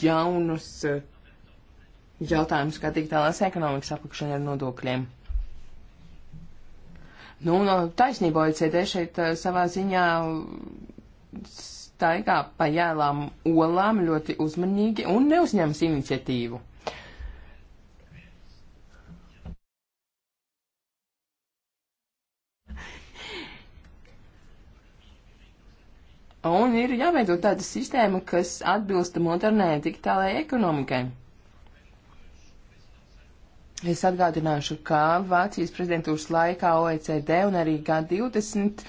jaunus jautājumus, kā digitālās ekonomikas apakšana ar nodokļiem. Nu, taisnība OECD šeit eh, savā ziņā staigā pa jēlām olām ļoti uzmanīgi un neuzņems iniciatīvu. Un ir jāveido tāda sistēma, kas atbilst modernai digitālajai ekonomikai. Es atgādināšu, ka Vācijas prezidentūras laikā OECD un arī G20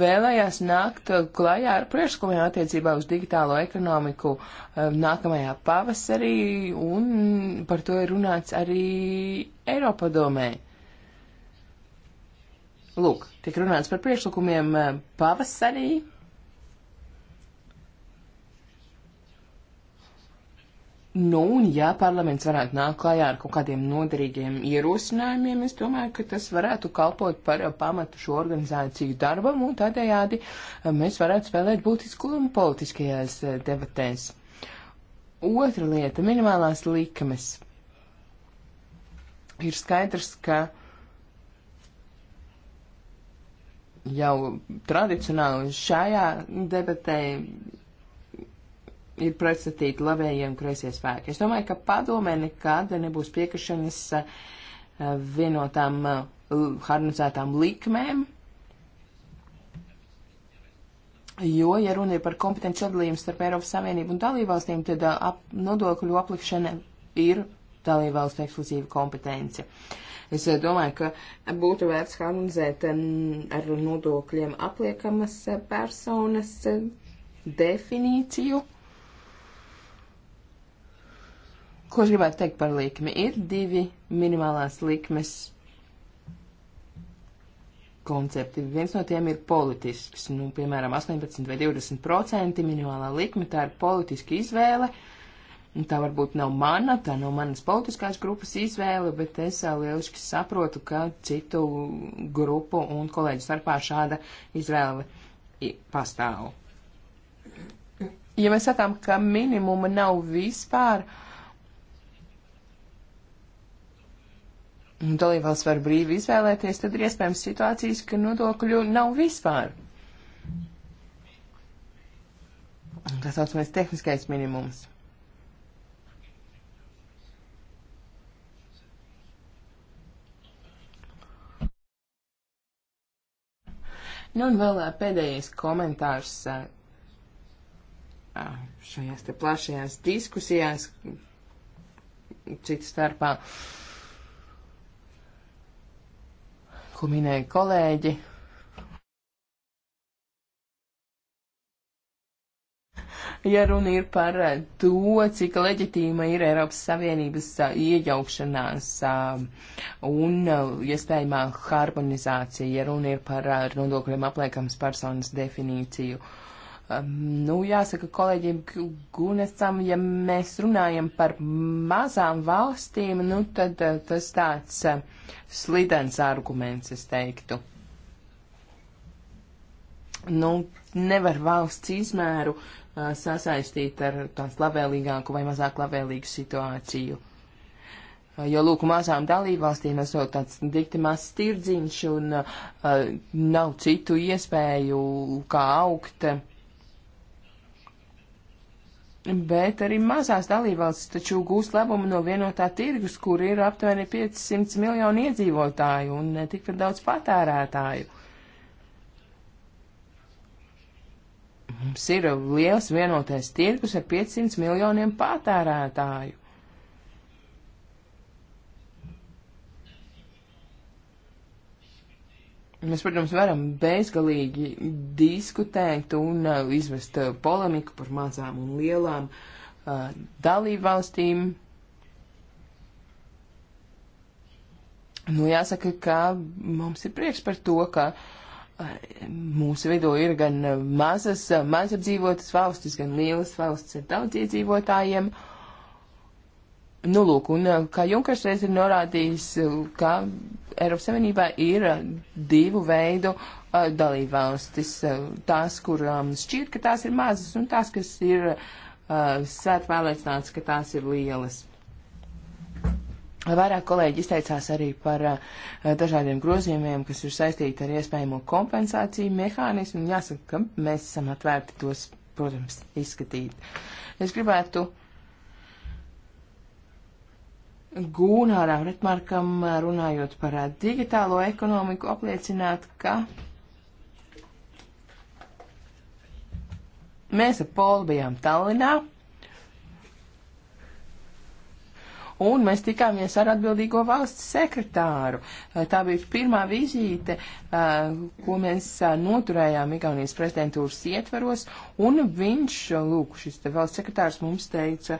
vēlējās nākt klajā ar priekšlikumiem attiecībā uz digitālo ekonomiku um, nākamajā pavasarī, un par to ir runāts arī Eiropadomē. Lūk, tiek runāts par priekšlikumiem uh, pavasarī, Nu, un ja parlaments varētu nākt klajā ar kaut kādiem noderīgiem ierosinājumiem, es domāju, ka tas varētu kalpot par pamatu šo organizāciju darbam, un tādējādi eh, mēs varētu spēlēt būtisku lomu politiskajās eh, debatēs. Otra lieta - minimālās likmes. Ir skaidrs, ka jau tradicionāli šajā debatē ir pretstatīti labējiem kreisie spēki. Es domāju, ka padomē nekāda nebūs piekrišanas eh, vienotām eh, harmonizētām likmēm, jo, ja runa ir par kompetenci sadalījumu starp Eiropas Savienību un dalībvalstīm, tad eh, ap, nodokļu aplikšana ir dalībvalstu ekskluzīva kompetence. Es domāju, ka būtu vērts harmonizēt ar nodokļiem apliekamas personas definīciju. Ko es gribētu teikt par likmi? Ir divi minimālās likmes koncepti. Viens no tiem ir politisks, nu, piemēram, 18 vai 20 procenti minimālā likme, tā ir politiska izvēle. Nu, tā varbūt nav mana, tā nav manas politiskās grupas izvēle, bet es lieliski saprotu, ka citu grupu un kolēģu starpā šāda izvēle pastāv. Ja mēs sakām, ka minimuma nav vispār, uh, dalībvalsts var brīvi izvēlēties, tad ir iespējams situācijas, ka nodokļu nav vispār. Tā saucamais tehniskais minimums. Nu un vēl pēdējais komentārs šajās te plašajās diskusijās, citu starpā. Uh, ko minēja kolēģi. Ja runa ir par eh, to, cik leģitīma ir Eiropas Savienības eh, iejaukšanās eh, un iespējamā harmonizācija, ja runa ir par nodokļiem apliekams personas definīciju. Uh, Nu, jāsaka kolēģiem Gunesam, ja mēs runājam par mazām valstīm, nu, tad eh, tas tāds eh, slidens arguments, es teiktu. Nu, nevar valsts izmēru eh, sasaistīt ar tās labvēlīgāku vai mazāk labvēlīgu situāciju. Jo, lūk, mazām dalībvalstīm esot tāds dikti maz stirdziņš un uh, nav citu iespēju, kā augt. Uh, bet arī mazās dalībvalstis taču gūst labumu no vienotā tirgus, kur ir aptuveni 500 miljoni iedzīvotāju un tikpat daudz patērētāju. Mums ir liels vienotais tirgus ar 500 miljoniem patērētāju. Mēs, protams, varam bezgalīgi diskutēt un uh, izvest uh, polemiku par mazām un lielām uh, dalībvalstīm. Nu, jāsaka, ka mums ir prieks par to, ka uh, mūsu vidū ir gan uh, mazas, uh, maz apdzīvotas valstis, gan lielas valstis ar daudz iedzīvotājiem. Uh, Nu, lūk, un eh, kā Junkers reiz ir norādījis, eh, ka Eiropas Savienībā ir eh, divu veidu uh, dalībvalstis. Tās, kurām um, šķiet, ka tās ir mazas, un tās, kas ir uh, sēt vēlēcināts, ka tās ir lielas. Vairāk kolēģi izteicās arī par uh, dažādiem grozījumiem, kas ir saistīti ar iespējamo kompensāciju mehānismu, un jāsaka, ka mēs esam atvērti tos, protams, izskatīt. Es gribētu uh, Gūnārā pretmarkam runājot par eh, digitālo ekonomiku apliecināt, ka mēs ar Polu bijām Tallinā un mēs tikāmies ar atbildīgo valsts sekretāru. Tā bija pirmā vizīte, ko mēs noturējām Igaunijas prezidentūras ietveros, un viņš, lūk, šis te valsts sekretārs mums teica,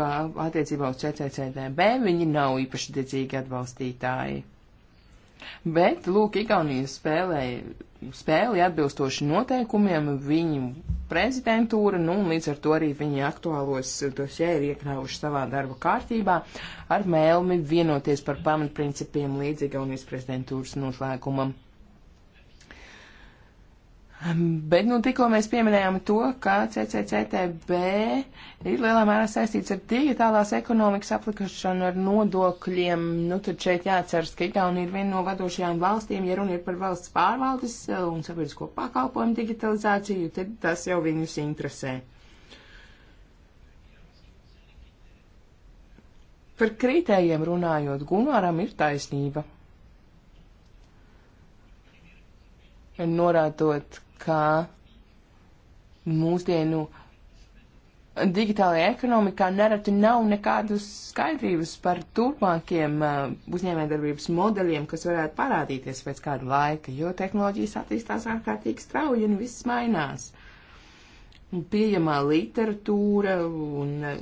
ka attiecībā uz CCCDB viņi nav īpaši dedzīgi atbalstītāji. Bet, lūk, Igaunija spēlēja spēli atbilstoši noteikumiem, viņu prezidentūra, nu, un līdz ar to arī viņi aktuālos dosē ir iekļāvuši savā darba kārtībā ar mēlmi vienoties par pamatprincipiem līdz Igaunijas prezidentūras noslēgumam. Um, bet nu, tikko mēs pieminējām to, ka CCCTB ir lielā mērā saistīts ar digitālās ekonomikas aplikašanu ar nodokļiem. Nu, tad šeit jāatceras, ka Igaunija ir viena no vadošajām valstīm, ja runa ir par valsts pārvaldes uh, un sabiedrisko pakalpojumu digitalizāciju, tad tas jau viņus interesē. Par kritējiem runājot, Gunāram ir taisnība. norādot, ka mūsdienu digitālajā ekonomikā nereti nav nekādas skaidrības par turpmākiem uh, uzņēmējdarbības modeļiem, kas varētu parādīties pēc kāda laika, jo tehnoloģijas attīstās ārkārtīgi strauji un viss mainās. Pieejamā literatūra un uh,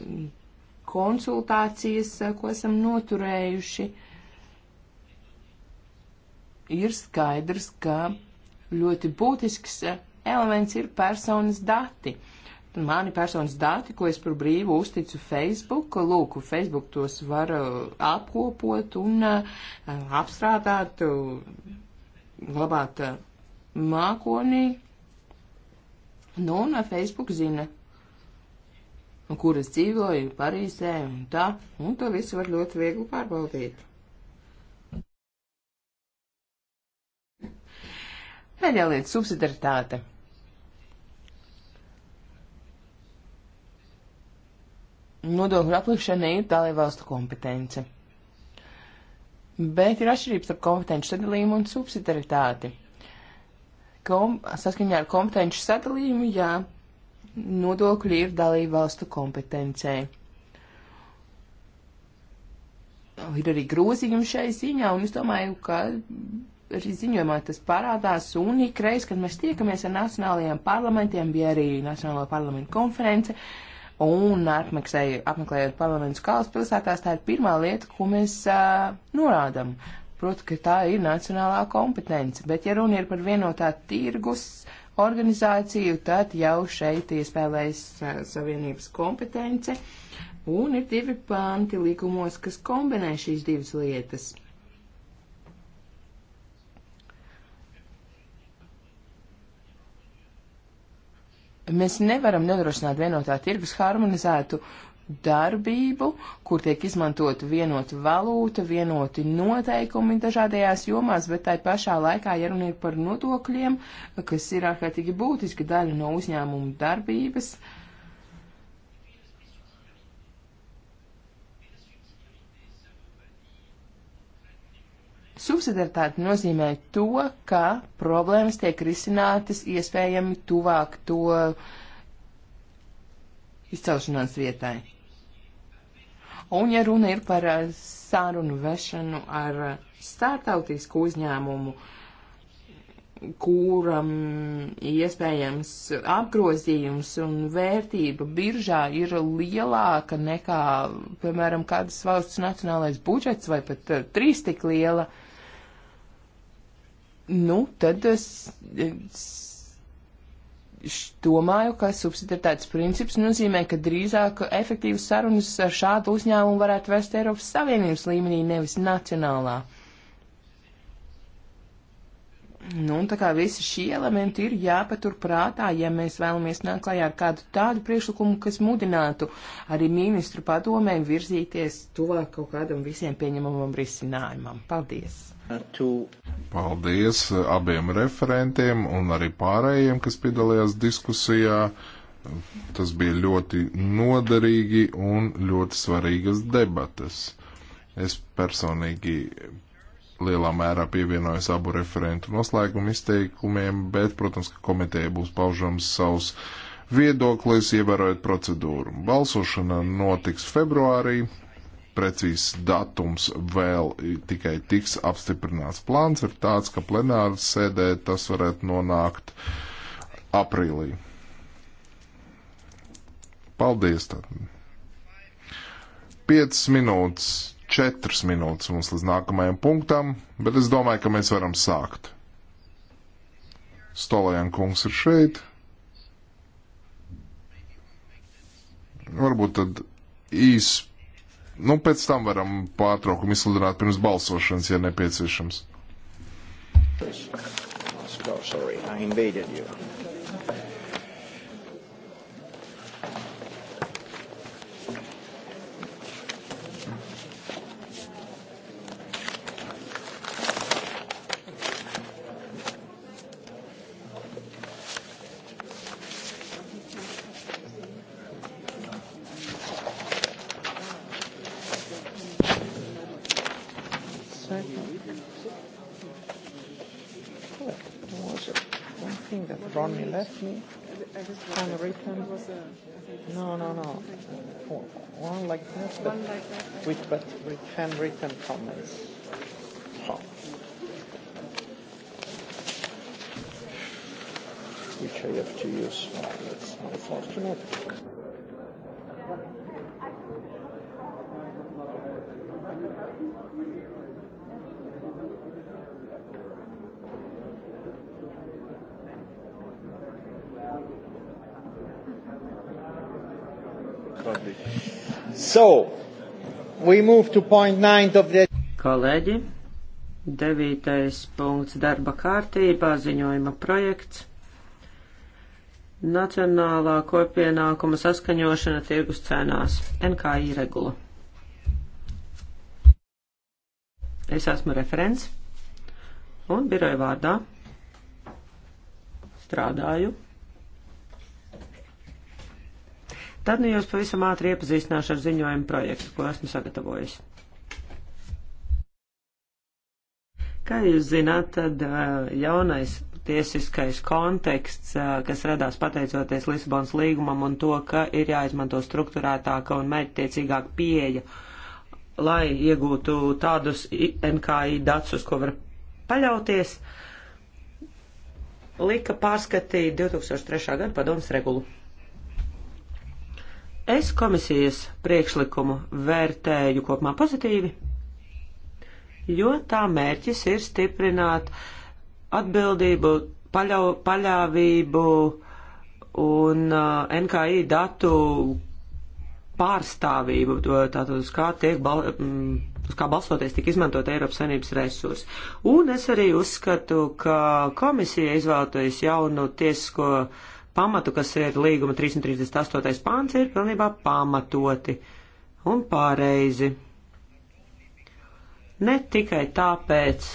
konsultācijas, uh, ko esam noturējuši, ir skaidrs, ka ļoti būtisks eh, elements ir personas dati. Mani personas dati, ko es par brīvu uzticu Facebook, lūk, Facebook tos var eh, apkopot un eh, apstrādāt, glabāt mākonī. Nu, un Facebook zina, kur es dzīvoju, Parīzē un tā, un to visu var ļoti viegli pārbaudīt. Pēdējā lieta - subsidaritāte. Nodokļu aplikšana ir dalībvalstu kompetence. Bet ir atšķirības starp kompetenci sadalījumu un subsidaritāti. Kom, saskaņā ar kompetenci sadalījumu, jā, nodokļi ir dalībvalstu kompetencē ir arī grozījumi šai ziņā, un es domāju, ka arī ziņojumā tas parādās, un ikreiz, kad mēs tiekamies ar nacionālajiem parlamentiem, bija arī Nacionālo parlamentu konference, un apmeklējot parlamentus kalas pilsētās, tā ir pirmā lieta, ko mēs uh, norādam. Protams, ka tā ir nacionālā kompetence, bet ja runa ir par vienotā tirgus organizāciju, tad jau šeit iespēlējas uh, savienības kompetence, un ir divi panti likumos, kas kombinē šīs divas lietas. Mēs nevaram nodrošināt vienotā tirgus harmonizētu darbību, kur tiek izmantot vienota valūta, vienoti noteikumi dažādajās jomās, bet tai pašā laikā, ja runa ir par nodokļiem, kas ir ārkārtīgi būtiski daļa no uzņēmuma darbības, uh, Subsidiaritāte nozīmē to, ka problēmas tiek risinātas iespējami tuvāk to izcelšanās vietai. Un, ja runa ir par eh, sārunu vešanu ar startautisku uzņēmumu, kuram iespējams apgrozījums un vērtība biržā ir lielāka nekā, piemēram, kādas valsts nacionālais budžets vai pat eh, trīs tik liela, uh, nu, tad es, es domāju, ka subsidiaritātes princips nozīmē, ka drīzāk efektīvas sarunas ar šādu uzņēmumu varētu vest Eiropas Savienības līmenī, nevis nacionālā līmenī. Nu, tā kā visi šie elementi ir jāpatur prātā, ja mēs vēlamies nākt klajā ar kādu tādu priekšlikumu, kas mudinātu arī ministru padomēm virzīties tuvāk kaut kādam visiem pieņemamam risinājumam. Paldies! Paldies abiem referentiem un arī pārējiem, kas piedalījās diskusijā. Tas bija ļoti noderīgi un ļoti svarīgas debatas. Es personīgi lielā mērā pievienojas abu referentu noslēguma izteikumiem, bet, protams, ka komiteja būs paužams savs viedoklis, ievērojot procedūru. Balsošana notiks februārī, precīzs datums vēl tikai tiks apstiprināts. Plāns ir tāds, ka plenāras sēdē tas varētu nonākt aprīlī. Paldies! Tad. 5 minūtes četras minūtes mums līdz nākamajam punktam, bet es domāju, ka mēs varam sākt. Stolajan kungs ir šeit. Varbūt tad īs. Nu, pēc tam varam pārtraukumu izsludināt pirms balsošanas, ja nepieciešams. Let's oh, go, sorry, I invaded you. one like this, but, one like that, right? with, but with handwritten comments. Oh. Which I have to use. Well, that's unfortunate. So, we move to point nine of the... Kolēģi, devītais punkts darba kārtībā ziņojuma projekts. Nacionālā kopienākuma saskaņošana tirgus cenās. NKI regula. Es esmu referents un biroja vārdā strādāju Tad nu jūs pavisam ātri iepazīstināšu ar ziņojumu projektu, ko esmu sagatavojis. Kā jūs zināt, tad jaunais tiesiskais konteksts, kas radās pateicoties Lisabonas līgumam un to, ka ir jāizmanto struktūrētāka un mērķtiecīgāka pieeja, lai iegūtu tādus NKI datus, ko var paļauties, lika pārskatīt 2003. gada padomas regulu. Es komisijas priekšlikumu vērtēju kopumā pozitīvi, jo tā mērķis ir stiprināt atbildību, paļau, paļāvību un uh, NKI datu pārstāvību, tātad uz kā tiek bal, mm, uz kā balstoties tika izmantot Eiropas Savienības resursi. Un es arī uzskatu, ka komisija izvēlētais jaunu tiesisko uh, pamatu, kas ir līguma 338. pāns, ir pilnībā pamatoti un pareizi. Ne tikai tāpēc,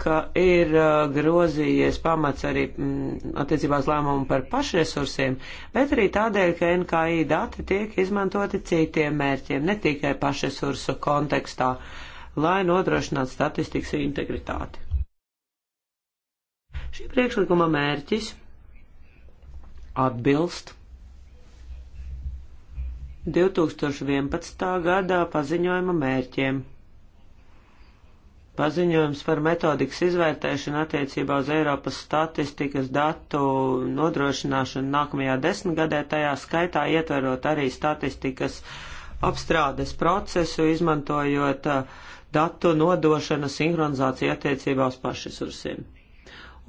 ka ir uh, grozījies pamats arī mm, attiecībās lēmumu par pašresursiem, bet arī tādēļ, ka NKI dati tiek izmantoti citiem mērķiem, ne tikai pašresursu kontekstā, lai nodrošinātu statistikas integritāti. Šī priekšlikuma mērķis atbilst 2011. gadā paziņojuma mērķiem. Paziņojums par metodikas izvērtēšanu attiecībā uz Eiropas statistikas datu nodrošināšanu nākamajā desmitgadē, tajā skaitā ietverot arī statistikas apstrādes procesu, izmantojot uh, datu nodošana sinhronizācija attiecībā uz pašresursiem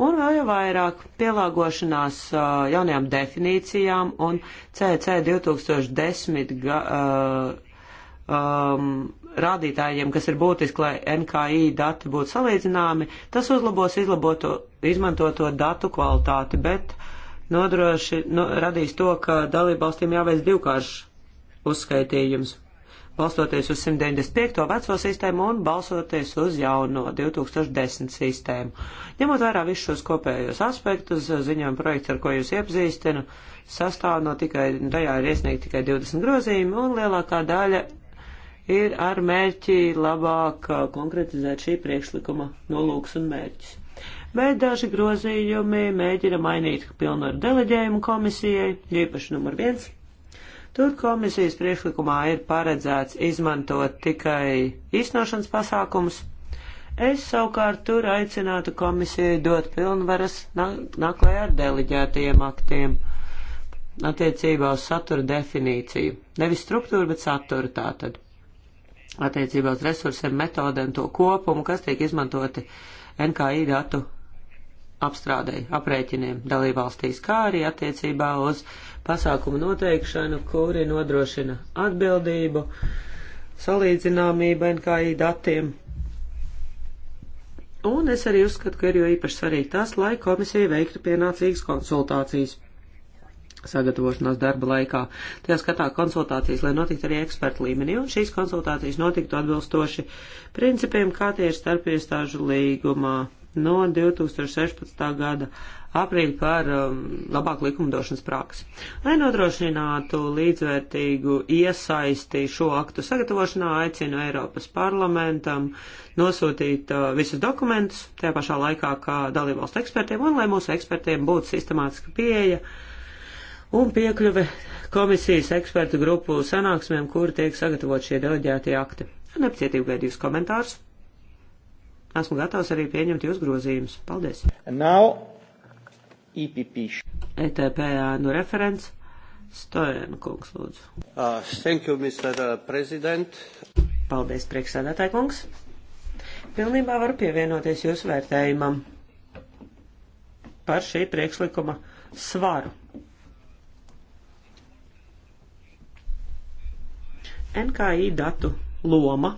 un vēl jau vairāk pielāgošanās uh, jaunajām definīcijām un CC 2010 ga, uh, um, rādītājiem, kas ir būtiski, lai NKI dati būtu salīdzināmi, tas uzlabos izlaboto, izmantoto datu kvalitāti, bet nodroši, nu, radīs to, ka dalībvalstīm jāveic divkāršs uzskaitījums balstoties uz 195. veco sistēmu un balstoties uz jauno 2010 sistēmu. Ņemot vērā visus šos kopējos aspektus, ziņojuma projekts, ar ko jūs iepazīstinu, sastāv no tikai, tajā ir iesniegt tikai 20 grozījumi un lielākā daļa ir ar mērķi labāk uh, konkretizēt šī priekšlikuma nolūks un mērķis. Bet daži grozījumi mēģina mainīt pilnvaru deleģējumu komisijai, īpaši numur viens Tur komisijas priekšlikumā ir paredzēts izmantot tikai īstenošanas pasākumus. Es savukārt tur aicinātu komisiju dot pilnvaras naklē ar deliģētajiem aktiem attiecībā uz satura definīciju. Nevis struktūru, bet satura tātad. Attiecībā uz resursiem, metodēm, to kopumu, kas tiek izmantoti NKI datu apstrādēji, aprēķiniem dalībvalstīs, kā arī attiecībā uz pasākumu noteikšanu, kuri nodrošina atbildību, salīdzināmību NKI datiem. Un es arī uzskatu, ka ir jo īpaši svarīgi tas, lai komisija veiktu pienācīgas konsultācijas sagatavošanās darba laikā. Tajā skatā konsultācijas, lai notiktu arī ekspertu līmenī, un šīs konsultācijas notiktu atbilstoši principiem, kā tie ir starp iestāžu līgumā no 2016. gada aprīļa par um, labāku likumdošanas praksi. Lai nodrošinātu līdzvērtīgu iesaisti šo aktu sagatavošanā, aicinu Eiropas parlamentam nosūtīt uh, visus dokumentus, tajā pašā laikā kā dalībvalstu ekspertiem, un lai mūsu ekspertiem būtu sistemātiska pieeja un piekļuve komisijas ekspertu grupu sanāksmēm, kur tiek sagatavot šie deleģētie akti. Nepacietību gaidu jūs komentārus. Esmu gatavs arī pieņemt jūs grozījumus. Paldies! And now... EPP. ETP ēnu referents Stojēna kungs, lūdzu. Uh, thank you, Mr. Uh, president. Paldies, priekšsēdētāji kungs. Pilnībā varu pievienoties jūsu vērtējumam par šī priekšlikuma svaru. NKI datu loma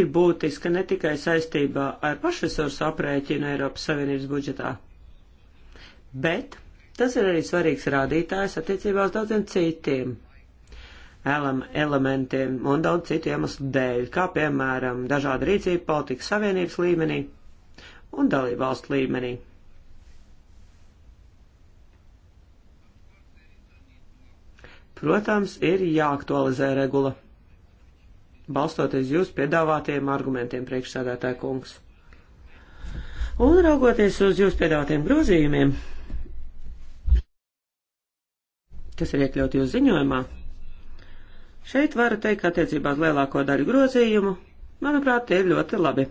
ir būtiska ne tikai saistībā ar pašresursu aprēķinu Eiropas Savienības budžetā, Bet tas ir arī svarīgs rādītājs attiecībā uz daudziem citiem ele elementiem un daudz citu iemeslu dēļ, kā piemēram dažāda rīcība politikas savienības līmenī un dalībvalstu līmenī. Protams, ir jāaktualizē regula, balstoties jūs piedāvātiem argumentiem priekšsēdētāja kungs. Un raugoties uz jūs piedāvātiem grozījumiem, kas ir iekļauti jūsu ziņojumā. Šeit varu teikt, ka attiecībā uz lielāko daļu grozījumu, manuprāt, tie ir ļoti labi.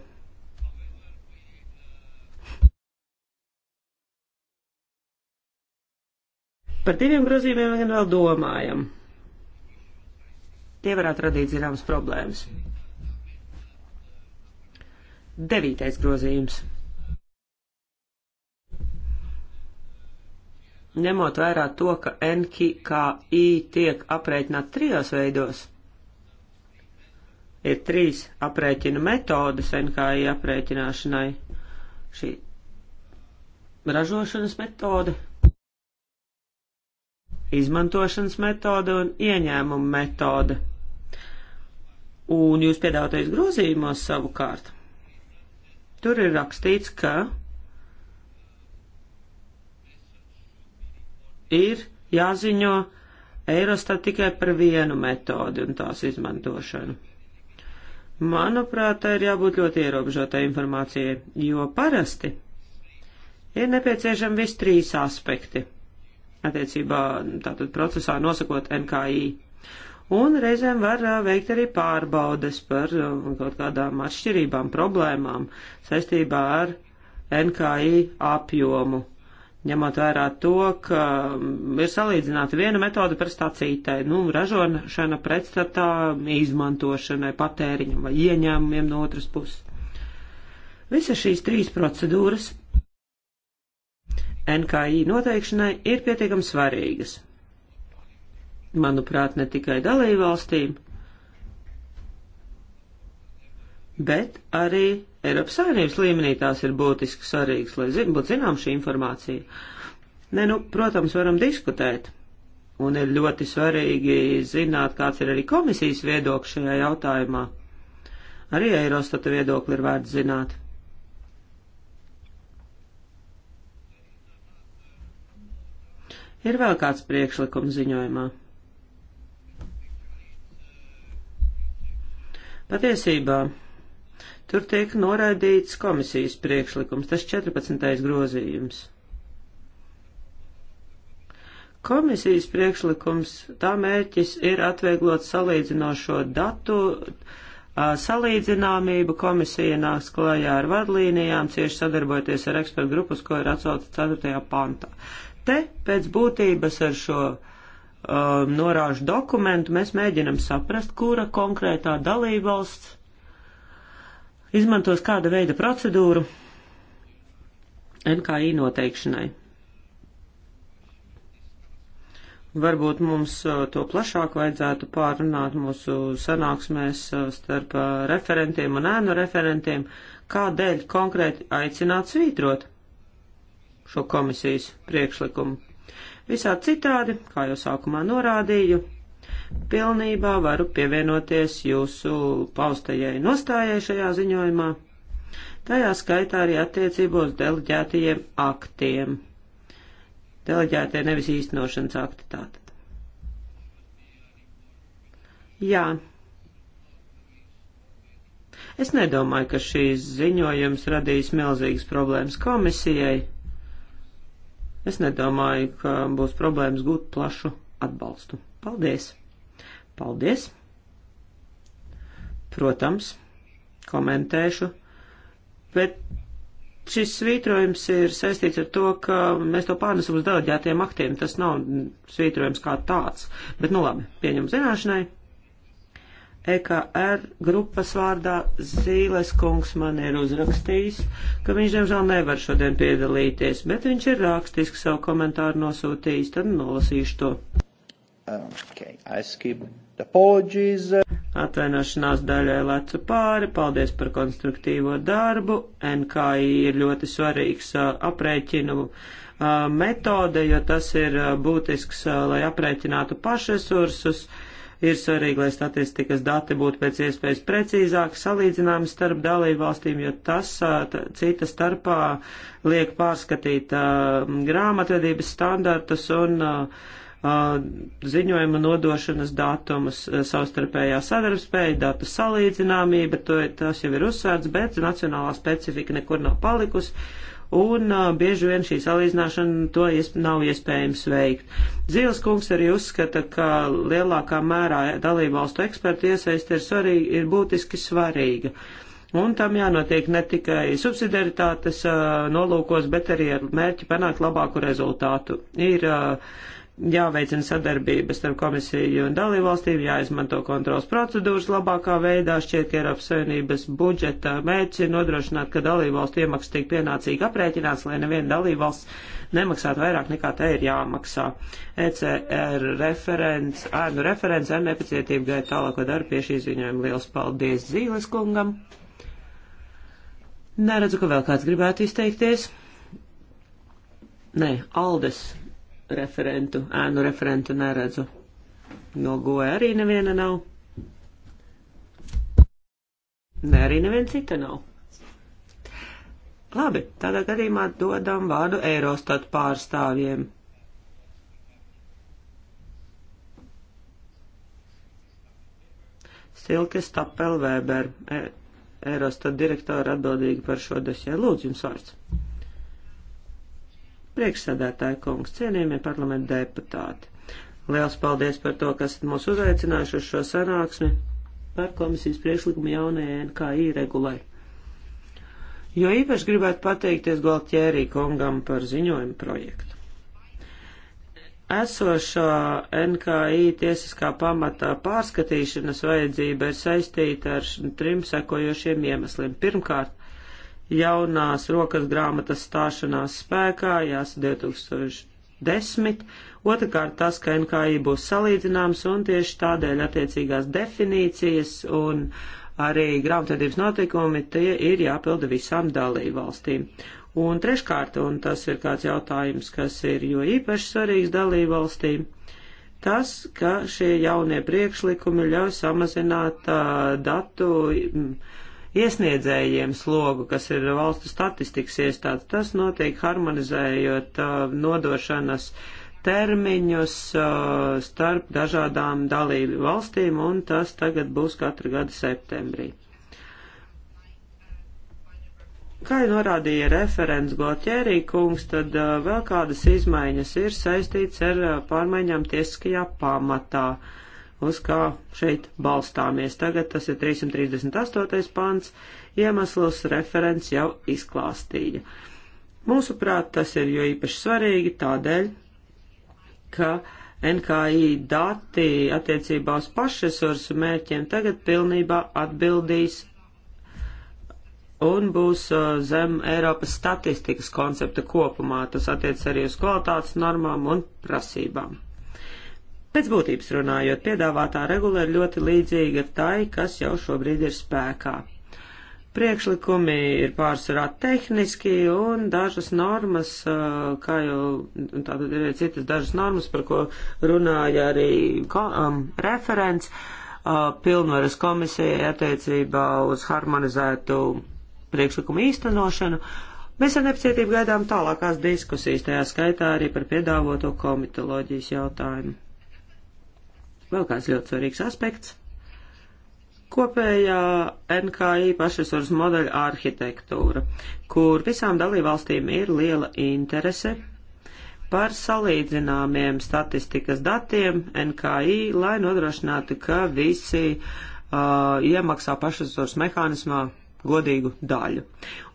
Par diviem grozījumiem gan vēl domājam. Tie varētu radīt zināmas problēmas. Devītais grozījums. ņemot vērā to, ka NKI tiek aprēķināt trijos veidos, ir trīs aprēķina metodas NKI aprēķināšanai. Šī ražošanas metode, izmantošanas metode un ieņēmuma metode. Un jūs piedāvātais grozījumos savukārt. Tur ir rakstīts, ka ir jāziņo Eirostat tikai par vienu metodi un tās izmantošanu. Manuprāt, tā ir jābūt ļoti ierobežotai informācijai, jo parasti ir nepieciešami visi trīs aspekti attiecībā tātad procesā nosakot NKI. Un reizēm var veikt arī pārbaudes par kaut kādām atšķirībām, problēmām saistībā ar NKI apjomu ņemot vērā to, ka mm, ir salīdzināta viena metode pretstā citai, nu, ražošana pretstatā izmantošanai, patēriņam vai ieņēmumiem no otras puses. Visas šīs trīs procedūras NKI noteikšanai ir pietiekami svarīgas. Manuprāt, ne tikai dalībvalstīm, bet arī Eiropas Savienības līmenī tās ir būtiski svarīgas, lai zin, būtu zinām šī informācija. Ne, nu, protams, varam diskutēt. Un ir ļoti svarīgi zināt, kāds ir arī komisijas viedoklis šajā jautājumā. Arī Eirostata viedokli ir vērts zināt. Ir vēl kāds priekšlikums ziņojumā. Patiesībā Tur tiek noraidīts komisijas priekšlikums, tas 14. grozījums. Komisijas priekšlikums, tā mērķis ir atvieglot salīdzinošo datu, salīdzināmību komisija nāks klajā ar vadlīnijām, cieši sadarbojoties ar ekspertu grupas, ko ir atsaucis 4. pantā. Te pēc būtības ar šo um, norāžu dokumentu mēs mēģinam saprast, kura konkrētā dalībvalsts izmantos kāda veida procedūru NKI noteikšanai. Varbūt mums uh, to plašāk vajadzētu pārunāt mūsu sanāksmēs uh, starp uh, referentiem un ēnu referentiem, kādēļ konkrēti aicināt svītrot šo komisijas priekšlikumu. Visā citādi, kā jau sākumā norādīju, Pilnībā varu pievienoties jūsu paustajai nostājai šajā ziņojumā, tajā skaitā arī attiecībos deleģētajiem aktiem. Deleģētie nevis īstenošanas akti tātad. Jā. Es nedomāju, ka šīs ziņojums radīs milzīgas problēmas komisijai. Es nedomāju, ka būs problēmas gūt plašu atbalstu. Paldies! Paldies! Protams, komentēšu, bet šis svītrojums ir saistīts ar to, ka mēs to pārnesam uz deleģētiem aktiem. Tas nav svītrojums kā tāds, bet nu labi, pieņem zināšanai. EKR grupas vārdā Zīles kungs man ir uzrakstījis, ka viņš, diemžēl, nevar šodien piedalīties, bet viņš ir rakstiski savu komentāru nosūtījis, tad nolasīšu to. Okay, I skip Apologies. Atvainošanās daļai lecu pāri, paldies par konstruktīvo darbu. NKI ir ļoti svarīgs aprēķinu metode, jo tas ir būtisks, lai aprēķinātu pašresursus. Ir svarīgi, lai statistikas dati būtu pēc iespējas precīzāk salīdzināmi starp dalībvalstīm, jo tas cita starpā liek pārskatīt grāmatvedības standartus un uh, ziņojuma nodošanas datumus, savstarpējā sadarbspēja, datu salīdzināmība, to, tas jau ir uzsvērts, bet nacionālā specifika nekur nav palikusi. Un uh, bieži vien šī salīdzināšana to iesp nav iespējams veikt. Zīles kungs arī uzskata, ka lielākā mērā dalībvalstu ekspertu iesaist ir, svarīgi, ir būtiski svarīga. Un tam jānotiek ne tikai subsidiaritātes uh, nolūkos, bet arī ar mērķi panākt labāku rezultātu. Ir uh, jāveicina sadarbība starp komisiju un dalībvalstīm, jāizmanto kontrols procedūras labākā veidā, šķiet, ka Eiropas Savienības budžeta mērķis ir nodrošināt, ka dalībvalstu iemaksas tiek pienācīgi aprēķināts, lai neviena dalībvalsts nemaksātu vairāk nekā tai ir jāmaksā. ECR referents, ēnu referents ar nepacietību gaida tālāko darbu pie šī ziņojuma. Liels paldies Zīles kungam! Neredzu, ka vēl kāds gribētu izteikties. Nē, Aldes referentu, ēnu referentu neredzu. No goja arī neviena nav. Nē, arī neviena cita nav. Labi, tādā gadījumā dodam vārdu Eirostat pārstāvjiem. Silke Stapelvēber, e- Eirostat direktora atbildīga par šo dosē. Lūdzu, jums vārds. Priekšsēdētāja kungs, cienījamie parlamenta deputāti. Liels paldies par to, kas mūs uzaicinājuši uz šo sanāksmi par komisijas priekšlikumu jaunajai NKI regulai. Jo īpaši gribētu pateikties Galtjērī kungam par ziņojumu projektu. Esošā NKI tiesiskā pamatā pārskatīšanas vajadzība ir saistīta ar trim sekojošiem iemesliem. Pirmkārt, jaunās rokas grāmatas stāšanās spēkā, jās 2010, otrkārt tas, ka NKI būs salīdzināms un tieši tādēļ attiecīgās definīcijas un arī grāmatvedības notikumi tie ir jāpilda visām dalībvalstīm. Un treškārt, un tas ir kāds jautājums, kas ir jo īpaši svarīgs dalībvalstīm, tas, ka šie jaunie priekšlikumi ļauj samazināt uh, datu. Mm, iesniedzējiem slogu, kas ir valstu statistikas iestādes. Tas notiek harmonizējot uh, nodošanas termiņus uh, starp dažādām dalību valstīm, un tas tagad būs katru gadu septembrī. Kā jau norādīja referents Gotjērī kungs, tad uh, vēl kādas izmaiņas ir saistīts ar uh, pārmaiņām tiesiskajā pamatā. Uh, uz kā šeit balstāmies. Tagad tas ir 338. pants, iemeslus referents jau izklāstīja. Mūsuprāt, tas ir jo īpaši svarīgi tādēļ, ka NKI dati attiecībā uz pašresursu mērķiem tagad pilnībā atbildīs un būs uh, zem Eiropas statistikas koncepta kopumā. Tas attiec arī uz kvalitātes normām un prasībām. Pēc būtības runājot, piedāvātā regula ir ļoti līdzīga tai, kas jau šobrīd ir spēkā. Priekšlikumi ir pārsvarā tehniski un dažas normas, kā jau tātad ir citas dažas normas, par ko runāja arī um, referents, uh, pilnvaras komisija attiecībā uz harmonizētu priekšlikumu īstenošanu. Mēs ar nepacietību gaidām tālākās diskusijas, tajā skaitā arī par piedāvoto komitoloģijas jautājumu. Vēl kāds ļoti svarīgs aspekts. Kopējā NKI pašresursu modeļa arhitektūra, kur visām dalībvalstīm ir liela interese par salīdzināmiem statistikas datiem NKI, lai nodrošinātu, ka visi uh, iemaksā pašresursu mehānismā godīgu daļu.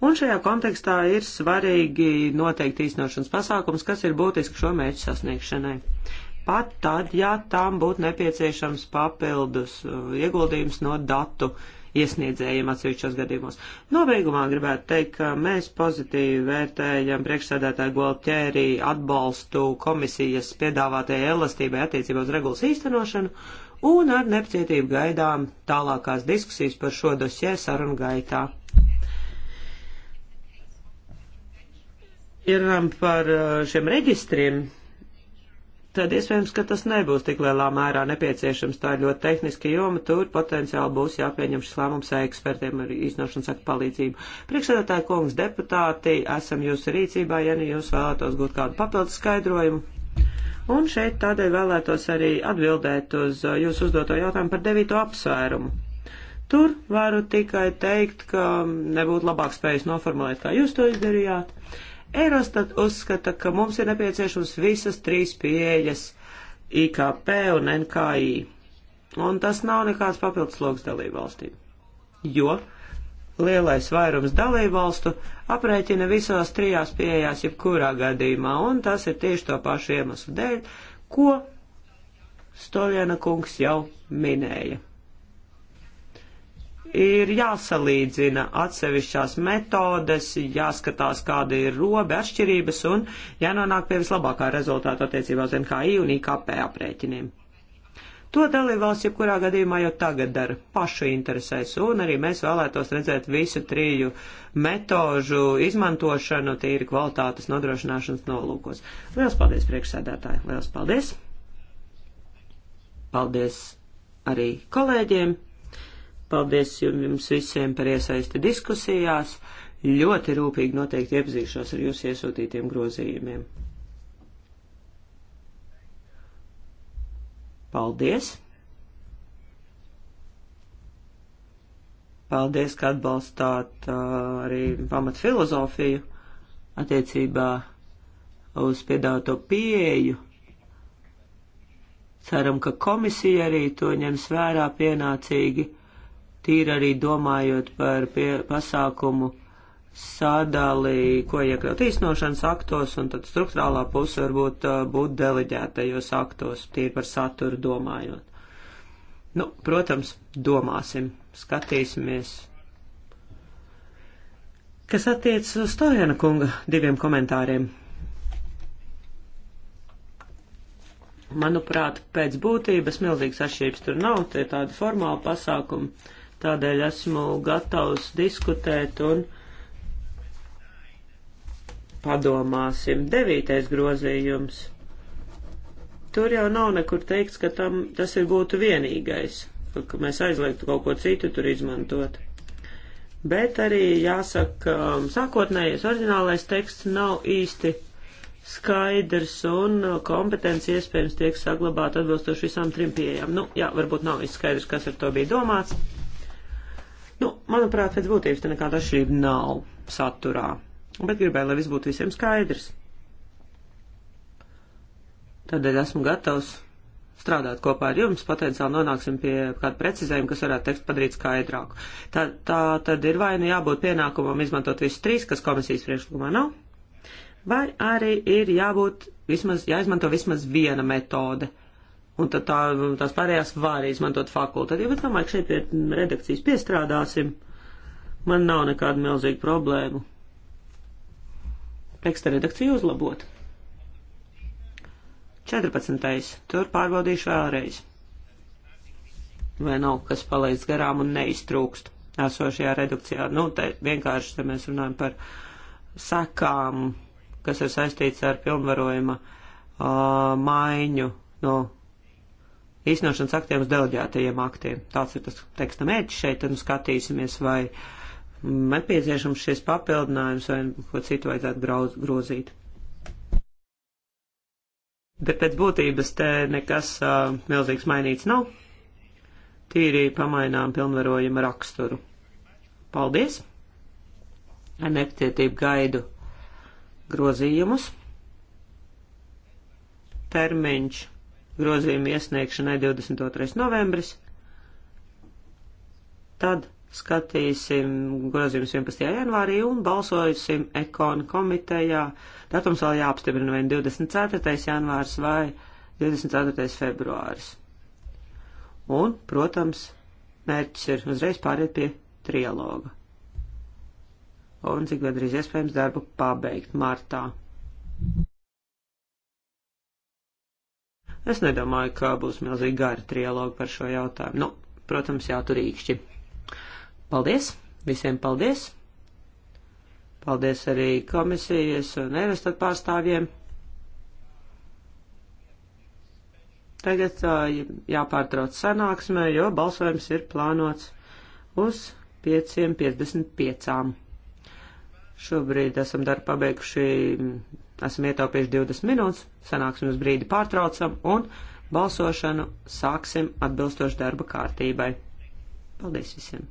Un šajā kontekstā ir svarīgi noteikti īstenošanas pasākums, kas ir būtiski šo mērķu sasniegšanai pat tad, ja tām būtu nepieciešams papildus uh, ieguldījums no datu iesniedzējiem atsevišķos gadījumos. Nobeigumā gribētu teikt, ka mēs pozitīvi vērtējam priekšsēdētāju Gualtjērī atbalstu komisijas piedāvātajai elastībai attiecībā uz regulas īstenošanu un ar nepacietību gaidām tālākās diskusijas par šo dosjē sarunu gaitā. Ir par uh, šiem reģistriem tad iespējams, ka tas nebūs tik lielā mērā nepieciešams. Tā ir ļoti tehniska joma, tur potenciāli būs jāpieņem šis lēmums ar ekspertiem ar īstenošanas aktu palīdzību. Priekšsēdētāji kungs deputāti, esam jūsu rīcībā, ja ne nu jūs vēlētos gūt kādu papildus skaidrojumu. Un šeit tādēļ vēlētos arī atbildēt uz jūsu uzdoto jautājumu par devīto apsvērumu. Tur varu tikai teikt, ka nebūtu labāk spējas noformulēt, kā jūs to izdarījāt. Eurostat uzskata, ka mums ir nepieciešams visas trīs pieejas - IKP un NKI. Un tas nav nekāds papildus sloks dalībvalstīm. Jo lielais vairums dalībvalstu aprēķina visās trijās pieejās jebkurā gadījumā, un tas ir tieši to pašu iemeslu dēļ, ko Stoljana kungs jau minēja ir jāsalīdzina atsevišķās metodes, jāskatās, kāda ir robe atšķirības un jānonāk pie vislabākā rezultāta attiecībā uz NKI un IKP aprēķiniem. To dalībvalsts jebkurā gadījumā jau tagad dara pašu interesēs, un arī mēs vēlētos redzēt visu triju metožu izmantošanu tīri kvalitātes nodrošināšanas nolūkos. Lielas paldies, priekšsēdētāji! Lielas paldies! Paldies! arī kolēģiem. Paldies jums visiem par iesaisti diskusijās. Ļoti rūpīgi noteikti iepazīšos ar jūsu iesūtītiem grozījumiem. Paldies! Paldies, ka atbalstāt uh, arī pamat filozofiju attiecībā uz piedāto pieeju. Ceram, ka komisija arī to ņems vērā pienācīgi tīri arī domājot par pie, pasākumu sadalī, ko iekļaut īstenošanas aktos, un tad struktūrālā puse varbūt uh, būt deleģētajos aktos, tīri par saturu domājot. Nu, protams, domāsim, skatīsimies. Kas attiecas uz Stojana kunga diviem komentāriem? Manuprāt, pēc būtības milzīgas atšķirības tur nav, tie tādi formāli pasākumi Tādēļ esmu gatavs diskutēt un padomāsim. Devītais grozījums. Tur jau nav nekur teikts, ka tam, tas ir būtu vienīgais, ka mēs aizliegtu kaut ko citu tur izmantot. Bet arī jāsaka, um, sākotnējais oriģinālais teksts nav īsti skaidrs un uh, kompetenci iespējams tiek saglabāt atbilstoši visām trim pieejām. Nu, jā, varbūt nav īsti skaidrs, kas ar to bija domāts Nu, manuprāt, pēc būtības te nekāda atšķirība nav saturā, bet gribēju, lai viss būtu visiem skaidrs. Tādēļ esmu gatavs strādāt kopā ar jums, potenciāli nonāksim pie kāda precizējuma, kas varētu tekstu padarīt skaidrāku. Tā, tā tad ir vai nu jābūt pienākumam izmantot visus trīs, kas komisijas priekšlikumā nav, vai arī ir jābūt vismaz, jāizmanto vismaz viena metode – un tad tā, tās pārējās var izmantot fakultatīvi, bet domāju, ka šeit pie redakcijas piestrādāsim. Man nav nekāda milzīga problēma. Teksta redakciju uzlabot. 14. Tur pārbaudīšu vēlreiz. Vai nav kas palaists garām un neiztrūkst esošajā redakcijā? Nu, te vienkārši, te mēs runājam par sekām, kas ir saistīts ar pilnvarojuma uh, maiņu no īstenošanas aktiem uz deleģētajiem aktiem. Tāds ir tas teksta mērķis šeit, tad nu skatīsimies, vai nepieciešams šis papildinājums vai ko citu vajadzētu grauz, grozīt. Bet pēc būtības te nekas uh, milzīgs mainīts nav. Tīri pamainām pilnvarojuma raksturu. Paldies! Ar nepacietību gaidu grozījumus. Termiņš grozījuma iesniegšanai 22. novembris. Tad skatīsim grozījumus 11. janvārī un balsojusim ekonu komitejā. Datums vēl jāapstiprina vien 24. janvārs vai 24. februāris. Un, protams, mērķis ir uzreiz pāriet pie trialoga. Un cik gandrīz iespējams darbu pabeigt martā. Es nedomāju, ka būs milzīgi gari trialogi par šo jautājumu. Nu, protams, jātur īkšķi. Paldies! Visiem paldies! Paldies arī komisijas un Eurostat pārstāvjiem! Tagad jāpārtrauc sanāksmē, jo balsojums ir plānots uz 5.55. Šobrīd esam darbu pabeiguši, esam ietaupījuši 20 minūtes, sanāksim uz brīdi pārtraucam un balsošanu sāksim atbilstoši darba kārtībai. Paldies visiem!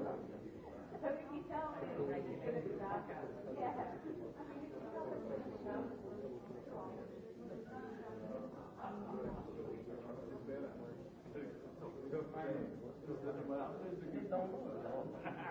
Então,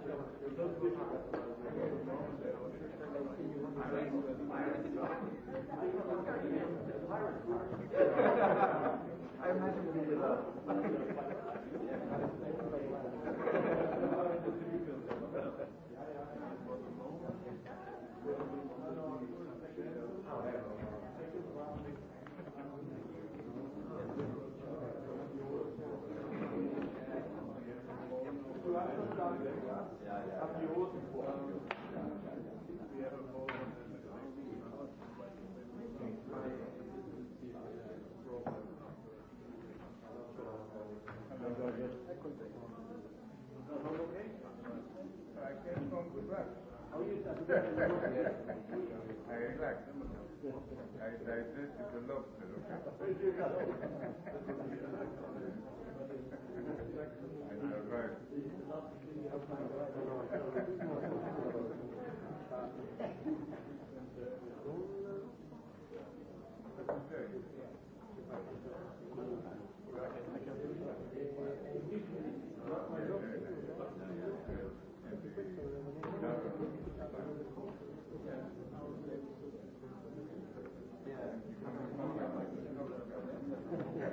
I imagine we'll be Thank you. relax, değil mi? I digest it a lot, sir. I survived. Thank you.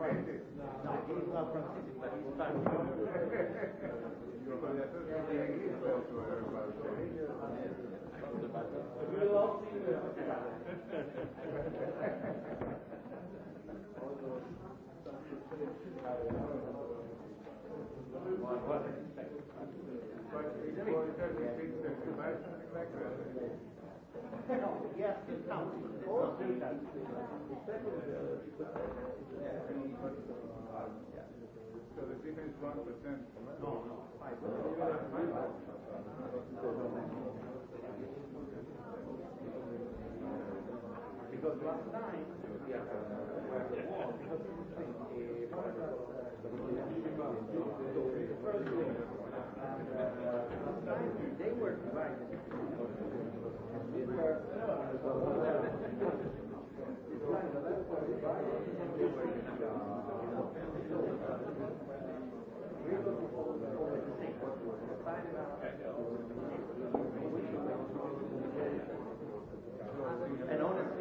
Francis. No, he's not Francis, but he's Spanish. We'll all see you. But it's for 36 centimeters, exactly. Yes, it counts. All three. So the difference is 1%. No, no. Because last time, yeah, where it was, because the first thing, and uh, last time they were divided. These were And honestly,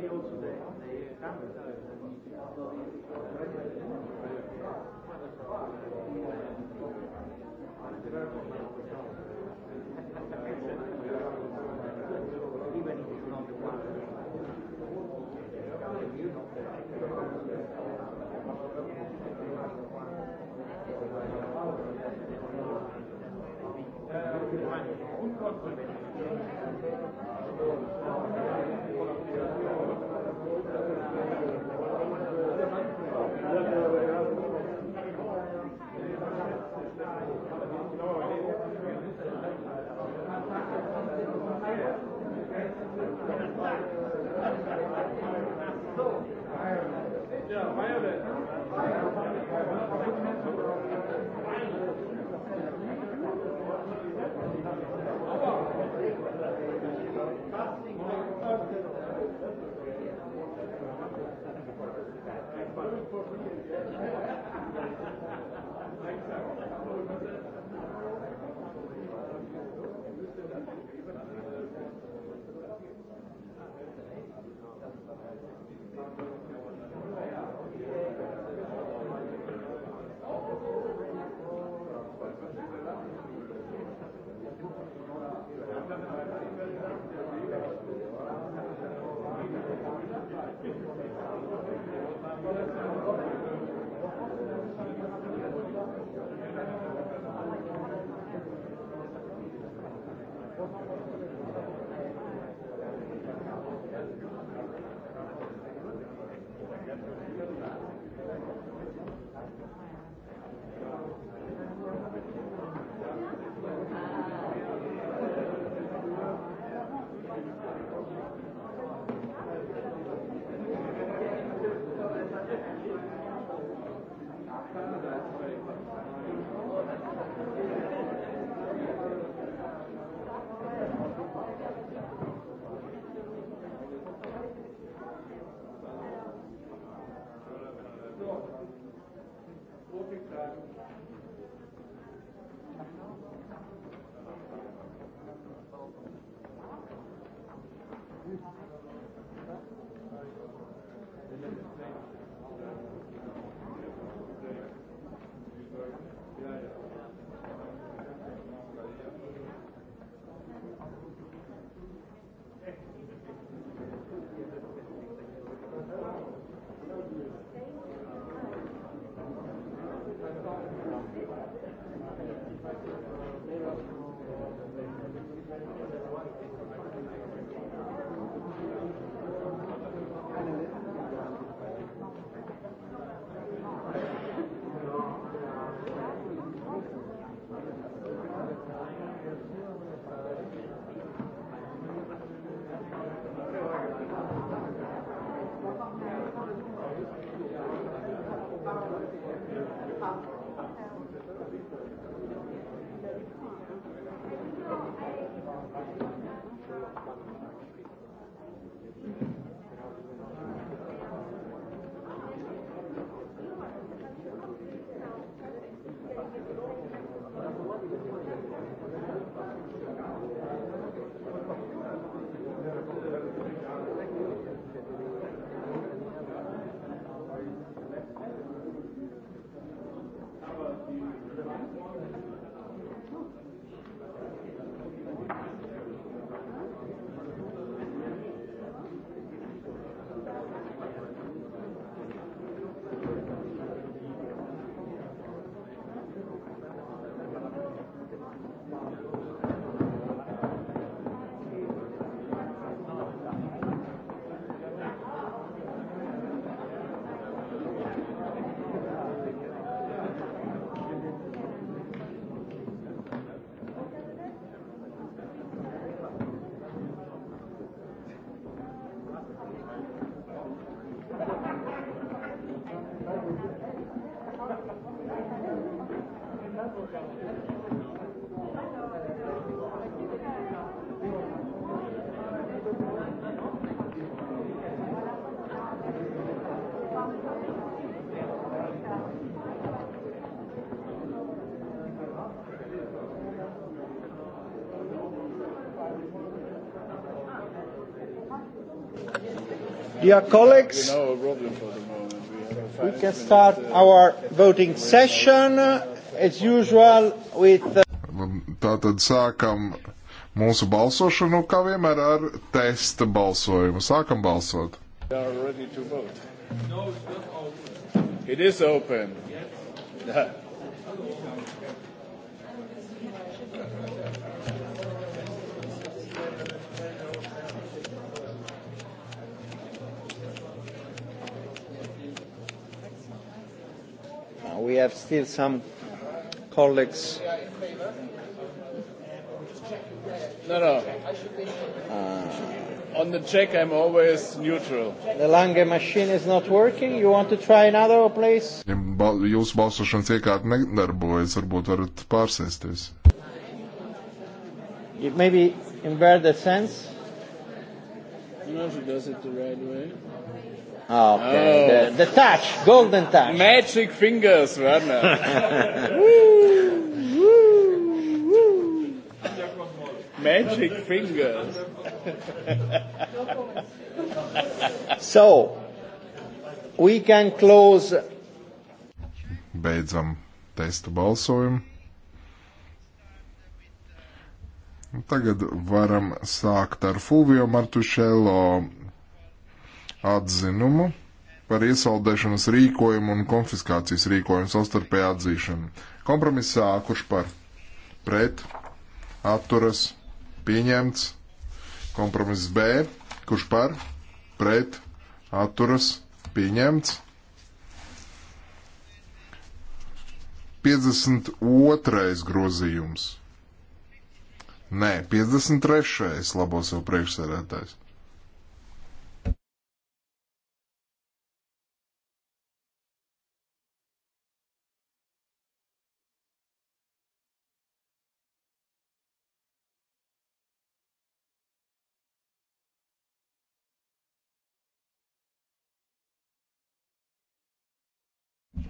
also the, the cameras are Thank you. Dear colleagues, we can start our voting session as usual with. Uh, um, tātad sākam mūsu balsošanu, nu, kā vienmēr, ar testa balsojumu. Sākam balsot. It is open. Yes. have still some colleagues. No, no. Uh, On the check, I'm always neutral. The Lange machine is not working. You want to try another place? Jūsu balsošanas iekārta nedarbojas. Varbūt varat pārsēsties. It may be in better sense. No, she does it the right way. Ah, okay. Oh. The, the touch, golden touch. Magic fingers, Werner. woo, woo, woo. Magic fingers. so, we can close. Beidzam testu balsojumu. Tagad varam sākt ar Fulvio Martušelo atzinumu par iesaldēšanas rīkojumu un konfiskācijas rīkojumu savstarpēju atzīšanu. Kompromisā, kurš par pret, atturas, pieņemts. Kompromiss B, kurš par pret, atturas, pieņemts. 52. grozījums. Nē, 53. labo sev priekšsēdētājs.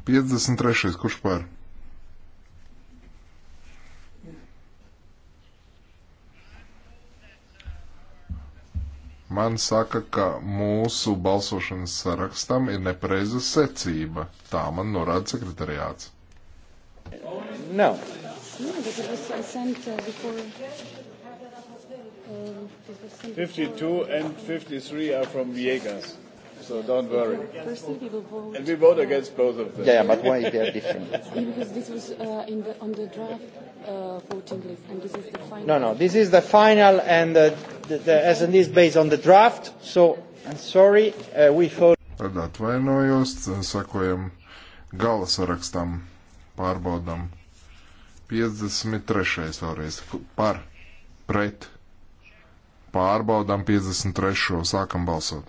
53. Kurš par? Man saka, ka mūsu balsošanas sarakstam ir nepareiza secība. Tā man norāda sekretariāts. No. No, but it was sent uh, before. Um, 52 and 53 are from Viegas. So don't worry. Firstly, we will vote. And we vote against both of them. Yeah, yeah but why they are different? because this was uh, in the, on the draft uh, voting list, and this is the final. No, no, this is the final, and uh, the, the S&D is based on the draft. So I'm sorry, uh, we follow. Tad atvainojos, sakojam gala sarakstam, pārbaudam. 53. vēlreiz par, pret, pārbaudām 53. sākam balsot.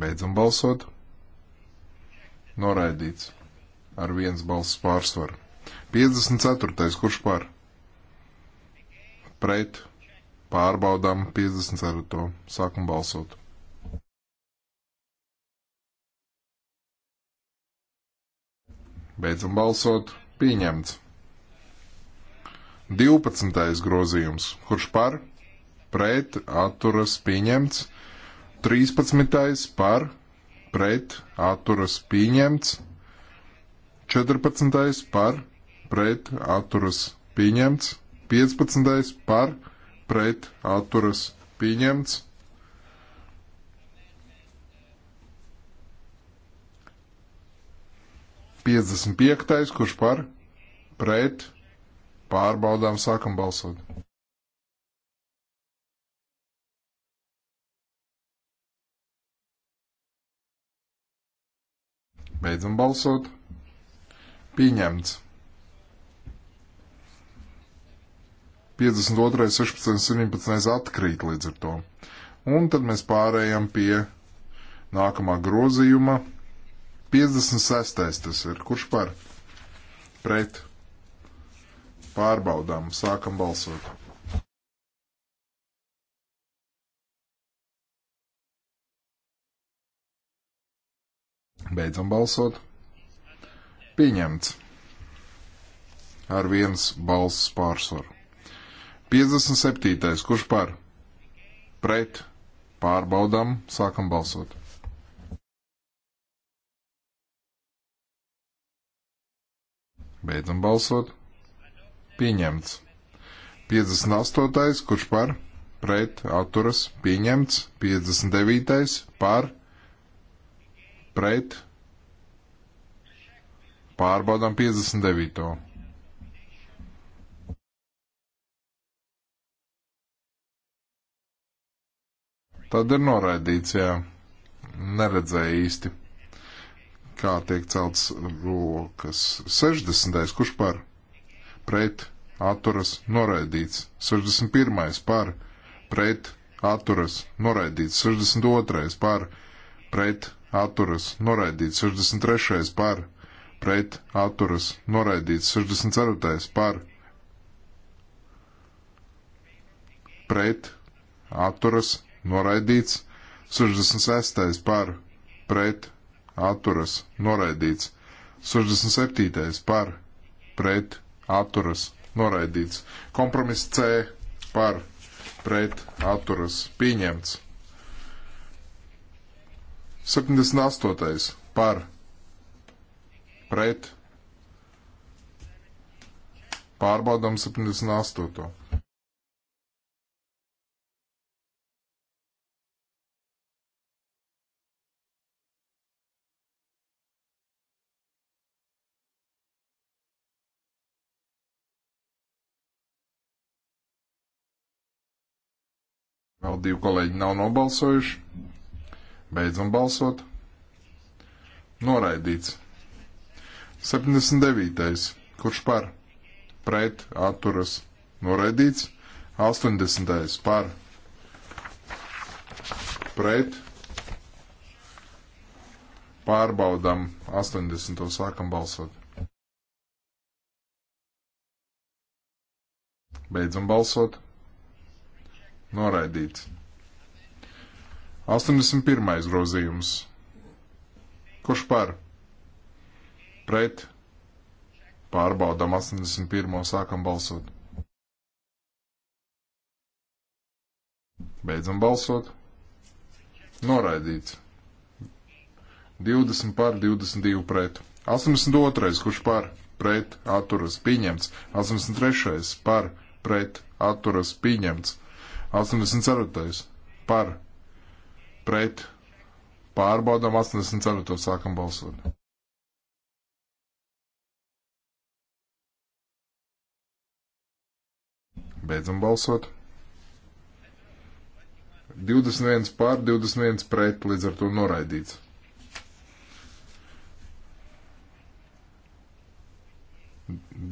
Beidzam balsot. Noraidīts. Ar viens balss pārsvaru. 54. Kurš par? Pret. Pārbaudām 54. Sākam balsot. Beidzam balsot. Pieņemts. 12. grozījums. Kurš par? Pret. Atturas. Pieņemts. 13. par pret atturas pieņemts. 14. par pret atturas pieņemts. 15. par pret atturas pieņemts. Piecdesmit piektais, kurš par pret pārbaudām sākam balsot. Beidzam balsot. Pieņemts. 52, 16, 17 atkrīt līdz ar to. Un tad mēs pārējām pie nākamā grozījuma. 56. tas ir. Kurš par? Pret. Pārbaudām. Sākam balsot. Beidzam balsot. Pieņemts. Ar viens balss pārsvaru. 57. Kurš par? Pret. Pārbaudām. Sākam balsot. Beidzam balsot. Pieņemts. 58. Kurš par? Pret. Atturas. Pieņemts. 59. Par pret, pārbaudām 59. Tad ir noraidīts, jā, neredzēja īsti, kā tiek celts rokas. 60. kurš par? Pret, atturas, noraidīts. 61. par, pret, atturas, noraidīts. 62. par, pret, atturas noraidīts 63. par pret atturas noraidīts 64. par pret atturas noraidīts 66. par pret atturas noraidīts 67. par pret atturas noraidīts kompromiss C par pret atturas pieņemts 78. par pret pārbaudām 78. Vēl divi kolēģi nav nobalsojuši. Beidzam balsot. Noraidīts. 79. Kurš par? Pret atturas. Noraidīts. 80. par. Pret. Pārbaudam 80. sākam balsot. Beidzam balsot. Noraidīts. 81. grozījums. Kurš par? Pret. Pārbaudām 81. sākam balsot. Beidzam balsot. Noraidīts. 20 par 22 pret. 82. kurš par pret atturas pieņemts. 83. par pret atturas pieņemts. 84. par pret pārbaudām 84. sākam balsot. Beidzam balsot. 21 pār, 21 pret, līdz ar to noraidīts.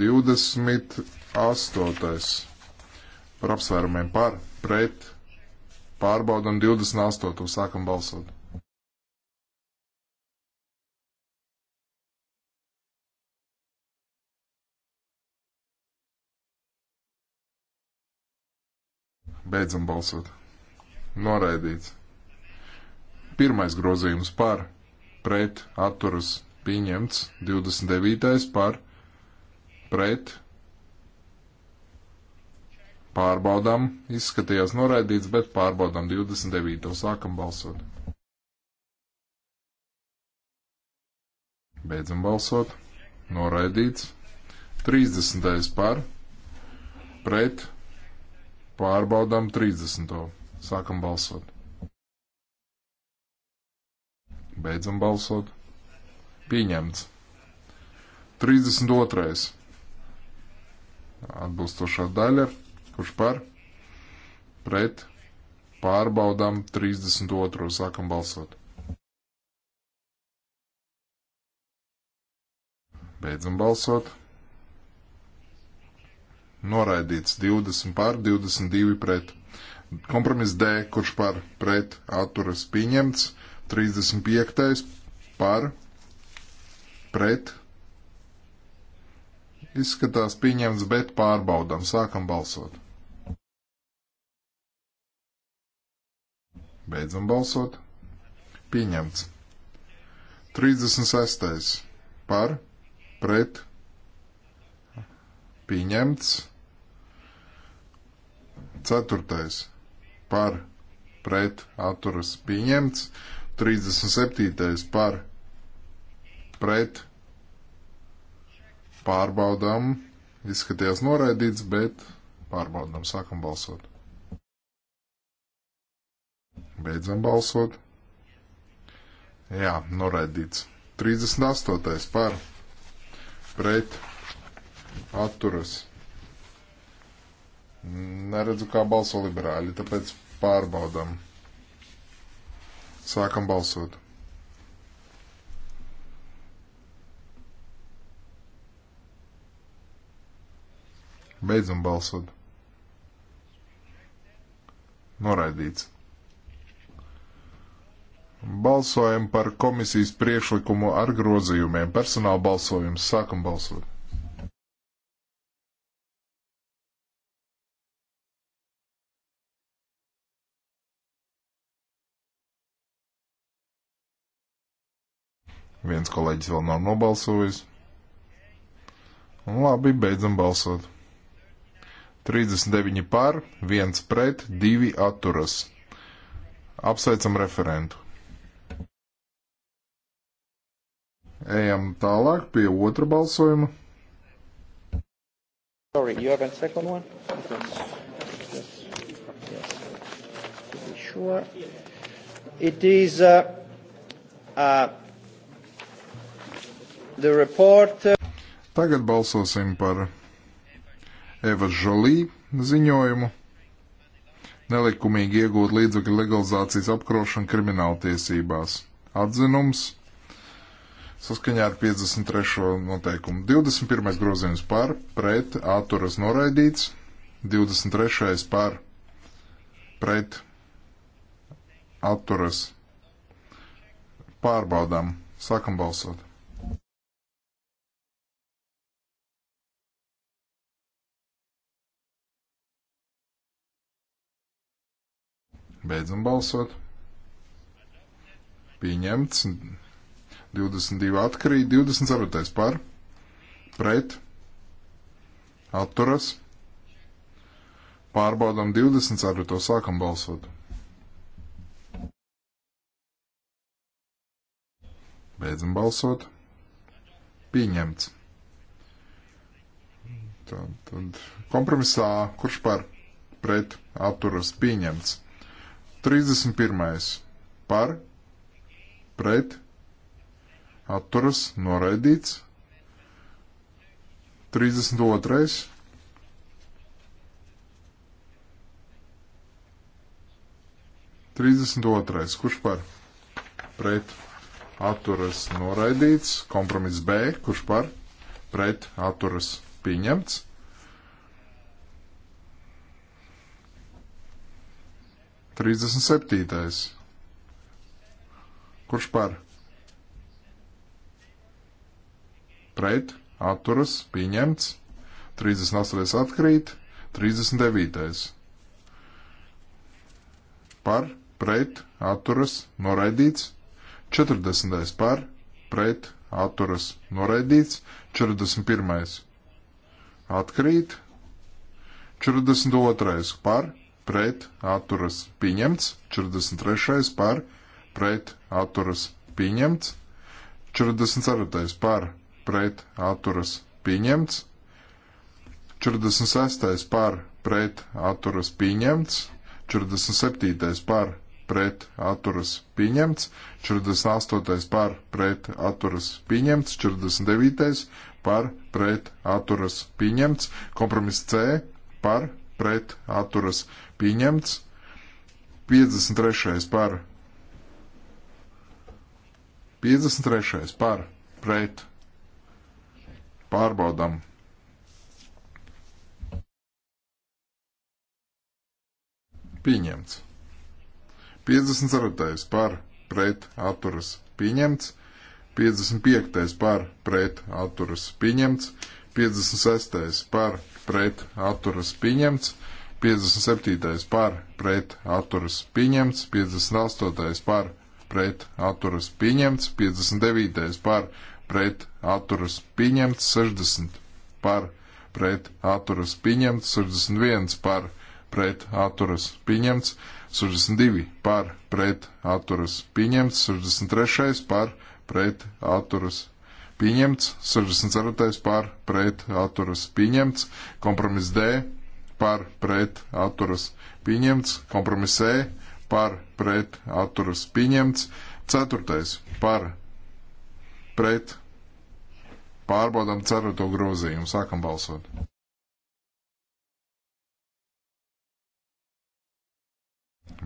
Divdesmit astotais par apsvērumiem par, pret, Pārbaudam 28. Sākam balsot. Beidzam balsot. Noraidīts. Pirmais grozījums par, pret, atturas, pieņemts. 29. par, pret, Pārbaudām, izskatījās noraidīts, bet pārbaudām 29. sākam balsot. Beidzam balsot. Noraidīts. 30. par. Pret. Pārbaudām 30. Sākam balsot. Beidzam balsot. Pieņemts. 32. Atbilstošā daļa Kurš par? Pret. Pārbaudām 32. Sākam balsot. Beidzam balsot. Noraidīts 20 pār 22 pret. Kompromiss D, kurš par pret atturas pieņemts. 35. par pret. Izskatās pieņemts, bet pārbaudām. Sākam balsot. Beidzam balsot. Pieņemts. 36. par, pret, pieņemts. 4. par, pret, atturas, pieņemts. 37. par, pret, pārbaudām. Izskatījās noraidīts, bet pārbaudām, sākam balsot. Beidzam balsot. Jā, noraidīts. 38. par pret atturas. Neredzu, kā balso liberāļi, tāpēc pārbaudam. Sākam balsot. Beidzam balsot. Noraidīts. Balsojam par komisijas priekšlikumu ar grozījumiem. Personāla balsojums. Sākam balsot. Viens kolēģis vēl nav nobalsojis. Labi, beidzam balsot. 39 par, 1 pret, 2 atturas. Apsveicam referentu. Ejam tālāk pie otra balsojuma. Sorry, you have a second one? Yes. Yes. To be sure. It is uh, uh, the report. Uh, Tagad balsosim par Eva Žolī ziņojumu. Nelikumīgi iegūt līdzekļu legalizācijas apkrošana krimināltiesībās. Atzinums saskaņā ar 53. noteikumu. 21. grozījums par, pret, atturas noraidīts, 23. par, pret, atturas pārbaudām, sākam balsot. Beidzam balsot. Pieņemts 22 atkarīgi, 24 par, pret, atturas, pārbaudām 24, sākam balsot. Beidzam balsot. Pieņemts. Tad, tad kompromisā, kurš par, pret, atturas, pieņemts. 31. par, pret, atturas noraidīts. 32. Trīsdesmit otrais, kurš par pret atturas noraidīts, kompromiss B, kurš par pret atturas pieņemts. 37. Kurš par pret, atturas, pieņemts. 38. atkrīt, 39. par, pret, atturas, noraidīts. 40. par, pret, atturas, noraidīts. 41. atkrīt. 42. par, pret, atturas, pieņemts. 43. par, pret, atturas, pieņemts. 44. par pret atturas pieņemts. 46. par pret atturas pieņemts. 47. par pret atturas pieņemts, 48. par pret atturas pieņemts, 49. par pret atturas pieņemts, kompromiss C par pret atturas pieņemts, 53. par 53. par pret Pārbaudām. Pieņemts. 54. par pret atturas pieņemts. 55. par pret atturas pieņemts. 56. par pret atturas pieņemts. 57. par pret atturas pieņemts. 58. par pret atturas pieņemts. 59. par pret atturas pieņemts 60 par pret atturas pieņemts 61 par pret atturas pieņemts 62 par pret atturas pieņemts 63 par pret atturas pieņemts 64 par pret atturas pieņemts kompromiss D par pret atturas pieņemts kompromiss E par pret atturas pieņemts 4 par pret Pārbaudām ceroto grozījumu. Sākam balsot.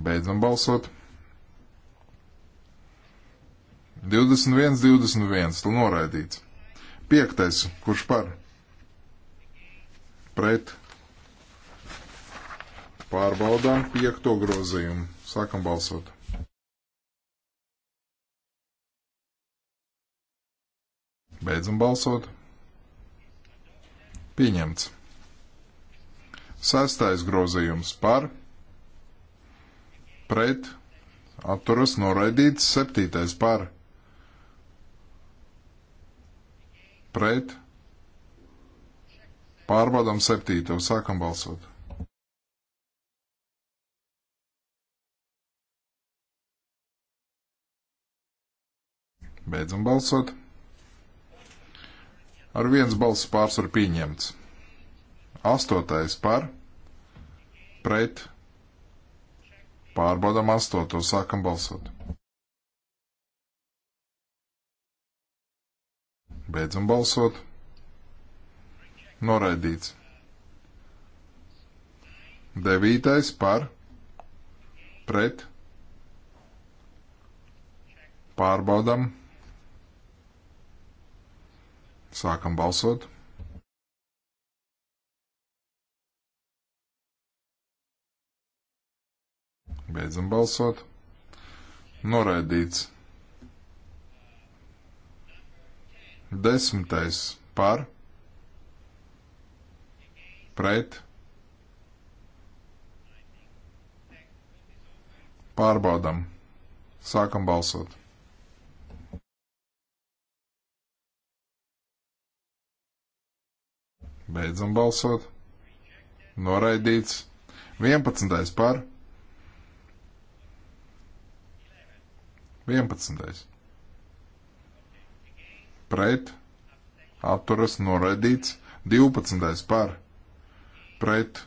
Beidzam balsot. 21, 21. Tu noraidīts. Piektais. Kurš par? Pret. Pārbaudām piekto grozījumu. Sākam balsot. Beidzam balsot. Pieņemts. Sestais grozījums par, pret, atturas noraidīts. Septītais par, pret, pārbaudām septīto, sākam balsot. Beidzam balsot. Ar viens balss pārsvaru pieņemts. Astotais par, pret, pārbaudam astoto, sākam balsot. Beidzam balsot. Noraidīts. Devītais par pret pārbaudam Sākam balsot. Beidzam balsot. Noraidīts. Desmitais par. Pret. Pārbaudam. Sākam balsot. Beidzam balsot. Noraidīts. 11. par. 11. Pret. Atturas noraidīts. 12. par. Pret.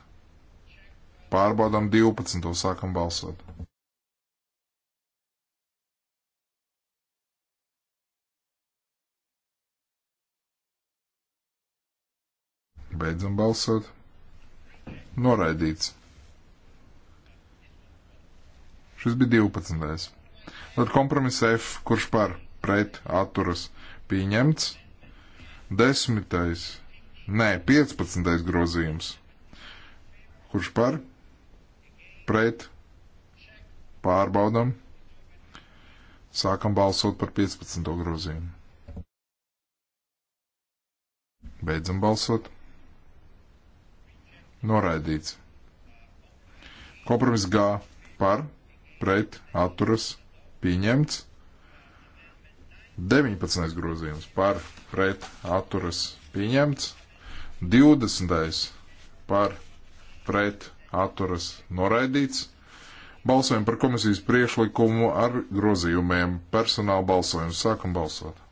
Pārbaudām 12. sākam balsot. Beidzam balsot. Noraidīts. Šis bija 12. Tad kompromiss F, kurš par pret atturas pieņemts. 10. Nē, 15. grozījums. Kurš par pret pārbaudam. Sākam balsot par 15. grozījumu. Beidzam balsot. Noraidīts. Kompromiss G par, pret, atturas, pieņemts. 19. grozījums par, pret, atturas, pieņemts. 20. par, pret, atturas, noraidīts. Balsojam par komisijas priešlikumu ar grozījumiem. Personāla balsojumu. Sākam balsot.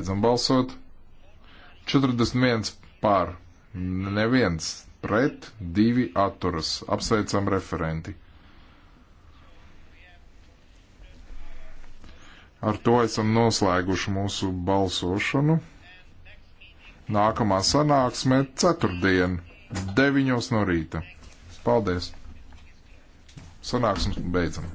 Beidzam balsot. 41 pār, neviens pret, divi atturas. Apsveicam referenti. Ar to esam noslēguši mūsu balsošanu. Nākamā sanāksme ceturtdien, 9 no rīta. Paldies! Sanāksmes beidzam!